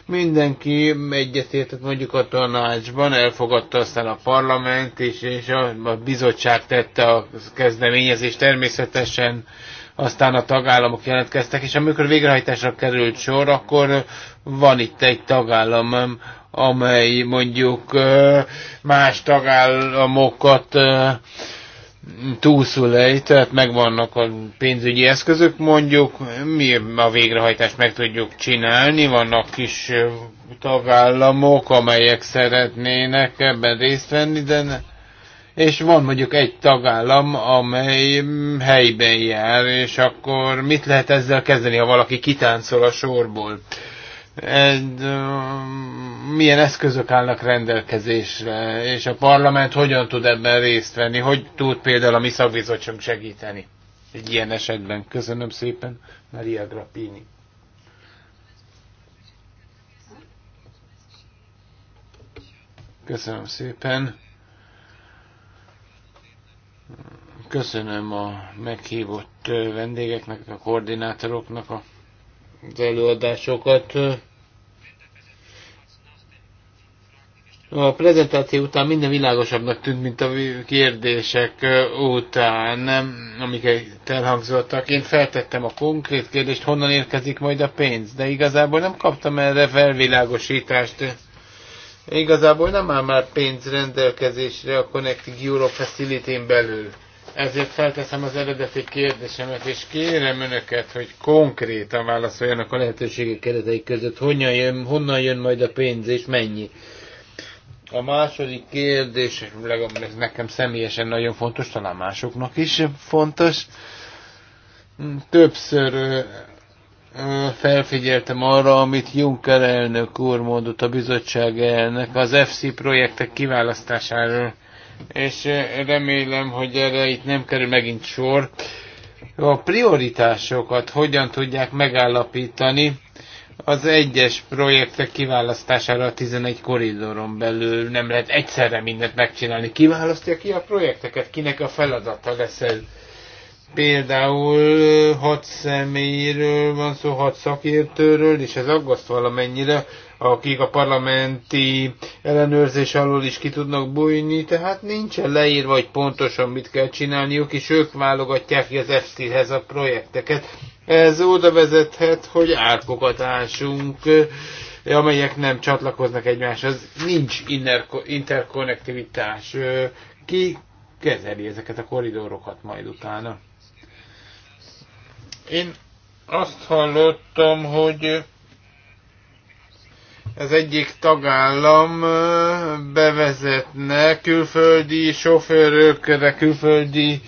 mindenki egyetértett mondjuk a tanácsban, elfogadta aztán a parlament, és, és a, a bizottság tette a kezdeményezést természetesen aztán a tagállamok jelentkeztek, és amikor végrehajtásra került sor, akkor van itt egy tagállam, amely mondjuk más tagállamokat egy tehát megvannak a pénzügyi eszközök, mondjuk mi a végrehajtást meg tudjuk csinálni, vannak kis tagállamok, amelyek szeretnének ebben részt venni, de és van mondjuk egy tagállam, amely mm, helyben jár, és akkor mit lehet ezzel kezdeni, ha valaki kitáncol a sorból? Ed, milyen eszközök állnak rendelkezésre, és a parlament hogyan tud ebben részt venni, hogy tud például a mi szakbizottság segíteni egy ilyen esetben. Köszönöm szépen, Maria Grappini. Köszönöm szépen. Köszönöm a meghívott vendégeknek, a koordinátoroknak az előadásokat. A prezentáció után minden világosabbnak tűnt, mint a kérdések után, amik elhangzottak. Én feltettem a konkrét kérdést, honnan érkezik majd a pénz, de igazából nem kaptam erre felvilágosítást. Igazából nem áll már pénz rendelkezésre a Connecting Europe Facility-n belül. Ezért felteszem az eredeti kérdésemet, és kérem önöket, hogy konkrétan válaszoljanak a lehetőségek keretei között, honnan jön, honnan jön majd a pénz, és mennyi. A második kérdés, legalább ez nekem személyesen nagyon fontos, talán másoknak is fontos. Többször felfigyeltem arra, amit Juncker elnök úr mondott a bizottság elnök az FC projektek kiválasztásáról és remélem, hogy erre itt nem kerül megint sor. A prioritásokat hogyan tudják megállapítani az egyes projektek kiválasztására a 11 koridoron belül? Nem lehet egyszerre mindent megcsinálni. Kiválasztja ki a projekteket, kinek a feladata lesz ez? Például hat személyről van szó, hat szakértőről, és ez aggaszt valamennyire, akik a parlamenti ellenőrzés alól is ki tudnak bújni, tehát nincsen leírva, hogy pontosan mit kell csinálniuk, és ők válogatják ki az fc hez a projekteket. Ez oda vezethet, hogy árkokat ásunk, amelyek nem csatlakoznak egymáshoz. Nincs interkonnektivitás. Ki kezeli ezeket a koridorokat majd utána? Én azt hallottam, hogy az egyik tagállam bevezetne külföldi sofőrökre, külföldi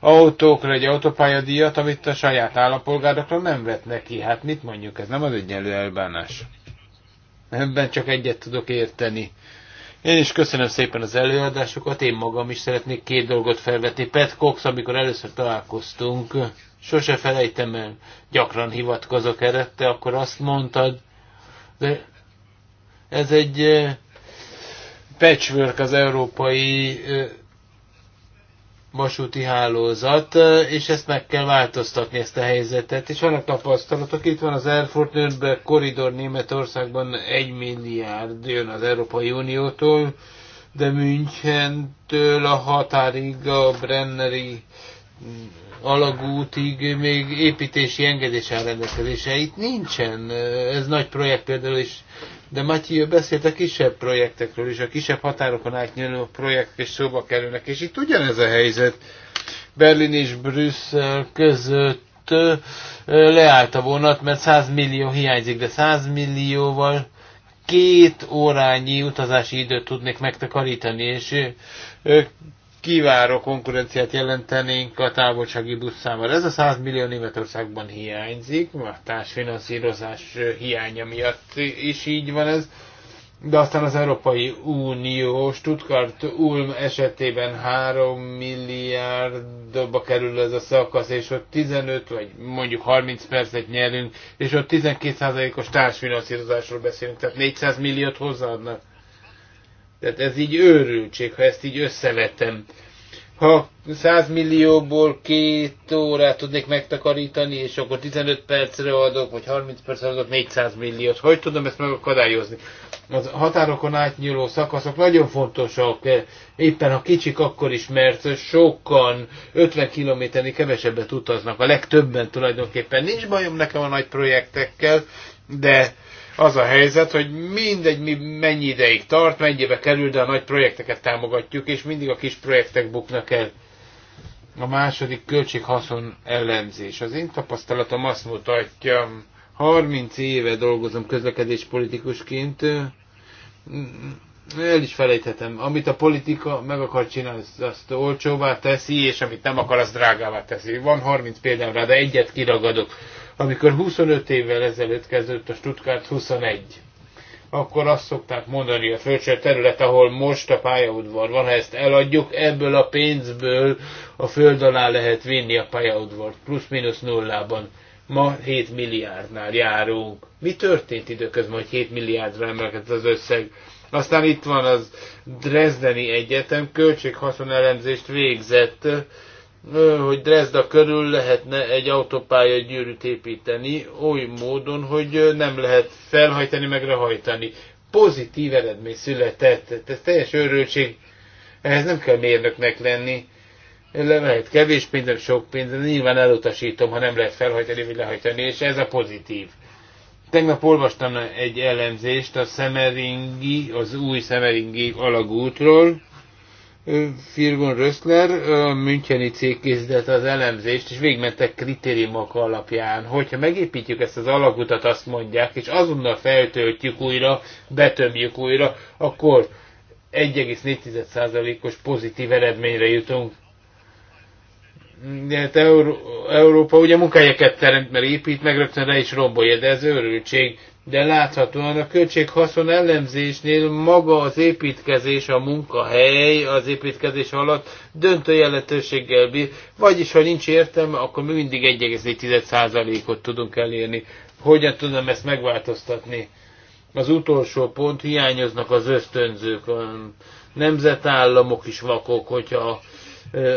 autókra egy autópályadíjat, amit a saját állampolgárokra nem vetnek ki. Hát mit mondjuk, ez nem az egyenlő elbánás. Ebben csak egyet tudok érteni. Én is köszönöm szépen az előadásokat, én magam is szeretnék két dolgot felvetni. Pet Cox, amikor először találkoztunk, Sose felejtem el, gyakran hivatkozok erre, te akkor azt mondtad, de ez egy eh, patchwork az európai eh, vasúti hálózat, eh, és ezt meg kell változtatni, ezt a helyzetet. És vannak tapasztalatok, itt van az Erfurt Nürnberg koridor Németországban egy milliárd jön az Európai Uniótól, de Münchentől a határig a Brenneri mm, alagútig még építési engedés rendelkezése. Itt nincsen, ez nagy projekt például is, de Matyi beszélt a kisebb projektekről is, a kisebb határokon átnyúló projektek is szóba kerülnek, és itt ugyanez a helyzet. Berlin és Brüsszel között leállt a vonat, mert 100 millió hiányzik, de 100 millióval két órányi utazási időt tudnék megtakarítani, és kiváró konkurenciát jelentenénk a távolsági busz számára. Ez a 100 millió Németországban hiányzik, a társfinanszírozás hiánya miatt is így van ez. De aztán az Európai Unió Stuttgart-Ulm esetében 3 milliárdba kerül ez a szakasz, és ott 15 vagy mondjuk 30 percet nyerünk, és ott 12%-os társfinanszírozásról beszélünk, tehát 400 milliót hozzáadnak tehát ez így őrültség, ha ezt így összevetem. Ha 100 millióból két órát tudnék megtakarítani, és akkor 15 percre adok, vagy 30 percre adok 400 milliót, hogy tudom ezt megakadályozni? Az határokon átnyúló szakaszok nagyon fontosak, éppen ha kicsik akkor is, mert sokan 50 kilométerni kevesebbet utaznak, a legtöbben tulajdonképpen. Nincs bajom nekem a nagy projektekkel, de az a helyzet, hogy mindegy, mi mennyi ideig tart, mennyibe kerül, de a nagy projekteket támogatjuk, és mindig a kis projektek buknak el. A második költséghaszon ellenzés. Az én tapasztalatom azt mutatja, 30 éve dolgozom közlekedéspolitikusként, el is felejthetem. Amit a politika meg akar csinálni, azt, azt olcsóvá teszi, és amit nem akar, az drágává teszi. Van 30 példám rá, de egyet kiragadok. Amikor 25 évvel ezelőtt kezdődött a Stuttgart 21, akkor azt szokták mondani, a földső terület, ahol most a pályaudvar van, ha ezt eladjuk, ebből a pénzből a föld alá lehet vinni a pályaudvart, plusz-minusz nullában. Ma 7 milliárdnál járunk. Mi történt időközben, hogy 7 milliárdra emelkedett az összeg? Aztán itt van az Dresdeni Egyetem költséghaszonelemzést végzett, hogy Dresda körül lehetne egy autópálya gyűrűt építeni, oly módon, hogy nem lehet felhajtani, meg lehajtani. Pozitív eredmény született, ez teljes örültség, ehhez nem kell mérnöknek lenni. Le lehet kevés pénzem, sok pénzem, nyilván elutasítom, ha nem lehet felhajtani, vagy lehajtani, és ez a pozitív. Tegnap olvastam egy elemzést a Szemeringi, az új Szemeringi alagútról, Firgun Rössler, Müncheni cég készített az elemzést, és végmentek kritériumok alapján. Hogyha megépítjük ezt az alakutat, azt mondják, és azonnal feltöltjük újra, betömjük újra, akkor 1,4%-os pozitív eredményre jutunk hát Euró Európa ugye munkahelyeket teremt, mert épít, meg rögtön rá is rombolja, de ez őrültség. De láthatóan a költséghaszon ellenzésnél maga az építkezés, a munkahely az építkezés alatt döntő jelentőséggel bír. Vagyis, ha nincs értelme, akkor mi mindig 1,4%-ot tudunk elérni. Hogyan tudom ezt megváltoztatni? Az utolsó pont, hiányoznak az ösztönzők. A nemzetállamok is vakok, hogyha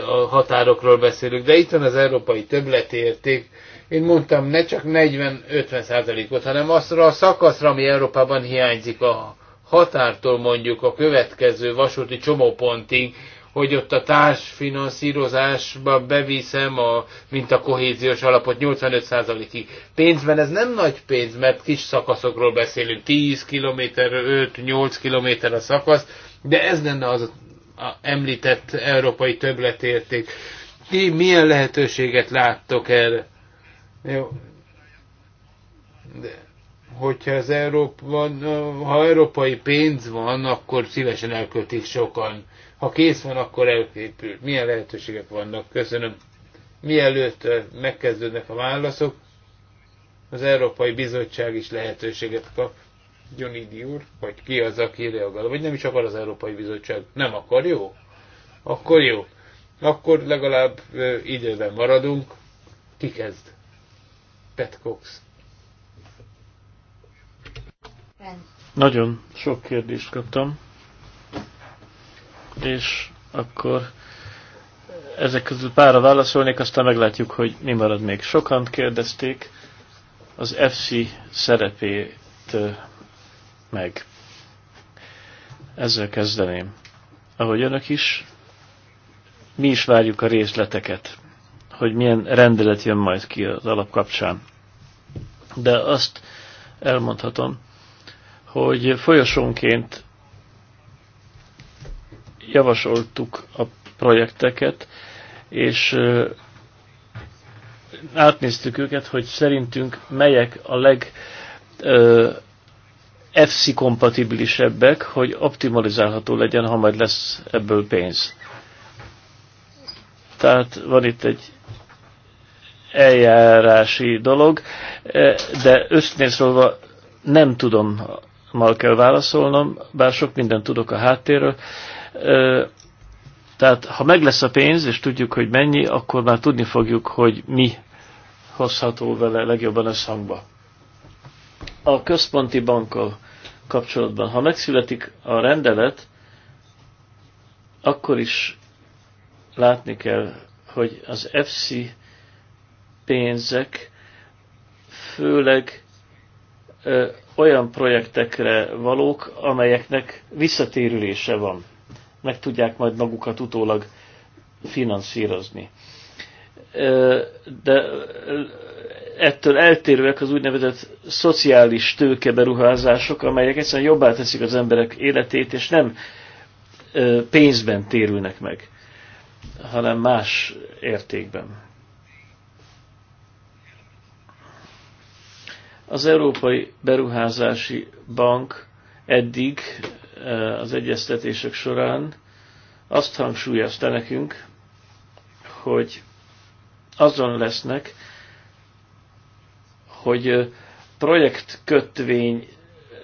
a határokról beszélünk, de itt van az európai többletérték. Én mondtam, ne csak 40-50 százalékot, hanem azra a szakaszra, ami Európában hiányzik a határtól mondjuk a következő vasúti csomópontig, hogy ott a társfinanszírozásba beviszem, a, mint a kohéziós alapot 85%-ig. Pénzben ez nem nagy pénz, mert kis szakaszokról beszélünk, 10 km, 5-8 km a szakasz, de ez lenne az a említett európai többletérték. Ti milyen lehetőséget láttok erre? Jó. De, hogyha az Európa, ha európai pénz van, akkor szívesen elköltik sokan. Ha kész van, akkor elképül. Milyen lehetőségek vannak? Köszönöm. Mielőtt megkezdődnek a válaszok, az Európai Bizottság is lehetőséget kap. Gyonidi úr, vagy ki az, aki reagál, vagy nem is akar az Európai Bizottság. Nem akar, jó? Akkor jó. Akkor legalább ö, időben maradunk. Ki kezd? Pat Cox. Nagyon sok kérdést kaptam, és akkor ezek közül pára válaszolnék, aztán meglátjuk, hogy mi marad még. Sokan kérdezték az FC szerepét meg. Ezzel kezdeném. Ahogy önök is, mi is várjuk a részleteket, hogy milyen rendelet jön majd ki az alap kapcsán. De azt elmondhatom, hogy folyosónként javasoltuk a projekteket, és átnéztük őket, hogy szerintünk melyek a leg FC kompatibilisebbek, hogy optimalizálható legyen, ha majd lesz ebből pénz. Tehát van itt egy eljárási dolog, e, de őszintén szólva nem tudom, mal kell válaszolnom, bár sok mindent tudok a háttérről. E, tehát ha meg lesz a pénz, és tudjuk, hogy mennyi, akkor már tudni fogjuk, hogy mi hozható vele legjobban összhangba. A központi bankkal kapcsolatban. Ha megszületik a rendelet, akkor is látni kell, hogy az FC pénzek főleg ö, olyan projektekre valók, amelyeknek visszatérülése van. Meg tudják majd magukat utólag finanszírozni. Ö, de ettől eltérőek az úgynevezett szociális tőkeberuházások, amelyek egyszerűen jobbá teszik az emberek életét, és nem pénzben térülnek meg, hanem más értékben. Az Európai Beruházási Bank eddig az egyeztetések során azt hangsúlyozta nekünk, hogy azon lesznek, hogy projektkötvény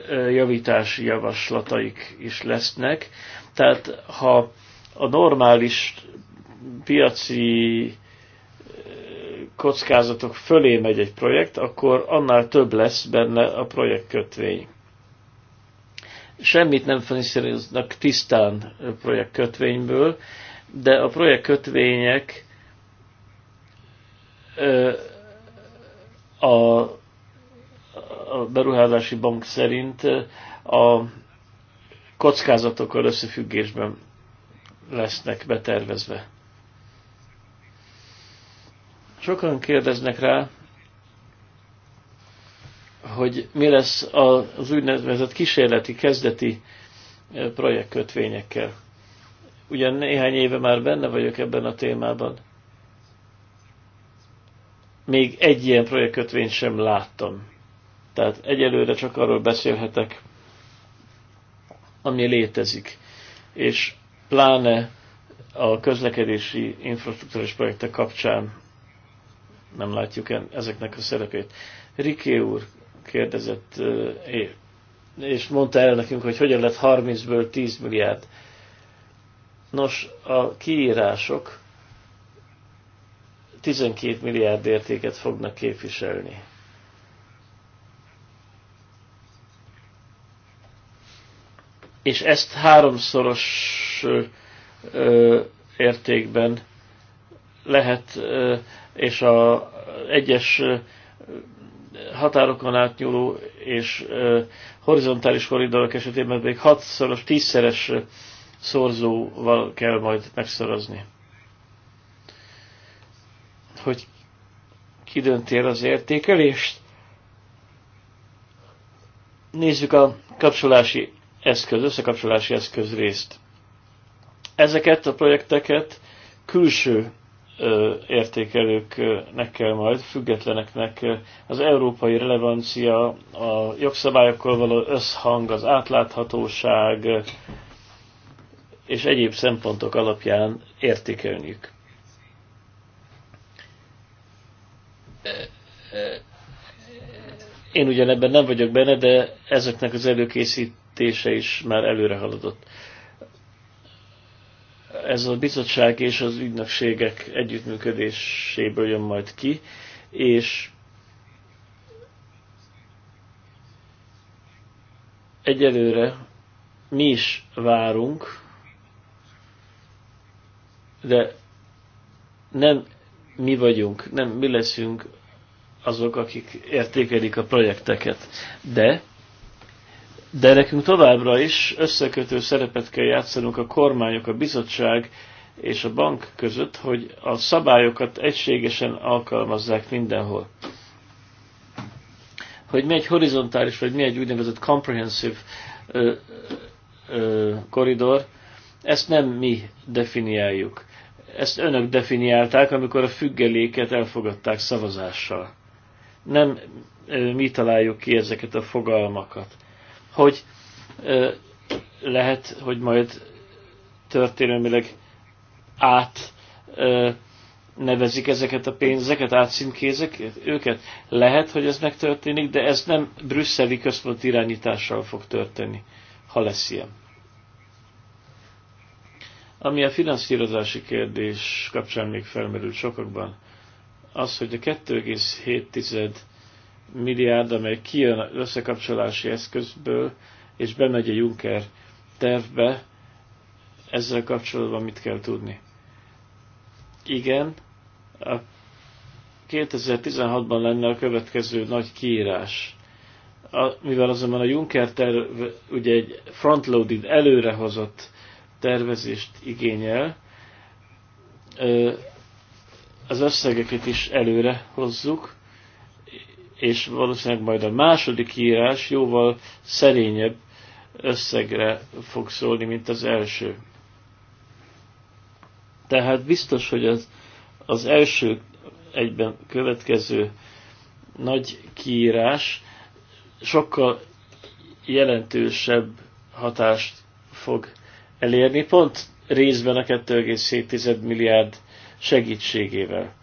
javítási javaslataik is lesznek. Tehát ha a normális piaci kockázatok fölé megy egy projekt, akkor annál több lesz benne a projektkötvény. Semmit nem finanszíroznak tisztán projektkötvényből, de a projektkötvények a, a beruházási bank szerint a kockázatokkal összefüggésben lesznek betervezve. Sokan kérdeznek rá, hogy mi lesz az úgynevezett kísérleti, kezdeti eh, projektkötvényekkel. Ugyan néhány éve már benne vagyok ebben a témában, még egy ilyen projektkötvényt sem láttam. Tehát egyelőre csak arról beszélhetek, ami létezik. És pláne a közlekedési infrastruktúrás projektek kapcsán nem látjuk ezeknek a szerepét. Riké úr kérdezett, és mondta el nekünk, hogy hogyan lett 30-ből 10 milliárd. Nos, a kiírások 12 milliárd értéket fognak képviselni. És ezt háromszoros ö, értékben lehet, ö, és a egyes ö, határokon átnyúló és ö, horizontális koridorok esetében még hatszoros, tízszeres szorzóval kell majd megszorozni hogy kidöntél az értékelést. Nézzük a kapcsolási eszköz, összekapcsolási eszköz részt. Ezeket a projekteket külső értékelőknek kell majd, függetleneknek az európai relevancia, a jogszabályokkal való összhang, az átláthatóság és egyéb szempontok alapján értékelniük. Én ugyan ebben nem vagyok benne, de ezeknek az előkészítése is már előre haladott. Ez a bizottság és az ügynökségek együttműködéséből jön majd ki, és egyelőre mi is várunk, de nem mi vagyunk, nem mi leszünk azok, akik értékelik a projekteket. De, de nekünk továbbra is összekötő szerepet kell játszanunk a kormányok, a bizottság és a bank között, hogy a szabályokat egységesen alkalmazzák mindenhol. Hogy mi egy horizontális, vagy mi egy úgynevezett comprehensive ö, ö, koridor, ezt nem mi definiáljuk ezt önök definiálták, amikor a függeléket elfogadták szavazással. Nem mi találjuk ki ezeket a fogalmakat. Hogy lehet, hogy majd történelmileg át nevezik ezeket a pénzeket, átszínkézek őket. Lehet, hogy ez megtörténik, de ez nem brüsszeli központ irányítással fog történni, ha lesz ilyen. Ami a finanszírozási kérdés kapcsán még felmerült sokakban, az, hogy a 2,7 milliárd, amely kijön az összekapcsolási eszközből, és bemegy a Juncker tervbe, ezzel kapcsolatban mit kell tudni? Igen, a 2016-ban lenne a következő nagy kiírás. A, mivel azonban a Juncker terv ugye egy frontloaded, előrehozott tervezést igényel. Az összegeket is előre hozzuk, és valószínűleg majd a második írás jóval szerényebb összegre fog szólni, mint az első. Tehát biztos, hogy az, az első egyben következő nagy kiírás sokkal jelentősebb hatást fog elérni, pont részben a 2,7 milliárd segítségével.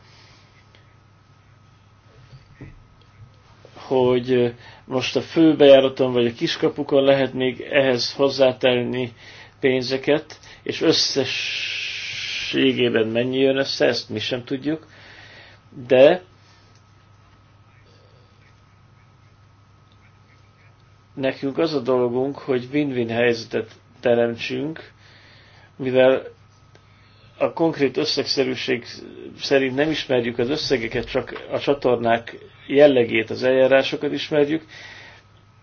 Hogy most a főbejáraton vagy a kiskapukon lehet még ehhez hozzátenni pénzeket, és összességében mennyi jön össze, ezt mi sem tudjuk, de nekünk az a dolgunk, hogy win-win helyzetet teremtsünk, mivel a konkrét összegszerűség szerint nem ismerjük az összegeket, csak a csatornák jellegét, az eljárásokat ismerjük,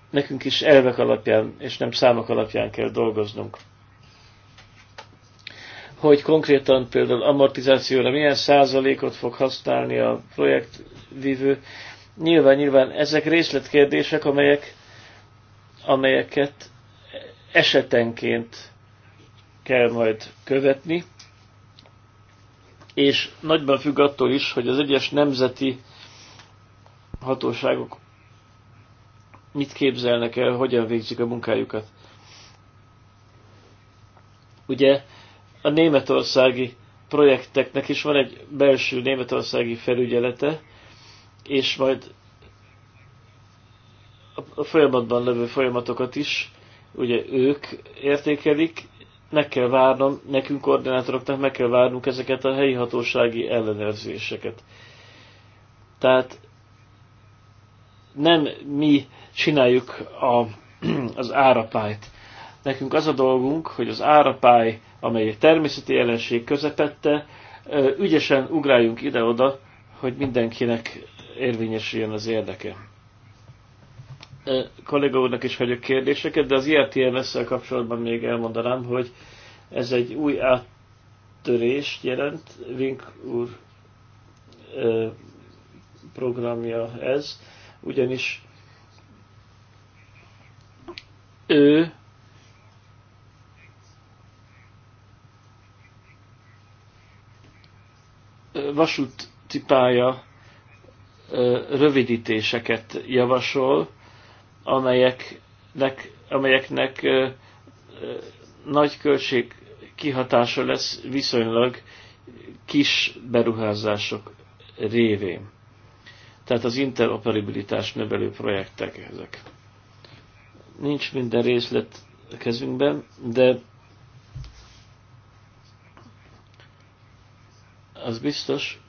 nekünk is elvek alapján és nem számok alapján kell dolgoznunk. Hogy konkrétan például amortizációra milyen százalékot fog használni a projektvívő, nyilván-nyilván ezek részletkérdések, amelyek, amelyeket esetenként kell majd követni, és nagyban függ attól is, hogy az egyes nemzeti hatóságok mit képzelnek el, hogyan végzik a munkájukat. Ugye a németországi projekteknek is van egy belső németországi felügyelete, és majd a folyamatban levő folyamatokat is ugye ők értékelik, meg kell várnom, nekünk koordinátoroknak meg kell várnunk ezeket a helyi hatósági ellenőrzéseket. Tehát nem mi csináljuk a, az árapályt. Nekünk az a dolgunk, hogy az árapály, amely természeti jelenség közepette, ügyesen ugráljunk ide-oda, hogy mindenkinek érvényesüljön az érdeke kollega úrnak is hagyok kérdéseket, de az IRTMS-szel kapcsolatban még elmondanám, hogy ez egy új áttörést jelent, Vink úr programja ez, ugyanis ő vasúti pálya rövidítéseket javasol, amelyeknek, amelyeknek ö, ö, nagy költség kihatása lesz viszonylag kis beruházások révén. Tehát az interoperabilitás növelő projektek ezek. Nincs minden részlet a kezünkben, de az biztos,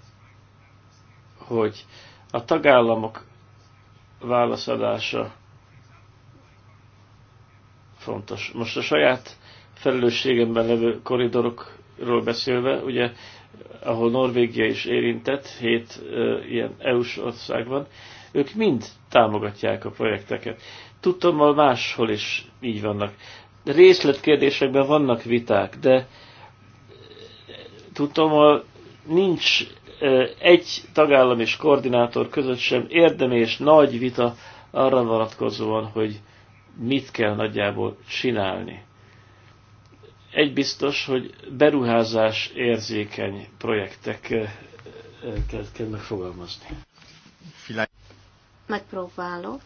hogy a tagállamok válaszadása fontos. Most a saját felelősségemben levő koridorokról beszélve, ugye, ahol Norvégia is érintett, hét e, ilyen EU-s országban, ők mind támogatják a projekteket. Tudtommal máshol is így vannak. Részletkérdésekben vannak viták, de tudtommal nincs egy tagállam és koordinátor között sem érdemes nagy vita arra vonatkozóan, hogy mit kell nagyjából csinálni. Egy biztos, hogy beruházás érzékeny projekteket kell megfogalmazni. Megpróbálok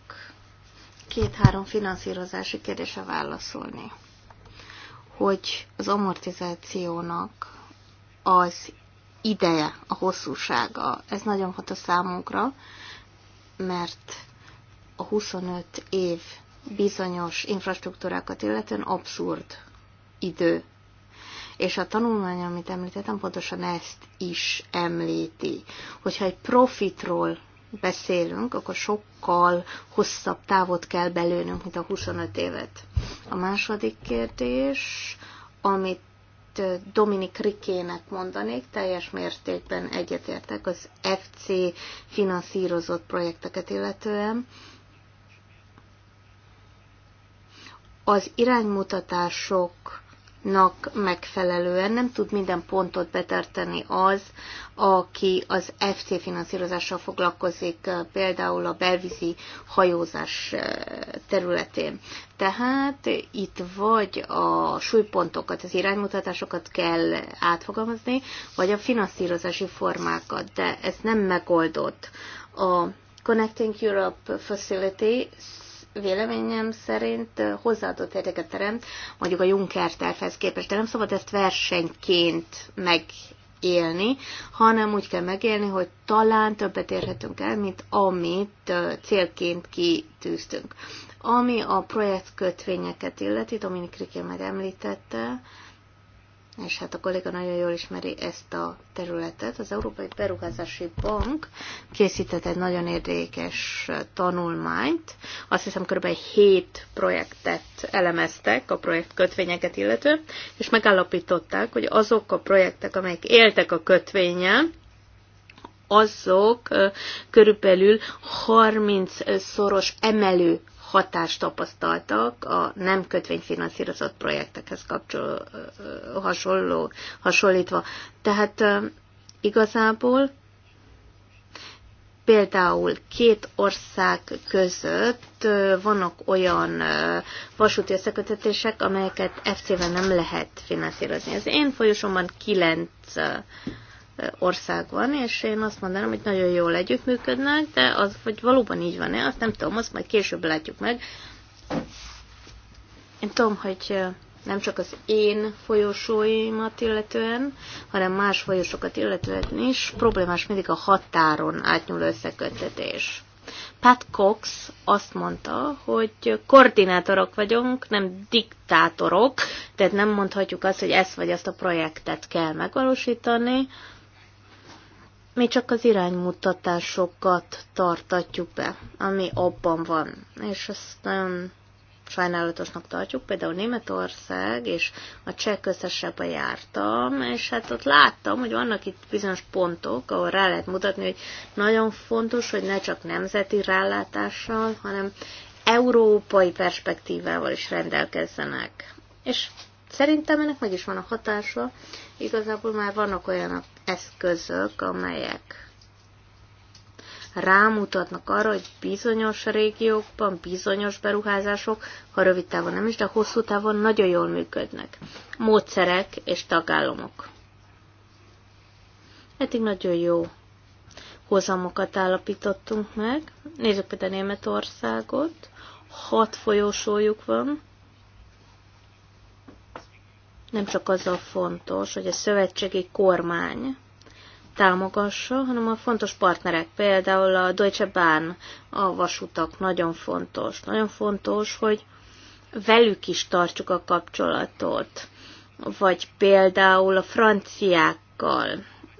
két-három finanszírozási kérdése válaszolni. Hogy az amortizációnak az ideje, a hosszúsága, ez nagyon fontos számunkra, mert a 25 év bizonyos infrastruktúrákat illetően abszurd idő. És a tanulmány, amit említettem, pontosan ezt is említi. Hogyha egy profitról beszélünk, akkor sokkal hosszabb távot kell belőnünk, mint a 25 évet. A második kérdés, amit Dominik Rikének mondanék, teljes mértékben egyetértek az FC finanszírozott projekteket illetően. az iránymutatásoknak megfelelően nem tud minden pontot betartani az, aki az FC finanszírozással foglalkozik, eh, például a belvízi hajózás eh, területén. Tehát itt vagy a súlypontokat, az iránymutatásokat kell átfogalmazni, vagy a finanszírozási formákat, de ez nem megoldott. A Connecting Europe Facility véleményem szerint hozzáadott érdeket teremt, mondjuk a Juncker tervhez képest, de nem szabad ezt versenyként megélni, hanem úgy kell megélni, hogy talán többet érhetünk el, mint amit célként kitűztünk. Ami a projektkötvényeket illeti, Dominik Riké megemlítette, említette, és hát a kolléga nagyon jól ismeri ezt a területet. Az Európai Beruházási Bank készített egy nagyon érdekes tanulmányt. Azt hiszem, kb. 7 projektet elemeztek a projekt kötvényeket illető, és megállapították, hogy azok a projektek, amelyek éltek a kötvényen, azok körülbelül 30 szoros emelő hatást tapasztaltak a nem kötvényfinanszírozott projektekhez kapcsoló, hasonló, hasonlítva. Tehát igazából például két ország között vannak olyan vasúti összekötetések, amelyeket FC-vel nem lehet finanszírozni. Az én folyosomban kilenc ország van, és én azt mondanám, hogy nagyon jól együttműködnek, de az, hogy valóban így van-e, azt nem tudom, azt majd később látjuk meg. Én tudom, hogy nem csak az én folyosóimat illetően, hanem más folyosokat illetően is problémás mindig a határon átnyúló összeköttetés. Pat Cox azt mondta, hogy koordinátorok vagyunk, nem diktátorok, tehát nem mondhatjuk azt, hogy ezt vagy azt a projektet kell megvalósítani, mi csak az iránymutatásokat tartatjuk be, ami abban van, és ezt nagyon sajnálatosnak tartjuk. Például Németország és a cseh közösebben jártam, és hát ott láttam, hogy vannak itt bizonyos pontok, ahol rá lehet mutatni, hogy nagyon fontos, hogy ne csak nemzeti rálátással, hanem európai perspektívával is rendelkezzenek. És Szerintem ennek meg is van a hatása. Igazából már vannak olyan eszközök, amelyek rámutatnak arra, hogy bizonyos régiókban bizonyos beruházások, ha rövid távon nem is, de hosszú távon nagyon jól működnek. Módszerek és tagállamok. Eddig nagyon jó hozamokat állapítottunk meg. Nézzük például Németországot. Hat folyósójuk van, nem csak az a fontos, hogy a szövetségi kormány támogassa, hanem a fontos partnerek, például a Deutsche Bahn, a vasutak nagyon fontos. Nagyon fontos, hogy velük is tartsuk a kapcsolatot, vagy például a franciákkal,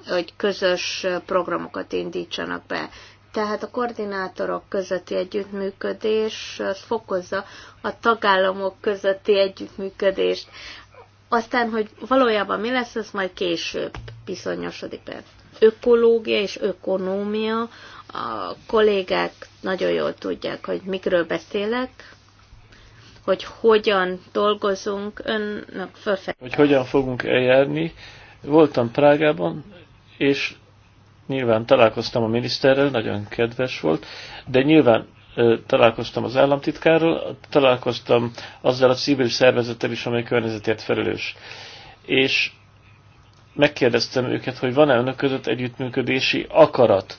hogy közös programokat indítsanak be. Tehát a koordinátorok közötti együttműködés az fokozza a tagállamok közötti együttműködést. Aztán, hogy valójában mi lesz, az majd később bizonyosodik be. Ökológia és ökonómia, a kollégák nagyon jól tudják, hogy mikről beszélek, hogy hogyan dolgozunk önnek fölfelé. Hogy hogyan fogunk eljárni. Voltam Prágában, és nyilván találkoztam a miniszterrel, nagyon kedves volt, de nyilván találkoztam az államtitkárral, találkoztam azzal a civil szervezettel is, amely környezetért felelős. És megkérdeztem őket, hogy van-e önök között együttműködési akarat.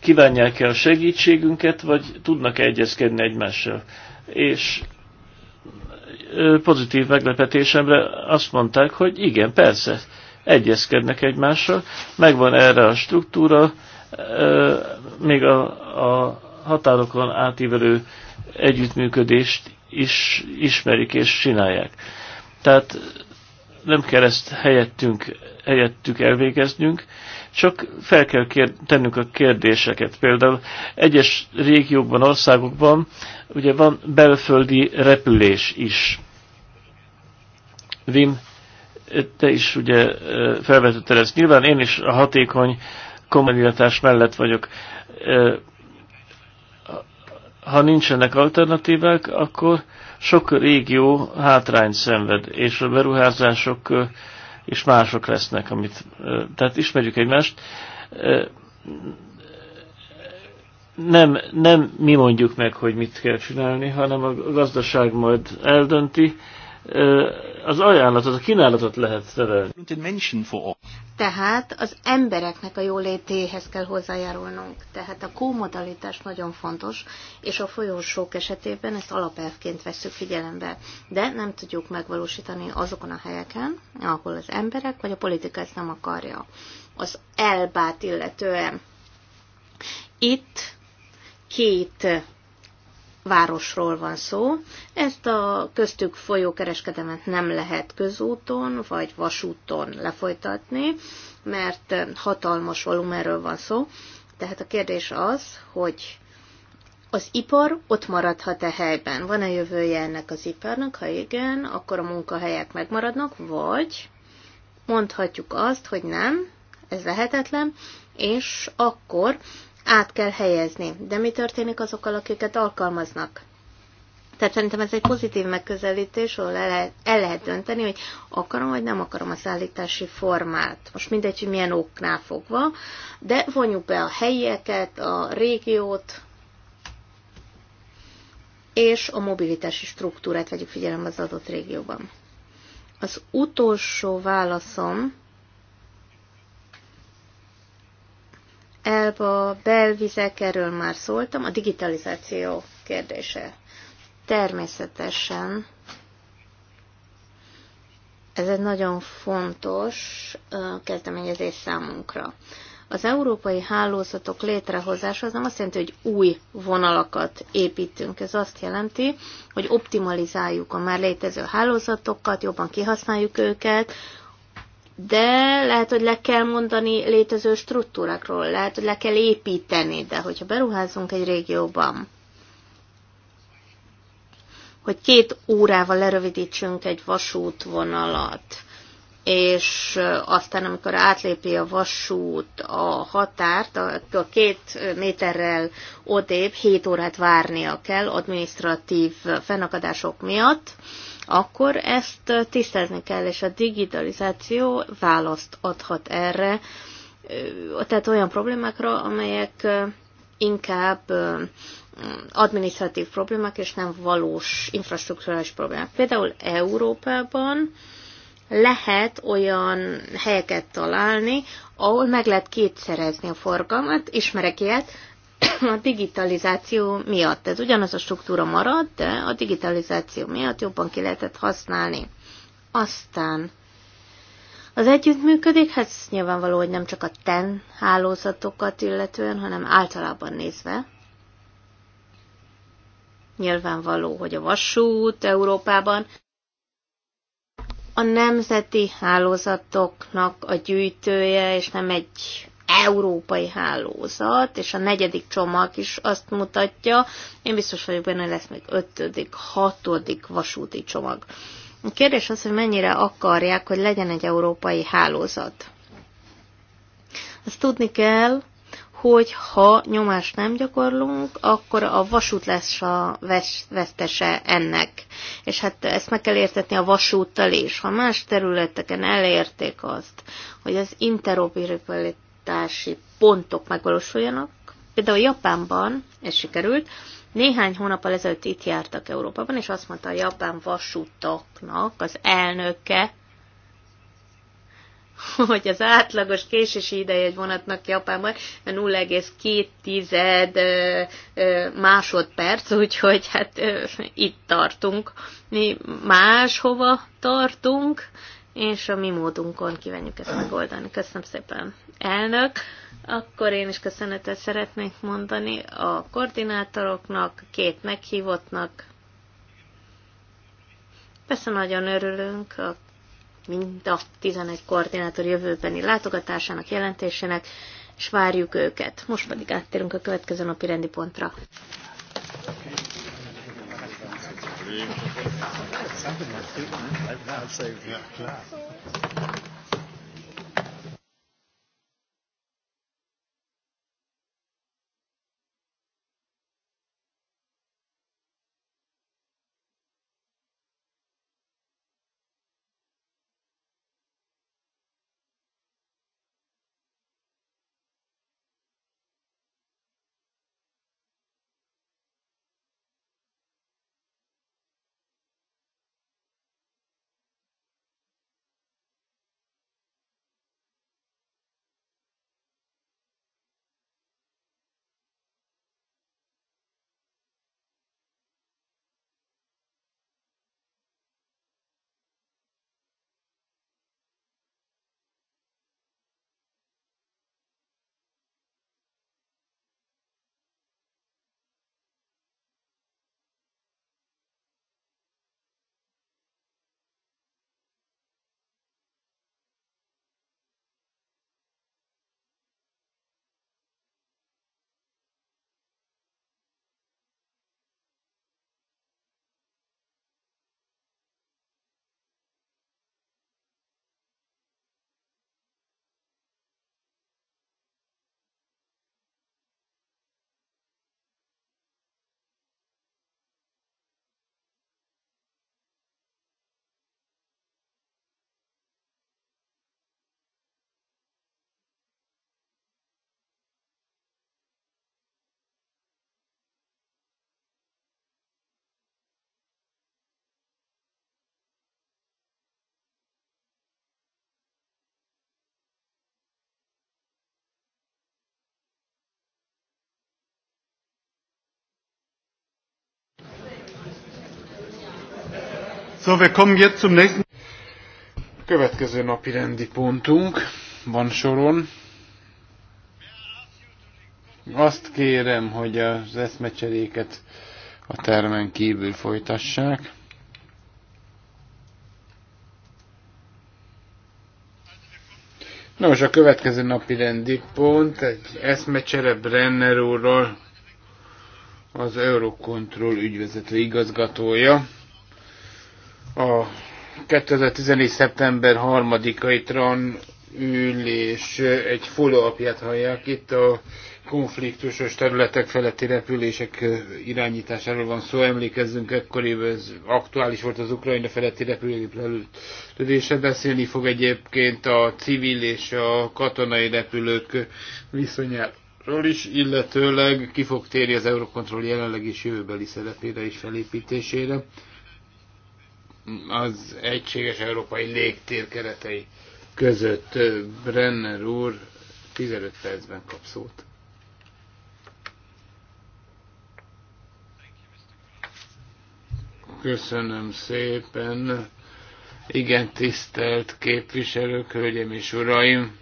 kívánják-e a segítségünket, vagy tudnak -e egyezkedni egymással. És pozitív meglepetésemre azt mondták, hogy igen, persze, egyezkednek egymással, megvan erre a struktúra, még a, a határokon átívelő együttműködést is ismerik és csinálják. Tehát nem kell ezt helyettünk, helyettük elvégeznünk, csak fel kell kér, tennünk a kérdéseket. Például egyes régiókban, országokban ugye van belföldi repülés is. Vim, te is ugye felvetetted ezt. Nyilván én is a hatékony kommunitás mellett vagyok. Ha nincsenek alternatívák, akkor sok régió hátrányt szenved, és a beruházások és mások lesznek, amit, tehát ismerjük egymást. Nem, nem mi mondjuk meg, hogy mit kell csinálni, hanem a gazdaság majd eldönti, az ajánlatot, a kínálatot lehet szerelni. Tehát az embereknek a jólétéhez kell hozzájárulnunk. Tehát a kómodalitás nagyon fontos, és a folyósók esetében ezt alapelvként veszük figyelembe. De nem tudjuk megvalósítani azokon a helyeken, ahol az emberek vagy a politika ezt nem akarja. Az elbát illetően. Itt két városról van szó. Ezt a köztük folyó kereskedemet nem lehet közúton vagy vasúton lefolytatni, mert hatalmas volumenről van szó. Tehát a kérdés az, hogy az ipar ott maradhat-e helyben? Van-e jövője ennek az iparnak? Ha igen, akkor a munkahelyek megmaradnak, vagy mondhatjuk azt, hogy nem, ez lehetetlen, és akkor át kell helyezni. De mi történik azokkal, akiket alkalmaznak? Tehát szerintem ez egy pozitív megközelítés, ahol el lehet, el lehet dönteni, hogy akarom vagy nem akarom a szállítási formát. Most mindegy, hogy milyen oknál fogva, de vonjuk be a helyieket, a régiót, és a mobilitási struktúrát vegyük figyelembe az adott régióban. Az utolsó válaszom Elba, belvizek, erről már szóltam, a digitalizáció kérdése. Természetesen ez egy nagyon fontos kezdeményezés számunkra. Az európai hálózatok létrehozása az nem azt jelenti, hogy új vonalakat építünk. Ez azt jelenti, hogy optimalizáljuk a már létező hálózatokat, jobban kihasználjuk őket, de lehet, hogy le kell mondani létező struktúrákról, lehet, hogy le kell építeni, de hogyha beruházunk egy régióban, hogy két órával lerövidítsünk egy vasútvonalat, és aztán, amikor átlépi a vasút a határt, a két méterrel odébb hét órát várnia kell adminisztratív fennakadások miatt, akkor ezt tisztázni kell, és a digitalizáció választ adhat erre, tehát olyan problémákra, amelyek inkább administratív problémák, és nem valós infrastruktúrális problémák. Például Európában lehet olyan helyeket találni, ahol meg lehet kétszerezni a forgalmat, ismerek ilyet, a digitalizáció miatt. Ez ugyanaz a struktúra marad, de a digitalizáció miatt jobban ki lehetett használni. Aztán az együttműködik, hát nyilvánvaló, hogy nem csak a TEN hálózatokat illetően, hanem általában nézve. Nyilvánvaló, hogy a vasút Európában a nemzeti hálózatoknak a gyűjtője, és nem egy európai hálózat, és a negyedik csomag is azt mutatja, én biztos vagyok benne, hogy lesz még ötödik, hatodik vasúti csomag. A kérdés az, hogy mennyire akarják, hogy legyen egy európai hálózat. Azt tudni kell, hogy ha nyomást nem gyakorlunk, akkor a vasút lesz a vesztese ennek. És hát ezt meg kell értetni a vasúttal is. Ha más területeken elérték azt, hogy az interoperability kutatási pontok megvalósuljanak. Például Japánban ez sikerült. Néhány hónap ezelőtt itt jártak Európában, és azt mondta a japán vasútaknak az elnöke, hogy az átlagos késési ideje egy vonatnak Japánban 0,2 másodperc, úgyhogy hát itt tartunk. Mi máshova tartunk, és a mi módunkon kívánjuk ezt megoldani. Köszönöm szépen, elnök! Akkor én is köszönetet szeretnék mondani a koordinátoroknak, két meghívottnak. Persze nagyon örülünk a mind a 11 koordinátor jövőbeni látogatásának, jelentésének, és várjuk őket. Most pedig áttérünk a következő napi rendi pontra. Okay. Something like that, Ja, klar. So, wir kommen jetzt zum nächsten. Következő napi rendi pontunk van soron. Azt kérem, hogy az eszmecseréket a termen kívül folytassák. Nos, a következő napi rendi pont egy eszmecsere Brenner úrral, az Eurocontrol ügyvezető igazgatója a 2014. szeptember 3-ai TRAN ülés egy follow-upját hallják. Itt a konfliktusos területek feletti repülések irányításáról van szó. Emlékezzünk, ekkoriban ez aktuális volt az Ukrajna feletti repülésre. Beszélni fog egyébként a civil és a katonai repülők viszonyáról is, illetőleg ki fog térni az Eurocontrol jelenleg és jövőbeli szerepére és felépítésére az egységes európai légtér keretei között. Brenner úr 15 percben kap szót. Köszönöm szépen. Igen, tisztelt képviselők, hölgyeim és uraim!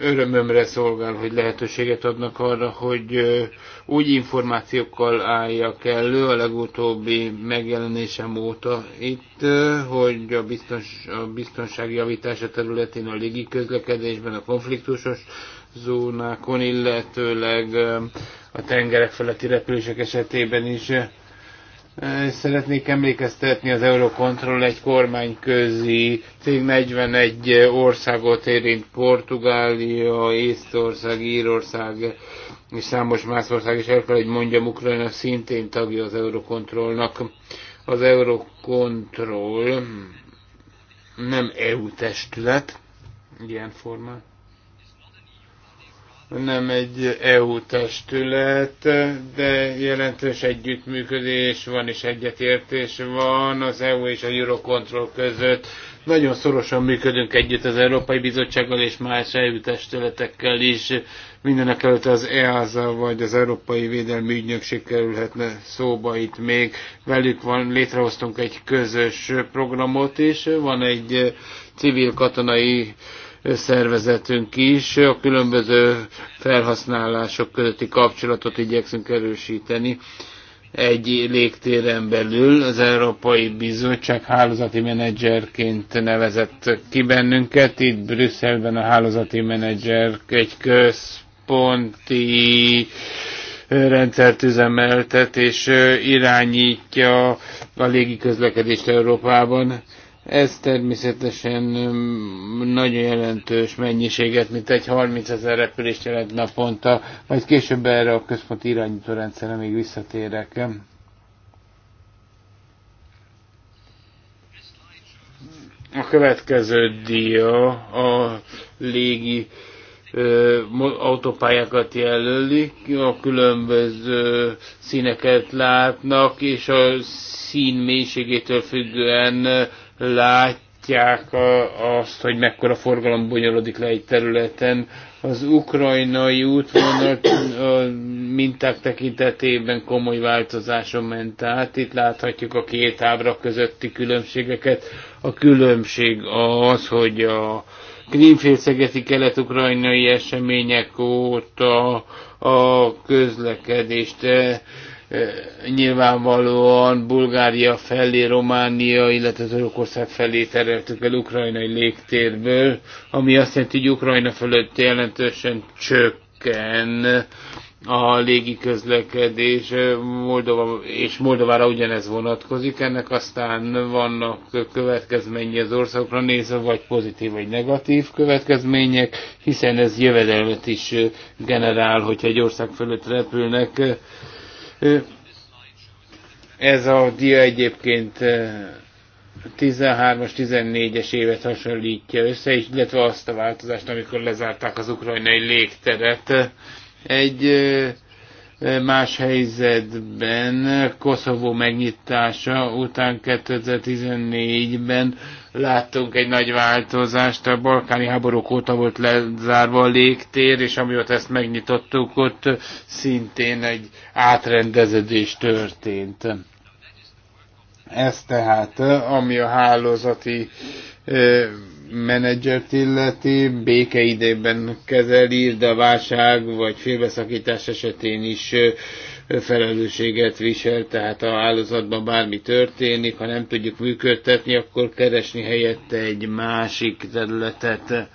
örömömre szolgál, hogy lehetőséget adnak arra, hogy úgy információkkal álljak elő a legutóbbi megjelenésem óta itt, hogy a, biztons, a biztonság javítása területén, a légi közlekedésben, a konfliktusos zónákon, illetőleg a tengerek feletti repülések esetében is Szeretnék emlékeztetni az Eurocontrol egy kormányközi cég 41 országot érint, Portugália, Észtország, Írország és számos más ország, is el kell, hogy mondjam, Ukrajna szintén tagja az Eurocontrolnak. Az Eurocontrol nem EU testület, ilyen formán nem egy EU testület, de jelentős együttműködés van és egyetértés van az EU és a Eurocontrol között. Nagyon szorosan működünk együtt az Európai Bizottsággal és más EU testületekkel is. Mindenek előtt az EASA vagy az Európai Védelmi Ügynökség kerülhetne szóba itt még. Velük van, létrehoztunk egy közös programot is, van egy civil-katonai szervezetünk is. A különböző felhasználások közötti kapcsolatot igyekszünk erősíteni egy légtéren belül. Az Európai Bizottság hálózati menedzserként nevezett ki bennünket. Itt Brüsszelben a hálózati menedzser egy központi rendszert üzemeltet és irányítja a légi közlekedést Európában. Ez természetesen nagyon jelentős mennyiséget, mint egy 30 ezer repülést jelent naponta, majd később erre a központi irányító rendszerre még visszatérek. A következő dia a légi ö, autópályákat jelölik, a különböző színeket látnak, és a szín mélységétől függően látják azt, hogy mekkora forgalom bonyolodik le egy területen. Az ukrajnai útvonal minták tekintetében komoly változáson ment át. Itt láthatjuk a két ábra közötti különbségeket. A különbség az, hogy a Krímfélszegeti kelet-ukrajnai események óta a közlekedést eh, nyilvánvalóan Bulgária felé, Románia, illetve Örökország felé tereltük el ukrajnai légtérből, ami azt jelenti, hogy Ukrajna fölött jelentősen csökken a légi közlekedés, Moldova, és Moldovára ugyanez vonatkozik, ennek aztán vannak következményi az országokra nézve, vagy pozitív, vagy negatív következmények, hiszen ez jövedelmet is generál, hogyha egy ország fölött repülnek ez a dia egyébként 13-as, 14-es évet hasonlítja össze, illetve azt a változást, amikor lezárták az ukrajnai légteret. Egy más helyzetben, Koszovó megnyitása után 2014-ben láttunk egy nagy változást, a balkáni háborúk óta volt lezárva a légtér, és amióta ezt megnyitottuk, ott szintén egy átrendeződés történt. Ez tehát, ami a hálózati menedzsert illeti, békeidében kezeli, de válság vagy félbeszakítás esetén is felelősséget visel, tehát a hálózatban bármi történik, ha nem tudjuk működtetni, akkor keresni helyette egy másik területet.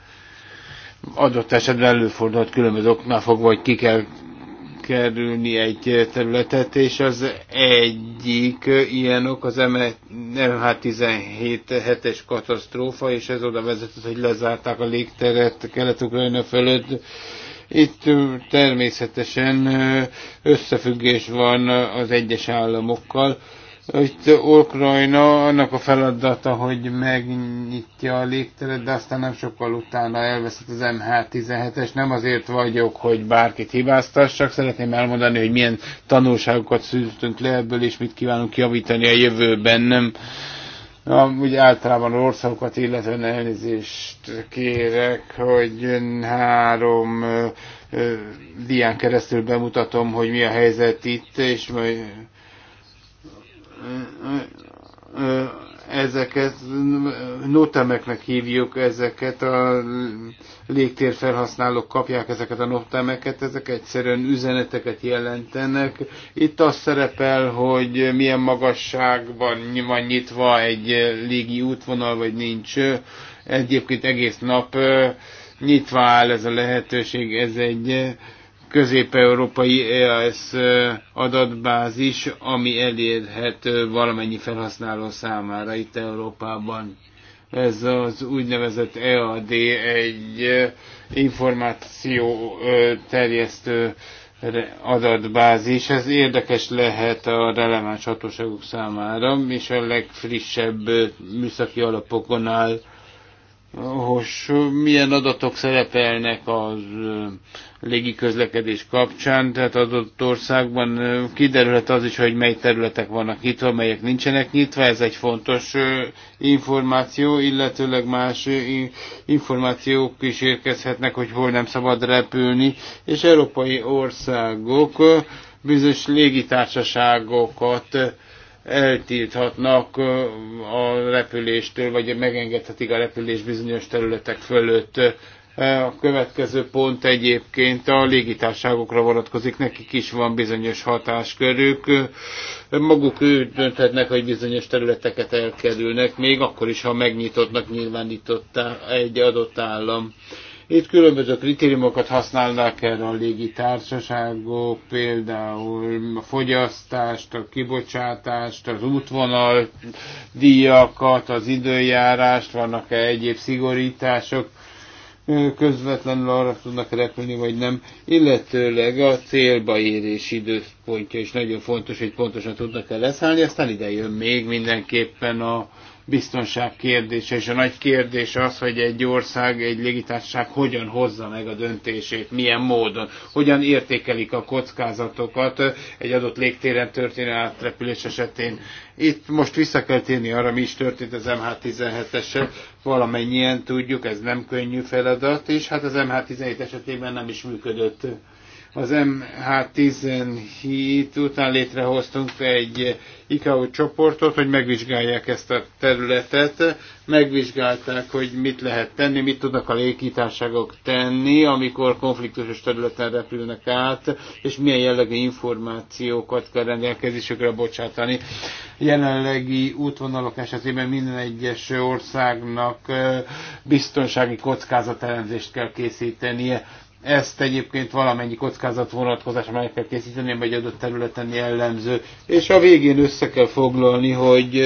Adott esetben előfordulhat különböző oknál fogva, hogy ki kell kerülni egy területet, és az egyik ilyen ok az mh 17 hetes katasztrófa, és ez oda vezetett, hogy lezárták a légteret kelet-ukrajna fölött, itt természetesen összefüggés van az egyes államokkal. Itt Ukrajna annak a feladata, hogy megnyitja a légteret, de aztán nem sokkal utána elveszett az MH17-es. Nem azért vagyok, hogy bárkit hibáztassak, szeretném elmondani, hogy milyen tanulságokat szűztünk le ebből, és mit kívánunk javítani a jövőben. Nem úgy általában országokat illetően elnézést kérek, hogy három ö, ö, dián keresztül bemutatom, hogy mi a helyzet itt, és majd ö, ezeket notemeknek hívjuk ezeket, a légtérfelhasználók kapják ezeket a notemeket, ezek egyszerűen üzeneteket jelentenek. Itt az szerepel, hogy milyen magasságban van nyitva egy légi útvonal, vagy nincs. Egyébként egész nap nyitva áll ez a lehetőség, ez egy közép-európai EAS adatbázis, ami elérhető valamennyi felhasználó számára itt Európában. Ez az úgynevezett EAD egy információ terjesztő adatbázis. Ez érdekes lehet a releváns hatóságok számára, és a legfrissebb műszaki alapokon áll hogy milyen adatok szerepelnek az légiközlekedés kapcsán, tehát adott országban kiderülhet az is, hogy mely területek vannak nyitva, melyek nincsenek nyitva, ez egy fontos információ, illetőleg más információk is érkezhetnek, hogy hol nem szabad repülni, és európai országok bizonyos légitársaságokat eltilthatnak a repüléstől, vagy megengedhetik a repülés bizonyos területek fölött. A következő pont egyébként a légitárságokra vonatkozik, nekik is van bizonyos hatáskörük. Maguk ő dönthetnek, hogy bizonyos területeket elkerülnek, még akkor is, ha megnyitottnak nyilvánította egy adott állam. Itt különböző kritériumokat használnak erre a légitársaságok, például a fogyasztást, a kibocsátást, az útvonal díjakat, az időjárást, vannak-e egyéb szigorítások, közvetlenül arra tudnak repülni, vagy nem, illetőleg a célba érés időpontja is nagyon fontos, hogy pontosan tudnak-e leszállni, aztán ide jön még mindenképpen a biztonság kérdése, és a nagy kérdés az, hogy egy ország, egy légitársaság hogyan hozza meg a döntését, milyen módon, hogyan értékelik a kockázatokat egy adott légtéren történő átrepülés esetén. Itt most vissza kell térni arra, mi is történt az MH17-essel, valamennyien tudjuk, ez nem könnyű feladat, és hát az MH17 esetében nem is működött az MH17 után létrehoztunk egy ICAO csoportot, hogy megvizsgálják ezt a területet. Megvizsgálták, hogy mit lehet tenni, mit tudnak a légitárságok tenni, amikor konfliktusos területen repülnek át, és milyen jellegű információkat kell rendelkezésükre bocsátani. Jelenlegi útvonalok esetében minden egyes országnak eh, biztonsági kockázatelemzést kell készítenie ezt egyébként valamennyi kockázat vonatkozás meg kell készíteni, vagy adott területen jellemző. És a végén össze kell foglalni, hogy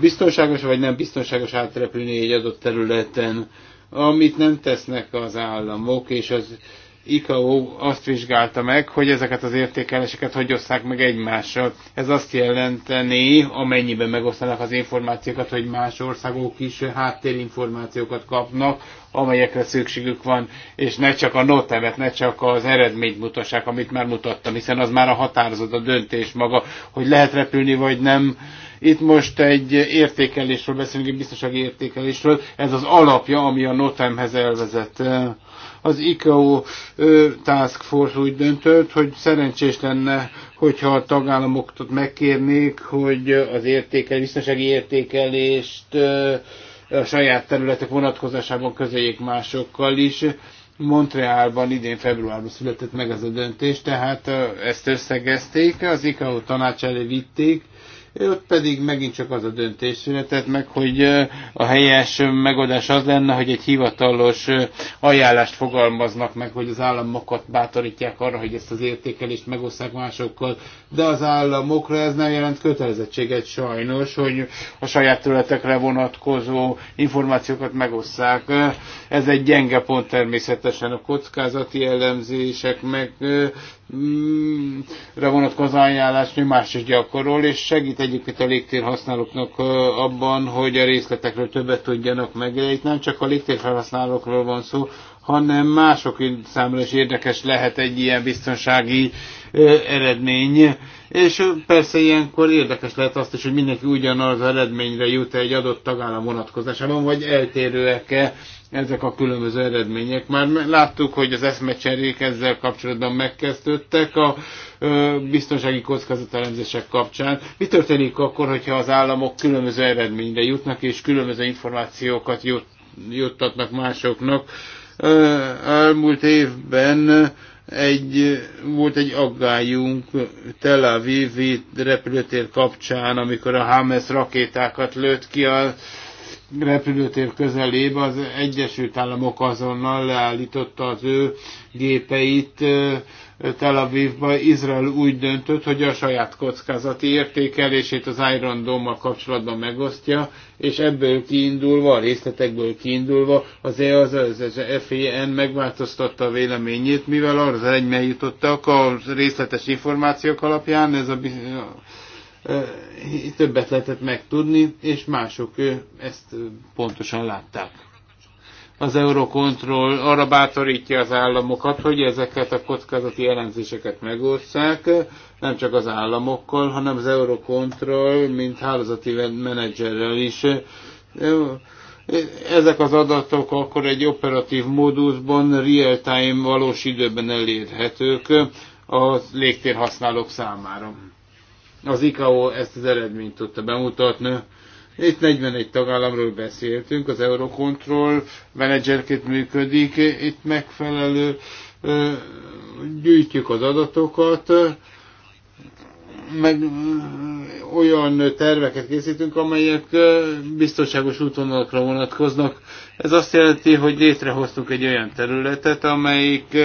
biztonságos vagy nem biztonságos átrepülni egy adott területen. Amit nem tesznek az államok, és az ICAO azt vizsgálta meg, hogy ezeket az értékeléseket hogy osszák meg egymással. Ez azt jelenteni, amennyiben megosztanak az információkat, hogy más országok is háttérinformációkat kapnak, amelyekre szükségük van, és ne csak a notevet, ne csak az eredményt mutassák, amit már mutattam, hiszen az már a határozat a döntés maga, hogy lehet repülni vagy nem. Itt most egy értékelésről beszélünk, egy biztonsági értékelésről, ez az alapja, ami a notemhez elvezet az ICAO Task Force úgy döntött, hogy szerencsés lenne, hogyha a tagállamokat megkérnék, hogy az értékel, biztonsági értékelést a saját területek vonatkozásában közeljék másokkal is. Montrealban idén februárban született meg ez a döntés, tehát ezt összegezték, az ICAO tanács elé vitték, ott pedig megint csak az a döntés született meg, hogy a helyes megoldás az lenne, hogy egy hivatalos ajánlást fogalmaznak meg, hogy az államokat bátorítják arra, hogy ezt az értékelést megosszák másokkal, de az államokra ez nem jelent kötelezettséget sajnos, hogy a saját területekre vonatkozó információkat megosszák. Ez egy gyenge pont természetesen a kockázati elemzések meg mm, vonatkozó ajánlás nyomást is gyakorol, és segít egyébként a légtérhasználóknak abban, hogy a részletekről többet tudjanak meg. Itt nem csak a légtérfelhasználókról van szó, hanem mások számára is érdekes lehet egy ilyen biztonsági ö, eredmény. És persze ilyenkor érdekes lehet azt is, hogy mindenki ugyanaz eredményre jut egy adott tagállam vonatkozásában, vagy eltérőek-e ezek a különböző eredmények. Már láttuk, hogy az eszmecserék ezzel kapcsolatban megkezdődtek a ö, biztonsági kockázatelemzések kapcsán. Mi történik akkor, hogyha az államok különböző eredményre jutnak, és különböző információkat jut, juttatnak másoknak? Elmúlt évben egy, volt egy aggályunk Tel Aviv repülőtér kapcsán, amikor a Hamas rakétákat lőtt ki a repülőtér közelébe, az Egyesült Államok azonnal leállította az ő gépeit, Tel Avivba, Izrael úgy döntött, hogy a saját kockázati értékelését az Iron dome kapcsolatban megosztja, és ebből kiindulva, a részletekből kiindulva az EASA, az e FEN megváltoztatta a véleményét, mivel arra egyben jutottak a részletes információk alapján, ez a többet lehetett megtudni, és mások ezt pontosan látták az Eurocontrol arra bátorítja az államokat, hogy ezeket a kockázati elemzéseket megosszák, nem csak az államokkal, hanem az Eurocontrol, mint hálózati menedzserrel is. Ezek az adatok akkor egy operatív módusban, real-time, valós időben elérhetők a légtérhasználók számára. Az ICAO ezt az eredményt tudta bemutatni itt 41 tagállamról beszéltünk, az Eurocontrol menedzserként működik, itt megfelelő gyűjtjük az adatokat, meg olyan terveket készítünk, amelyek biztonságos útvonalakra vonatkoznak. Ez azt jelenti, hogy létrehoztunk egy olyan területet, amelyik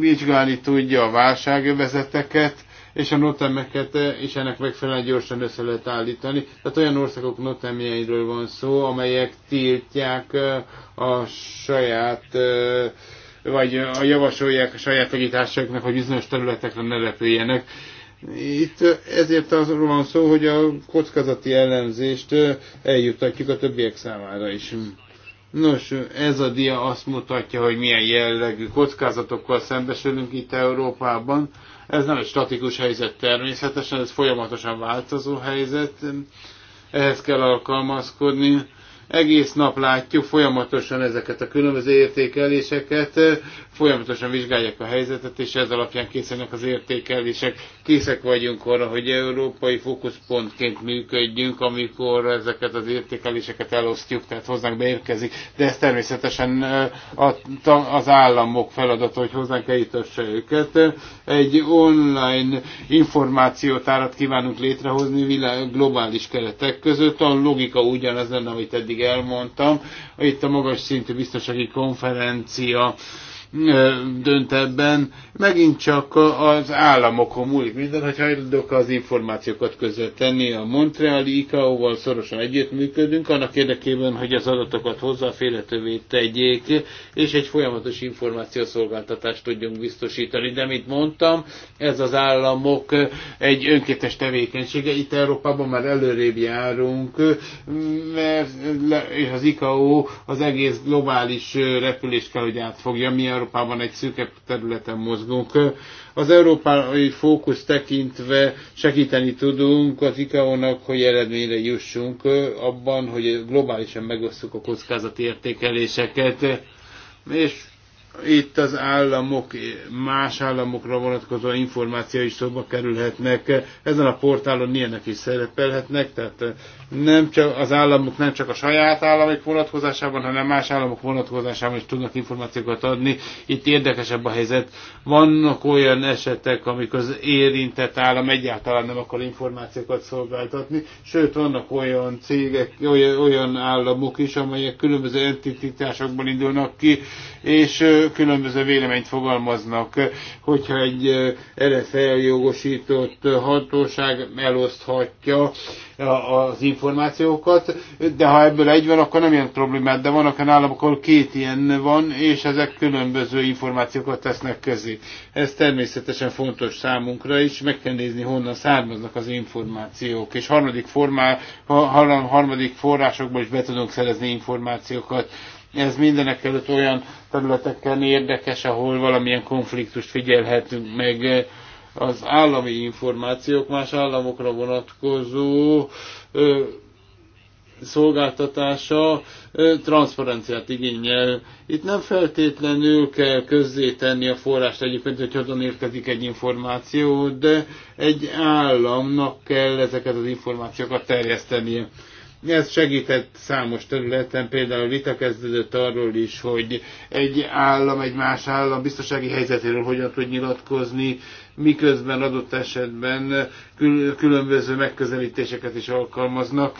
vizsgálni tudja a válságövezeteket, és a notemeket, eh, és ennek megfelelően gyorsan össze lehet állítani. Tehát olyan országok notemjeiről van szó, amelyek tiltják eh, a saját eh, vagy a javasolják a saját legitársaiknak, hogy bizonyos területekre ne repüljenek. Itt ezért arról van szó, hogy a kockázati ellenzést eljutatjuk a többiek számára is. Nos, ez a dia azt mutatja, hogy milyen jellegű kockázatokkal szembesülünk itt Európában. Ez nem egy statikus helyzet természetesen, ez folyamatosan változó helyzet. Ehhez kell alkalmazkodni egész nap látjuk folyamatosan ezeket a különböző értékeléseket, folyamatosan vizsgálják a helyzetet, és ez alapján készülnek az értékelések. Készek vagyunk arra, hogy európai fókuszpontként működjünk, amikor ezeket az értékeléseket elosztjuk, tehát hozzánk beérkezik, de ez természetesen az államok feladata, hogy hozzánk eljutassa őket. Egy online információtárat kívánunk létrehozni globális keretek között. A logika ugyanaz lenne, amit eddig elmondtam. Itt a magas szintű biztonsági konferencia dönt ebben. Megint csak az államokon múlik minden, hogy hajlandók az információkat tenni A Montreali ICAO-val szorosan együttműködünk, annak érdekében, hogy az adatokat hozzáférhetővé tegyék, és egy folyamatos információszolgáltatást tudjunk biztosítani. De, mint mondtam, ez az államok egy önkétes tevékenysége. Itt Európában már előrébb járunk, mert az ICAO az egész globális repülést kell, hogy átfogja. Mi a Európában egy szűkebb területen mozgunk. Az európai fókusz tekintve segíteni tudunk az ICAO-nak, hogy eredményre jussunk abban, hogy globálisan megosztjuk a kockázati értékeléseket, és itt az államok más államokra vonatkozó információi is szóba kerülhetnek. Ezen a portálon ilyenek is szerepelhetnek, tehát nem csak az államok nem csak a saját államok vonatkozásában, hanem más államok vonatkozásában is tudnak információkat adni. Itt érdekesebb a helyzet. Vannak olyan esetek, amikor az érintett állam egyáltalán nem akar információkat szolgáltatni, sőt vannak olyan cégek, olyan, olyan államok is, amelyek különböző entitásokból indulnak ki, és különböző véleményt fogalmaznak, hogyha egy erre feljogosított hatóság eloszthatja az információkat, de ha ebből egy van, akkor nem ilyen problémát, de vannak olyan államok, ahol két ilyen van, és ezek különböző információkat tesznek közé. Ez természetesen fontos számunkra is, meg kell nézni, honnan származnak az információk, és harmadik, formá, harmadik forrásokból is be tudunk szerezni információkat ez mindenek előtt olyan területeken érdekes, ahol valamilyen konfliktust figyelhetünk meg az állami információk, más államokra vonatkozó ö, szolgáltatása ö, transzparenciát igényel. Itt nem feltétlenül kell közzétenni a forrást egyébként, hogy hogyan érkezik egy információ, de egy államnak kell ezeket az információkat terjesztenie. Ez segített számos területen, például vita kezdődött arról is, hogy egy állam, egy más állam biztonsági helyzetéről hogyan tud nyilatkozni, miközben adott esetben különböző megközelítéseket is alkalmaznak.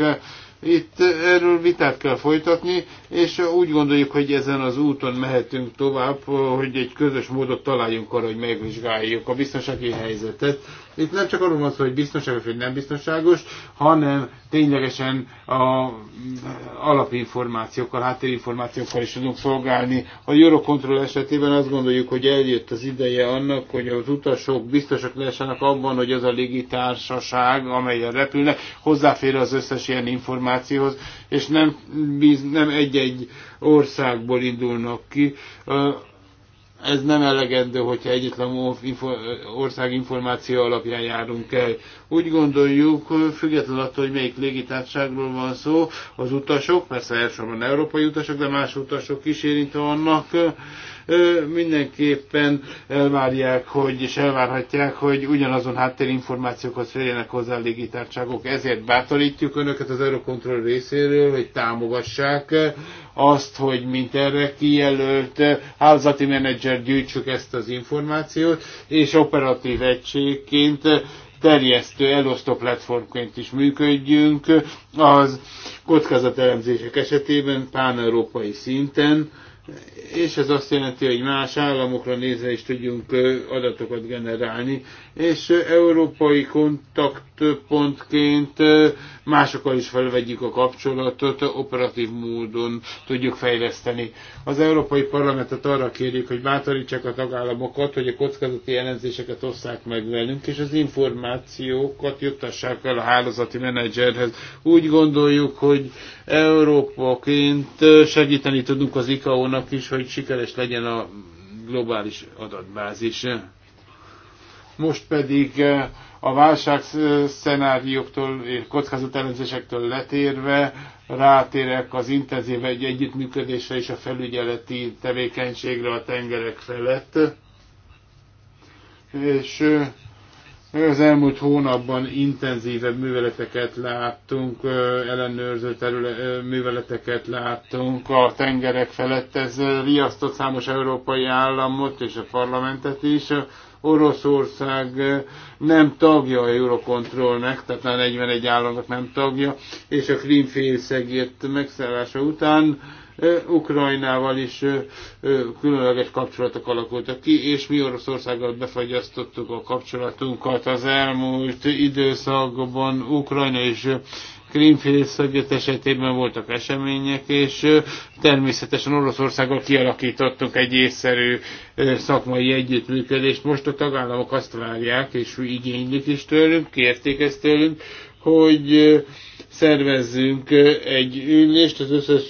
Itt erről vitát kell folytatni, és úgy gondoljuk, hogy ezen az úton mehetünk tovább, hogy egy közös módot találjunk arra, hogy megvizsgáljuk a biztonsági helyzetet. Itt nem csak arról van szó, hogy biztonságos vagy nem biztonságos, hanem ténylegesen a alapinformációkkal, háttérinformációkkal is tudunk szolgálni. A Eurocontrol esetében azt gondoljuk, hogy eljött az ideje annak, hogy az utasok biztosak lehessenek abban, hogy az a légitársaság, amelyen repülnek, hozzáfér az összes ilyen információ információhoz, és nem, bíz, nem egy-egy országból indulnak ki. Ez nem elegendő, hogyha egyetlen ország információ alapján járunk el. Úgy gondoljuk, függetlenül attól, hogy melyik légitárságról van szó, az utasok, persze elsősorban európai utasok, de más utasok is érintve vannak, mindenképpen elvárják, hogy, és elvárhatják, hogy ugyanazon háttérinformációkhoz férjenek hozzá a légitárságok. Ezért bátorítjuk Önöket az Eurocontrol részéről, hogy támogassák azt, hogy mint erre kijelölt házati menedzser gyűjtsük ezt az információt, és operatív egységként terjesztő, elosztó platformként is működjünk az kockázatelemzések esetében pán-európai szinten, és ez azt jelenti, hogy más államokra nézve is tudjunk adatokat generálni, és európai kontaktpontként másokkal is felvegyük a kapcsolatot, operatív módon tudjuk fejleszteni. Az Európai Parlamentet arra kérjük, hogy bátorítsák a tagállamokat, hogy a kockázati jelenzéseket osszák meg velünk, és az információkat juttassák el a hálózati menedzserhez. Úgy gondoljuk, hogy Európaként segíteni tudunk az ICAO-nak is, hogy sikeres legyen a globális adatbázis most pedig eh, a válság szenárióktól, kockázatelemzésektől letérve rátérek az intenzív egy együttműködésre és a felügyeleti tevékenységre a tengerek felett. És eh, az elmúlt hónapban intenzívebb műveleteket láttunk, eh, ellenőrző terület, műveleteket láttunk a tengerek felett. Ez riasztott számos európai államot és a parlamentet is. Oroszország eh, nem tagja a Eurocontrolnek, tehát már 41 államnak nem tagja, és a félszegért megszállása után eh, Ukrajnával is eh, különleges kapcsolatok alakultak ki, és mi Oroszországgal befagyasztottuk a kapcsolatunkat az elmúlt időszakban. Ukrajna és Krímfélsziget esetében voltak események, és természetesen Oroszországgal kialakítottunk egy észszerű szakmai együttműködést. Most a tagállamok azt várják, és igénylik is tőlünk, kérték ezt tőlünk, hogy szervezzünk egy ülést az összes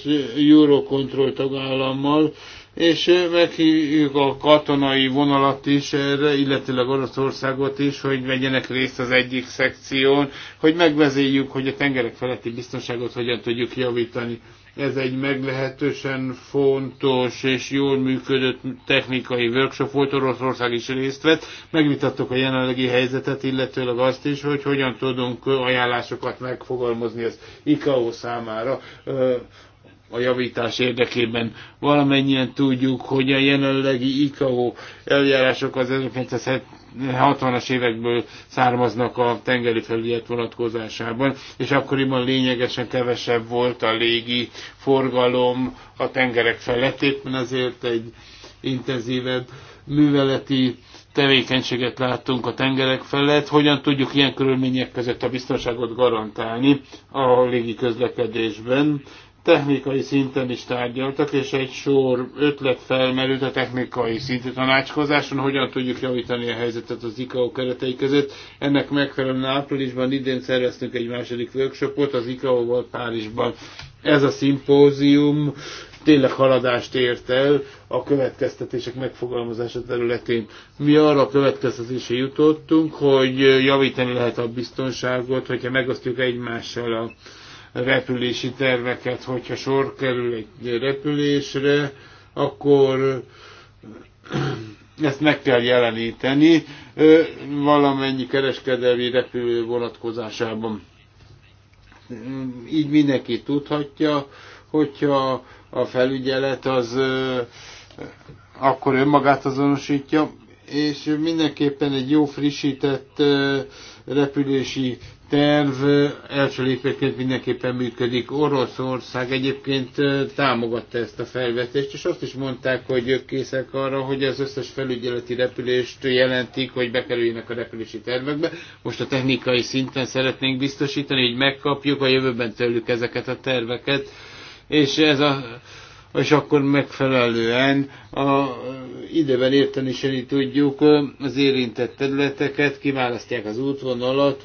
Eurocontrol tagállammal, és meghívjuk a katonai vonalat is erre, illetőleg Oroszországot is, hogy vegyenek részt az egyik szekción, hogy megvezéljük, hogy a tengerek feletti biztonságot hogyan tudjuk javítani. Ez egy meglehetősen fontos és jól működött technikai workshop volt, Oroszország is részt vett. Megvitattuk a jelenlegi helyzetet, illetőleg azt is, hogy hogyan tudunk ajánlásokat megfogalmazni az ICAO számára a javítás érdekében. Valamennyien tudjuk, hogy a jelenlegi ICAO eljárások az 1960-as évekből származnak a tengeri felügyet vonatkozásában, és akkoriban lényegesen kevesebb volt a légi forgalom a tengerek felett, éppen ezért egy intenzívebb műveleti tevékenységet láttunk a tengerek felett, hogyan tudjuk ilyen körülmények között a biztonságot garantálni a légi közlekedésben, technikai szinten is tárgyaltak, és egy sor ötlet felmerült a technikai szintű tanácskozáson, hogyan tudjuk javítani a helyzetet az ICAO keretei között. Ennek megfelelően áprilisban idén szerveztünk egy második workshopot az icao volt Párizsban. Ez a szimpózium tényleg haladást ért el a következtetések megfogalmazása területén. Mi arra a következtetésre jutottunk, hogy javítani lehet a biztonságot, hogyha megosztjuk egymással a repülési terveket, hogyha sor kerül egy repülésre, akkor ezt meg kell jeleníteni valamennyi kereskedelmi repülő vonatkozásában. Így mindenki tudhatja, hogyha a felügyelet az akkor önmagát azonosítja, és mindenképpen egy jó frissített repülési terv első lépésként mindenképpen működik. Oroszország egyébként támogatta ezt a felvetést, és azt is mondták, hogy ők készek arra, hogy az összes felügyeleti repülést jelentik, hogy bekerüljenek a repülési tervekbe. Most a technikai szinten szeretnénk biztosítani, hogy megkapjuk a jövőben tőlük ezeket a terveket, és ez a és akkor megfelelően a időben érteni tudjuk az érintett területeket, kiválasztják az útvonalat,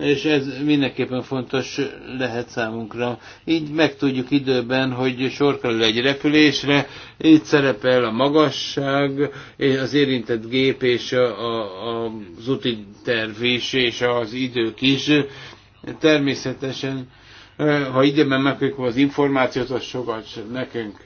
és ez mindenképpen fontos lehet számunkra. Így megtudjuk időben, hogy sor kerül egy repülésre, így szerepel a magasság, és az érintett gép és a, a, az úti terv is, és az idők is. Természetesen, eh, ha időben megkapjuk az információt, az sokat nekünk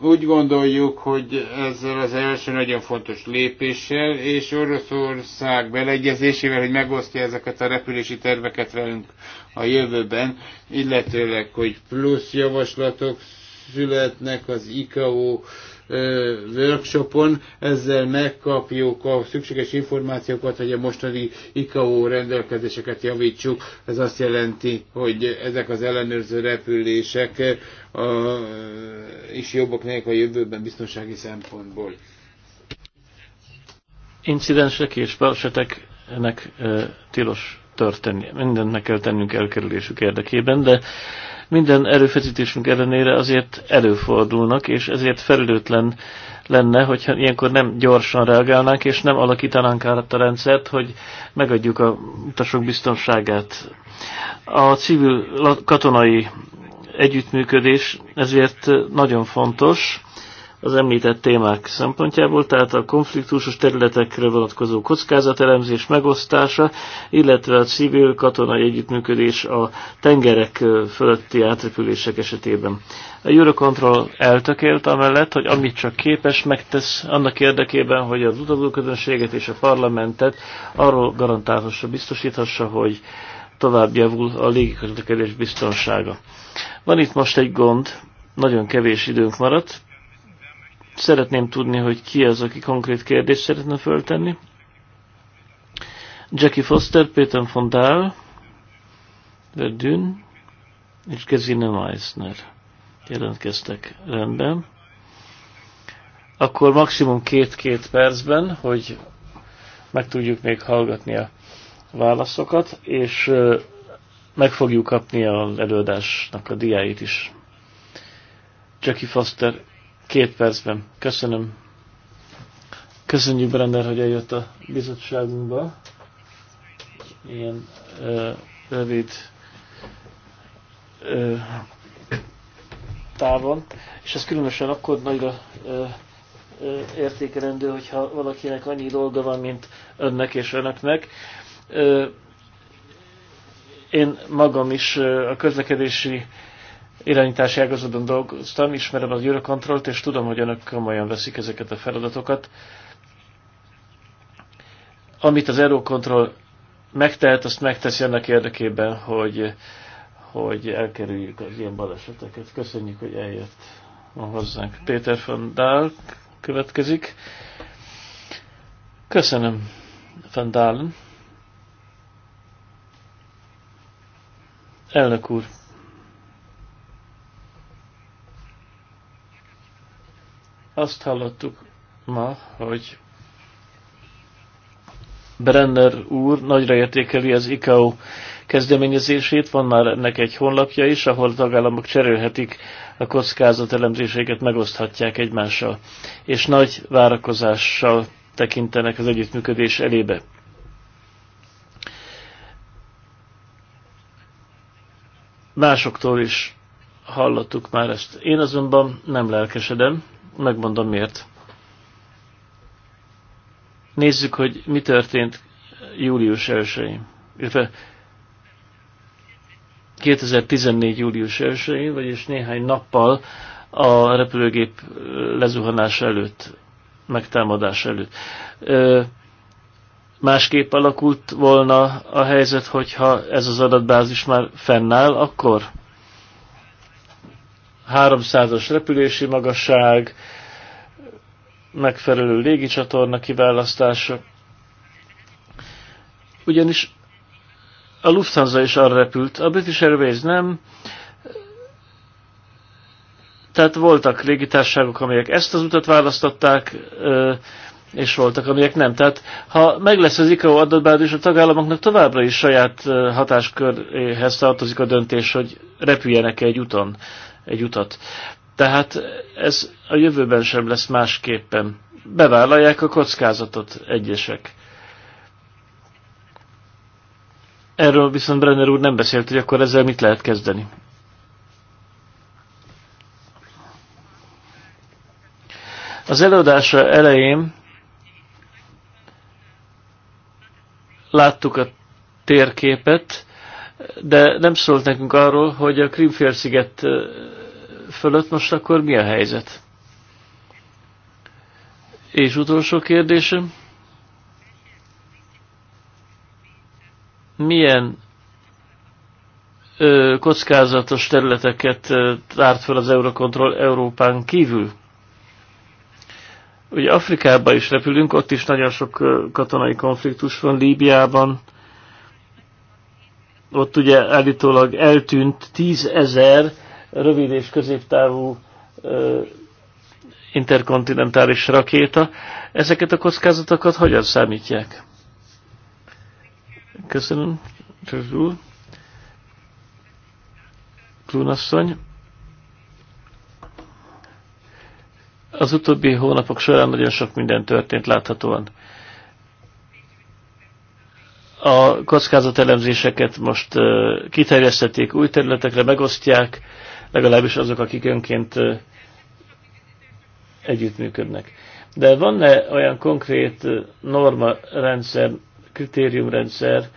úgy gondoljuk, hogy ezzel az első nagyon fontos lépéssel, és Oroszország beleegyezésével, hogy megosztja ezeket a repülési terveket velünk a jövőben, illetőleg, hogy plusz javaslatok születnek az ICAO workshopon, ezzel megkapjuk a szükséges információkat, hogy a mostani ICAO rendelkezéseket javítsuk. Ez azt jelenti, hogy ezek az ellenőrző repülések a, is jobbak nekik a jövőben biztonsági szempontból. Incidensek és baleseteknek e, tilos történni. Mindent meg kell tennünk elkerülésük érdekében, de minden erőfeszítésünk ellenére azért előfordulnak, és ezért felelőtlen lenne, hogyha ilyenkor nem gyorsan reagálnánk, és nem alakítanánk át a rendszert, hogy megadjuk a utasok biztonságát. A civil katonai együttműködés ezért nagyon fontos, az említett témák szempontjából, tehát a konfliktusos területekre vonatkozó kockázatelemzés megosztása, illetve a civil-katonai együttműködés a tengerek fölötti átrepülések esetében. A Eurocontrol eltökélt amellett, hogy amit csak képes, megtesz annak érdekében, hogy az utazóközönséget és a parlamentet arról garantálhassa, biztosíthassa, hogy tovább javul a légiközlekedés biztonsága. Van itt most egy gond, nagyon kevés időnk maradt, szeretném tudni, hogy ki az, aki konkrét kérdést szeretne föltenni. Jackie Foster, von Fondál, Verdun és Gesine Meissner jelentkeztek rendben. Akkor maximum két-két percben, hogy meg tudjuk még hallgatni a válaszokat, és meg fogjuk kapni az előadásnak a diáit is. Jackie Foster Két percben. Köszönöm. Köszönjük, Brenner, hogy eljött a bizottságunkba. Ilyen ö, rövid ö, távon. És ez különösen akkor nagyra ö, ö, értékelendő, hogyha valakinek annyi dolga van, mint önnek és önöknek. Ö, én magam is a közlekedési irányítási ágazatban dolgoztam, ismerem az Eurocontrolt, és tudom, hogy önök komolyan veszik ezeket a feladatokat. Amit az Eurocontrol megtehet, azt megteszi annak érdekében, hogy, hogy elkerüljük az ilyen baleseteket. Köszönjük, hogy eljött ma hozzánk. Péter van Dahl következik. Köszönöm, van Dahl. Elnök úr, Azt hallottuk ma, hogy Brenner úr nagyra értékeli az ICAO kezdeményezését, van már ennek egy honlapja is, ahol a tagállamok cserélhetik a kockázatelemzéseiket, megoszthatják egymással, és nagy várakozással tekintenek az együttműködés elébe. Másoktól is hallottuk már ezt. Én azonban nem lelkesedem, megmondom miért. Nézzük, hogy mi történt július 1 illetve 2014. július 1 vagyis néhány nappal a repülőgép lezuhanása előtt, megtámadás előtt. Másképp alakult volna a helyzet, hogyha ez az adatbázis már fennáll, akkor 300-as repülési magasság, megfelelő légicsatorna kiválasztása. Ugyanis a Lufthansa is arra repült, a British Airways nem, tehát voltak légitárságok, amelyek ezt az utat választották, és voltak, amelyek nem. Tehát ha meg lesz az ICAO adatbázis, a tagállamoknak továbbra is saját hatásköréhez tartozik a döntés, hogy repüljenek -e egy úton egy utat. Tehát ez a jövőben sem lesz másképpen. Bevállalják a kockázatot egyesek. Erről viszont Brenner úr nem beszélt, hogy akkor ezzel mit lehet kezdeni. Az előadása elején láttuk a térképet, de nem szólt nekünk arról, hogy a Krimfélsziget fölött most akkor mi a helyzet? És utolsó kérdésem. Milyen ö, kockázatos területeket ö, tárt fel az Eurocontrol Európán kívül? Ugye Afrikába is repülünk, ott is nagyon sok katonai konfliktus van, Líbiában. Ott ugye állítólag eltűnt tízezer rövid és középtávú interkontinentális rakéta. Ezeket a kockázatokat hogyan számítják? Köszönöm, Klunasszony. Az utóbbi hónapok során nagyon sok minden történt láthatóan. A kockázatelemzéseket most kiterjesztették új területekre, megosztják, legalábbis azok, akik önként együttműködnek. De van-e olyan konkrét norma rendszer, kritériumrendszer,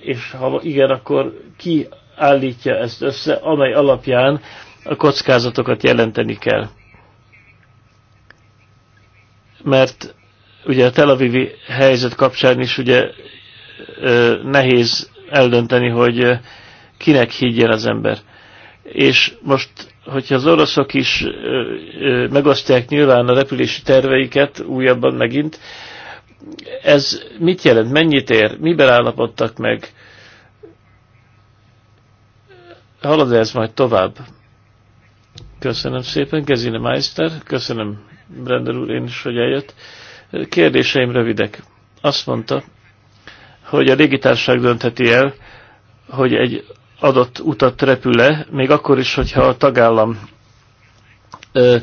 és ha igen, akkor ki állítja ezt össze, amely alapján a kockázatokat jelenteni kell. Mert ugye a Tel Avivi helyzet kapcsán is ugye nehéz eldönteni, hogy kinek higgyen az ember és most, hogyha az oroszok is ö, ö, megosztják nyilván a repülési terveiket újabban megint, ez mit jelent, mennyit ér, miben állapodtak meg, halad -e ez majd tovább? Köszönöm szépen, Gezine Meister, köszönöm Brender úr, én is, hogy eljött. Kérdéseim rövidek. Azt mondta, hogy a légitárság döntheti el, hogy egy adott utat repüle, még akkor is, hogyha a tagállam ö,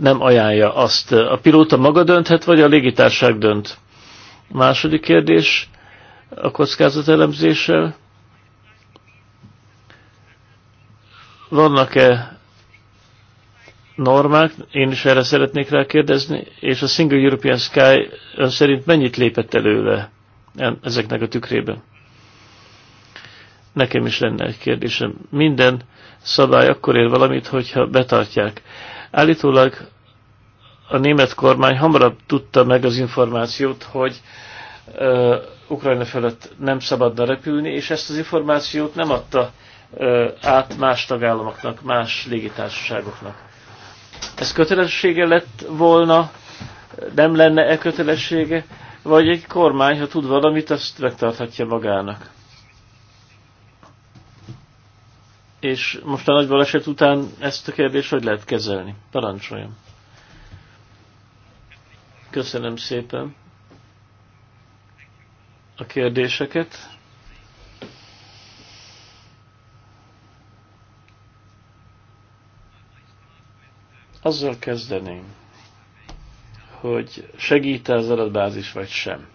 nem ajánlja azt. A pilóta maga dönthet, vagy a légitárság dönt? Második kérdés a kockázat elemzéssel. Vannak-e normák, én is erre szeretnék rá kérdezni, és a Single European Sky ön szerint mennyit lépett előle ezeknek a tükrében? Nekem is lenne egy kérdésem. Minden szabály akkor ér valamit, hogyha betartják. Állítólag a német kormány hamarabb tudta meg az információt, hogy ö, Ukrajna felett nem szabadna repülni, és ezt az információt nem adta ö, át más tagállamoknak, más légitársaságoknak. Ez kötelessége lett volna, nem lenne e kötelessége, vagy egy kormány, ha tud valamit, azt megtarthatja magának. És most a nagy baleset után ezt a kérdést hogy lehet kezelni? Parancsoljam. Köszönöm szépen a kérdéseket. Azzal kezdeném, hogy segít -e az adatbázis vagy sem.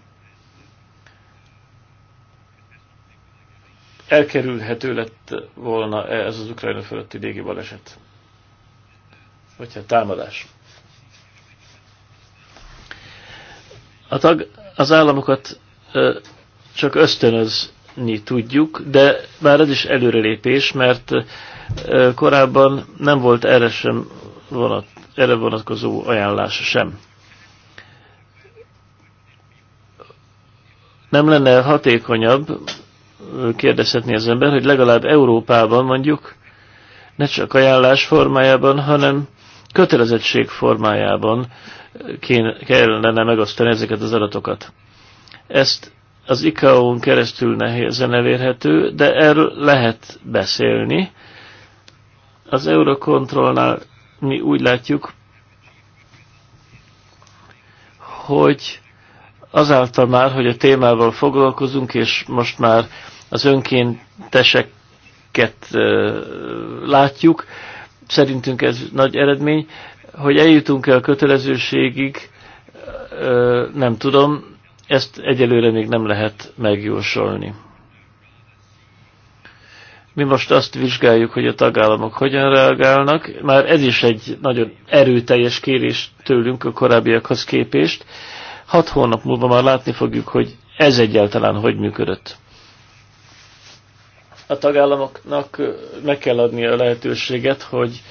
elkerülhető lett volna -e ez az Ukrajna fölötti légi baleset? Vagy hát támadás? A tag az államokat csak ösztönözni tudjuk, de már ez is előrelépés, mert korábban nem volt erre sem vonat, erre vonatkozó ajánlás sem. Nem lenne hatékonyabb, kérdezhetni az ember, hogy legalább Európában mondjuk ne csak ajánlás formájában, hanem kötelezettség formájában kéne, kellene megosztani ezeket az adatokat. Ezt az ICAO-n keresztül nehézen elérhető, de erről lehet beszélni. Az Eurocontrolnál mi úgy látjuk, hogy azáltal már, hogy a témával foglalkozunk, és most már az önkénteseket látjuk. Szerintünk ez nagy eredmény. Hogy eljutunk-e a kötelezőségig, nem tudom. Ezt egyelőre még nem lehet megjósolni. Mi most azt vizsgáljuk, hogy a tagállamok hogyan reagálnak. Már ez is egy nagyon erőteljes kérés tőlünk a korábbiakhoz képest. Hat hónap múlva már látni fogjuk, hogy ez egyáltalán hogy működött a tagállamoknak meg kell adni a lehetőséget, hogy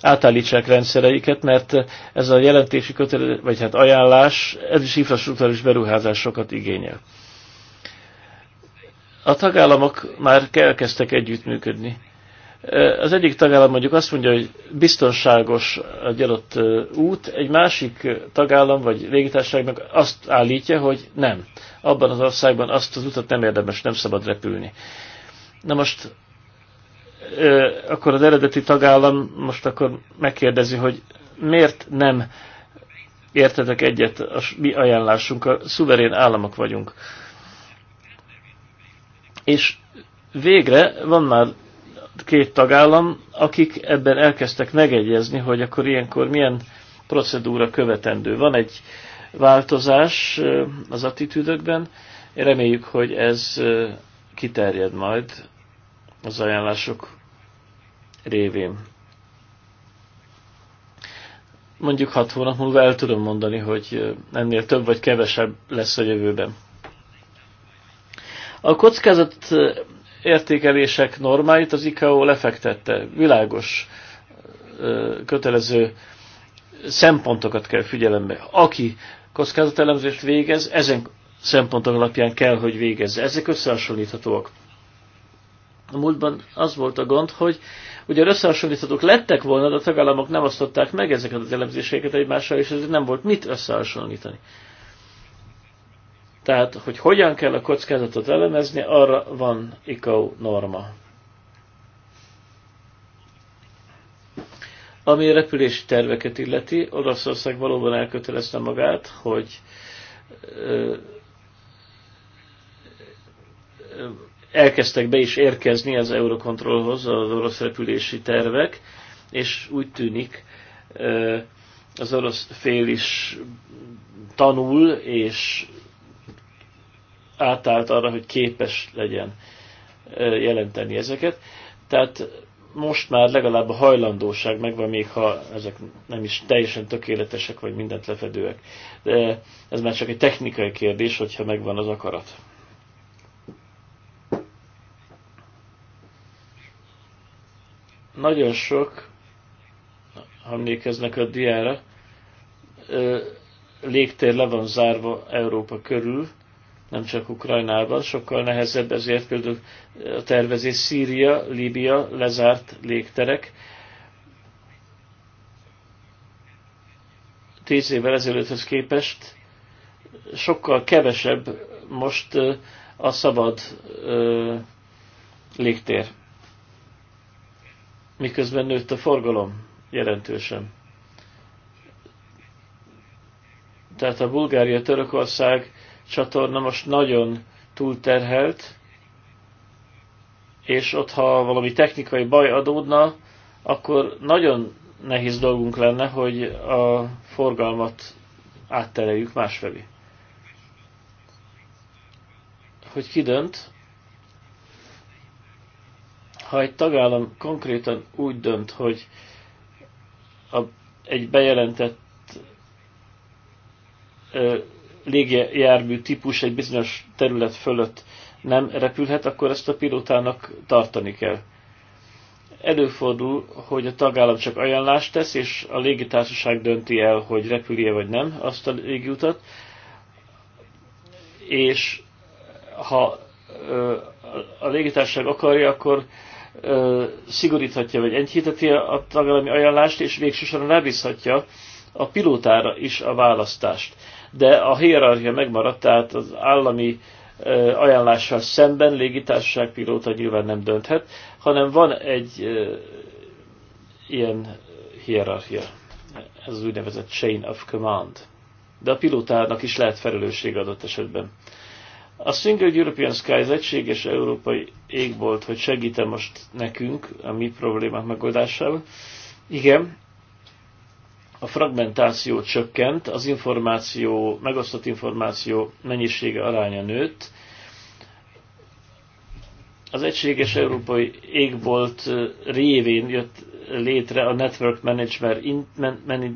átállítsák rendszereiket, mert ez a jelentési kötelező, vagy hát ajánlás, ez is infrastruktúrális beruházásokat igényel. A tagállamok már elkezdtek együttműködni az egyik tagállam mondjuk azt mondja, hogy biztonságos a adott út, egy másik tagállam vagy légitársaság meg azt állítja, hogy nem. Abban az országban azt az utat nem érdemes, nem szabad repülni. Na most akkor az eredeti tagállam most akkor megkérdezi, hogy miért nem értetek egyet a mi a szuverén államok vagyunk. És végre van már két tagállam, akik ebben elkezdtek megegyezni, hogy akkor ilyenkor milyen procedúra követendő. Van egy változás az attitűdökben, reméljük, hogy ez kiterjed majd az ajánlások révén. Mondjuk hat hónap múlva el tudom mondani, hogy ennél több vagy kevesebb lesz a jövőben. A kockázat értékelések normáit az ICAO lefektette. Világos, kötelező szempontokat kell figyelembe. Aki kockázatelemzést végez, ezen szempontok alapján kell, hogy végezze. Ezek összehasonlíthatóak. A múltban az volt a gond, hogy ugye összehasonlíthatók lettek volna, de a tagállamok nem osztották meg ezeket az elemzéseket egymással, és ezért nem volt mit összehasonlítani. Tehát, hogy hogyan kell a kockázatot elemezni, arra van ICAO norma. Ami repülési terveket illeti, Olaszország valóban elkötelezte magát, hogy elkezdtek be is érkezni az Eurocontrolhoz az orosz repülési tervek, és úgy tűnik, az orosz fél is tanul, és átállt arra, hogy képes legyen jelenteni ezeket. Tehát most már legalább a hajlandóság megvan, még ha ezek nem is teljesen tökéletesek, vagy mindent lefedőek. De ez már csak egy technikai kérdés, hogyha megvan az akarat. Nagyon sok, ha emlékeznek a diára, légtér le van zárva Európa körül, nem csak Ukrajnában, sokkal nehezebb, ezért például a tervezés Szíria, Líbia, lezárt légterek. Tíz évvel ezelőtthöz képest sokkal kevesebb most a szabad légtér. Miközben nőtt a forgalom jelentősen. Tehát a Bulgária-Törökország csatorna most nagyon túlterhelt, és ott, ha valami technikai baj adódna, akkor nagyon nehéz dolgunk lenne, hogy a forgalmat áttereljük másfelé. Hogy ki dönt? Ha egy tagállam konkrétan úgy dönt, hogy a, egy bejelentett ö, légjármű típus egy bizonyos terület fölött nem repülhet, akkor ezt a pilótának tartani kell. Előfordul, hogy a tagállam csak ajánlást tesz, és a légitársaság dönti el, hogy repülje vagy nem azt a légjutat, és ha a légitársaság akarja, akkor szigoríthatja vagy enyhíteti a tagállami ajánlást, és végsősorban rábízhatja a pilótára is a választást de a hierarchia megmaradt, tehát az állami ajánlással szemben légitársaság pilóta nyilván nem dönthet, hanem van egy ilyen hierarchia, ez az úgynevezett chain of command. De a pilótának is lehet felelősség adott esetben. A Single European Sky az egységes európai égbolt, hogy segítem most nekünk a mi problémák megoldásával. Igen, a fragmentáció csökkent, az információ, megosztott információ mennyisége aránya nőtt, az egységes európai égbolt révén jött létre a Network Manager, in, man,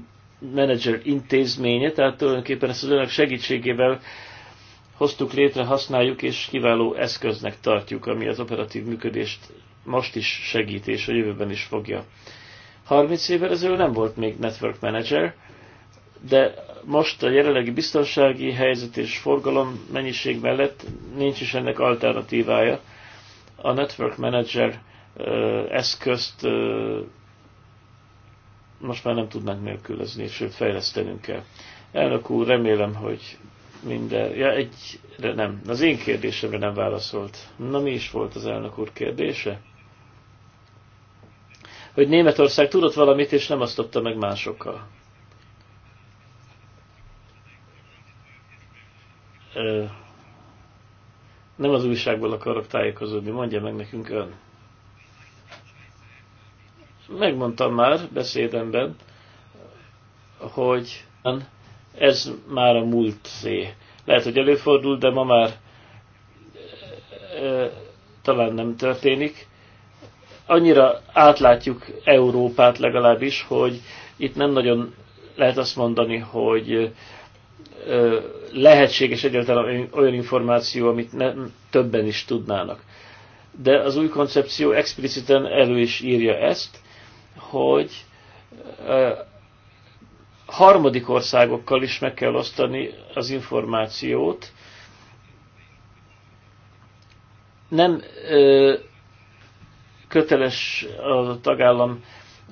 Manager intézménye, tehát tulajdonképpen ezt az önök segítségével hoztuk létre, használjuk és kiváló eszköznek tartjuk, ami az operatív működést most is segít és a jövőben is fogja 30 évvel ezelőtt nem volt még network manager, de most a jelenlegi biztonsági helyzet és forgalom mennyiség mellett nincs is ennek alternatívája. A network manager uh, eszközt uh, most már nem tudnánk nélkülözni, sőt fejlesztenünk kell. Elnök úr, remélem, hogy minden... Ja, egyre nem. Az én kérdésemre nem válaszolt. Na mi is volt az elnök úr kérdése? hogy Németország tudott valamit, és nem azt adta meg másokkal. Nem az újságból akarok tájékozódni, mondja meg nekünk ön. Megmondtam már beszédemben, hogy ez már a múlt szé. Lehet, hogy előfordul, de ma már e, talán nem történik annyira átlátjuk Európát legalábbis, hogy itt nem nagyon lehet azt mondani, hogy lehetséges egyáltalán olyan információ, amit nem többen is tudnának. De az új koncepció expliciten elő is írja ezt, hogy harmadik országokkal is meg kell osztani az információt. Nem köteles a tagállam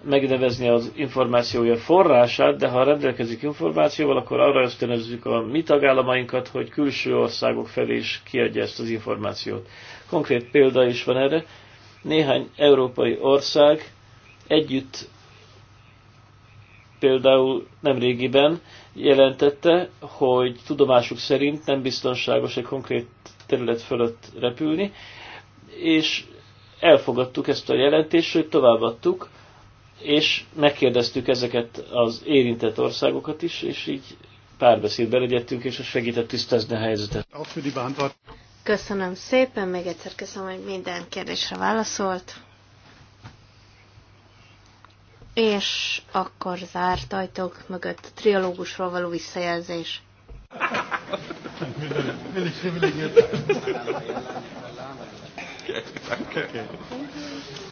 megnevezni az információja forrását, de ha rendelkezik információval, akkor arra ösztönözzük a mi tagállamainkat, hogy külső országok felé is kiadja ezt az információt. Konkrét példa is van erre. Néhány európai ország együtt például nemrégiben jelentette, hogy tudomásuk szerint nem biztonságos egy konkrét terület fölött repülni, és elfogadtuk ezt a jelentést, sőt továbbadtuk, és megkérdeztük ezeket az érintett országokat is, és így párbeszédbe egyettünk, és ez segített tisztázni a helyzetet. Köszönöm szépen, még egyszer köszönöm, hogy minden kérdésre válaszolt. És akkor zárt ajtók mögött a triológusról való visszajelzés okay, Thank you.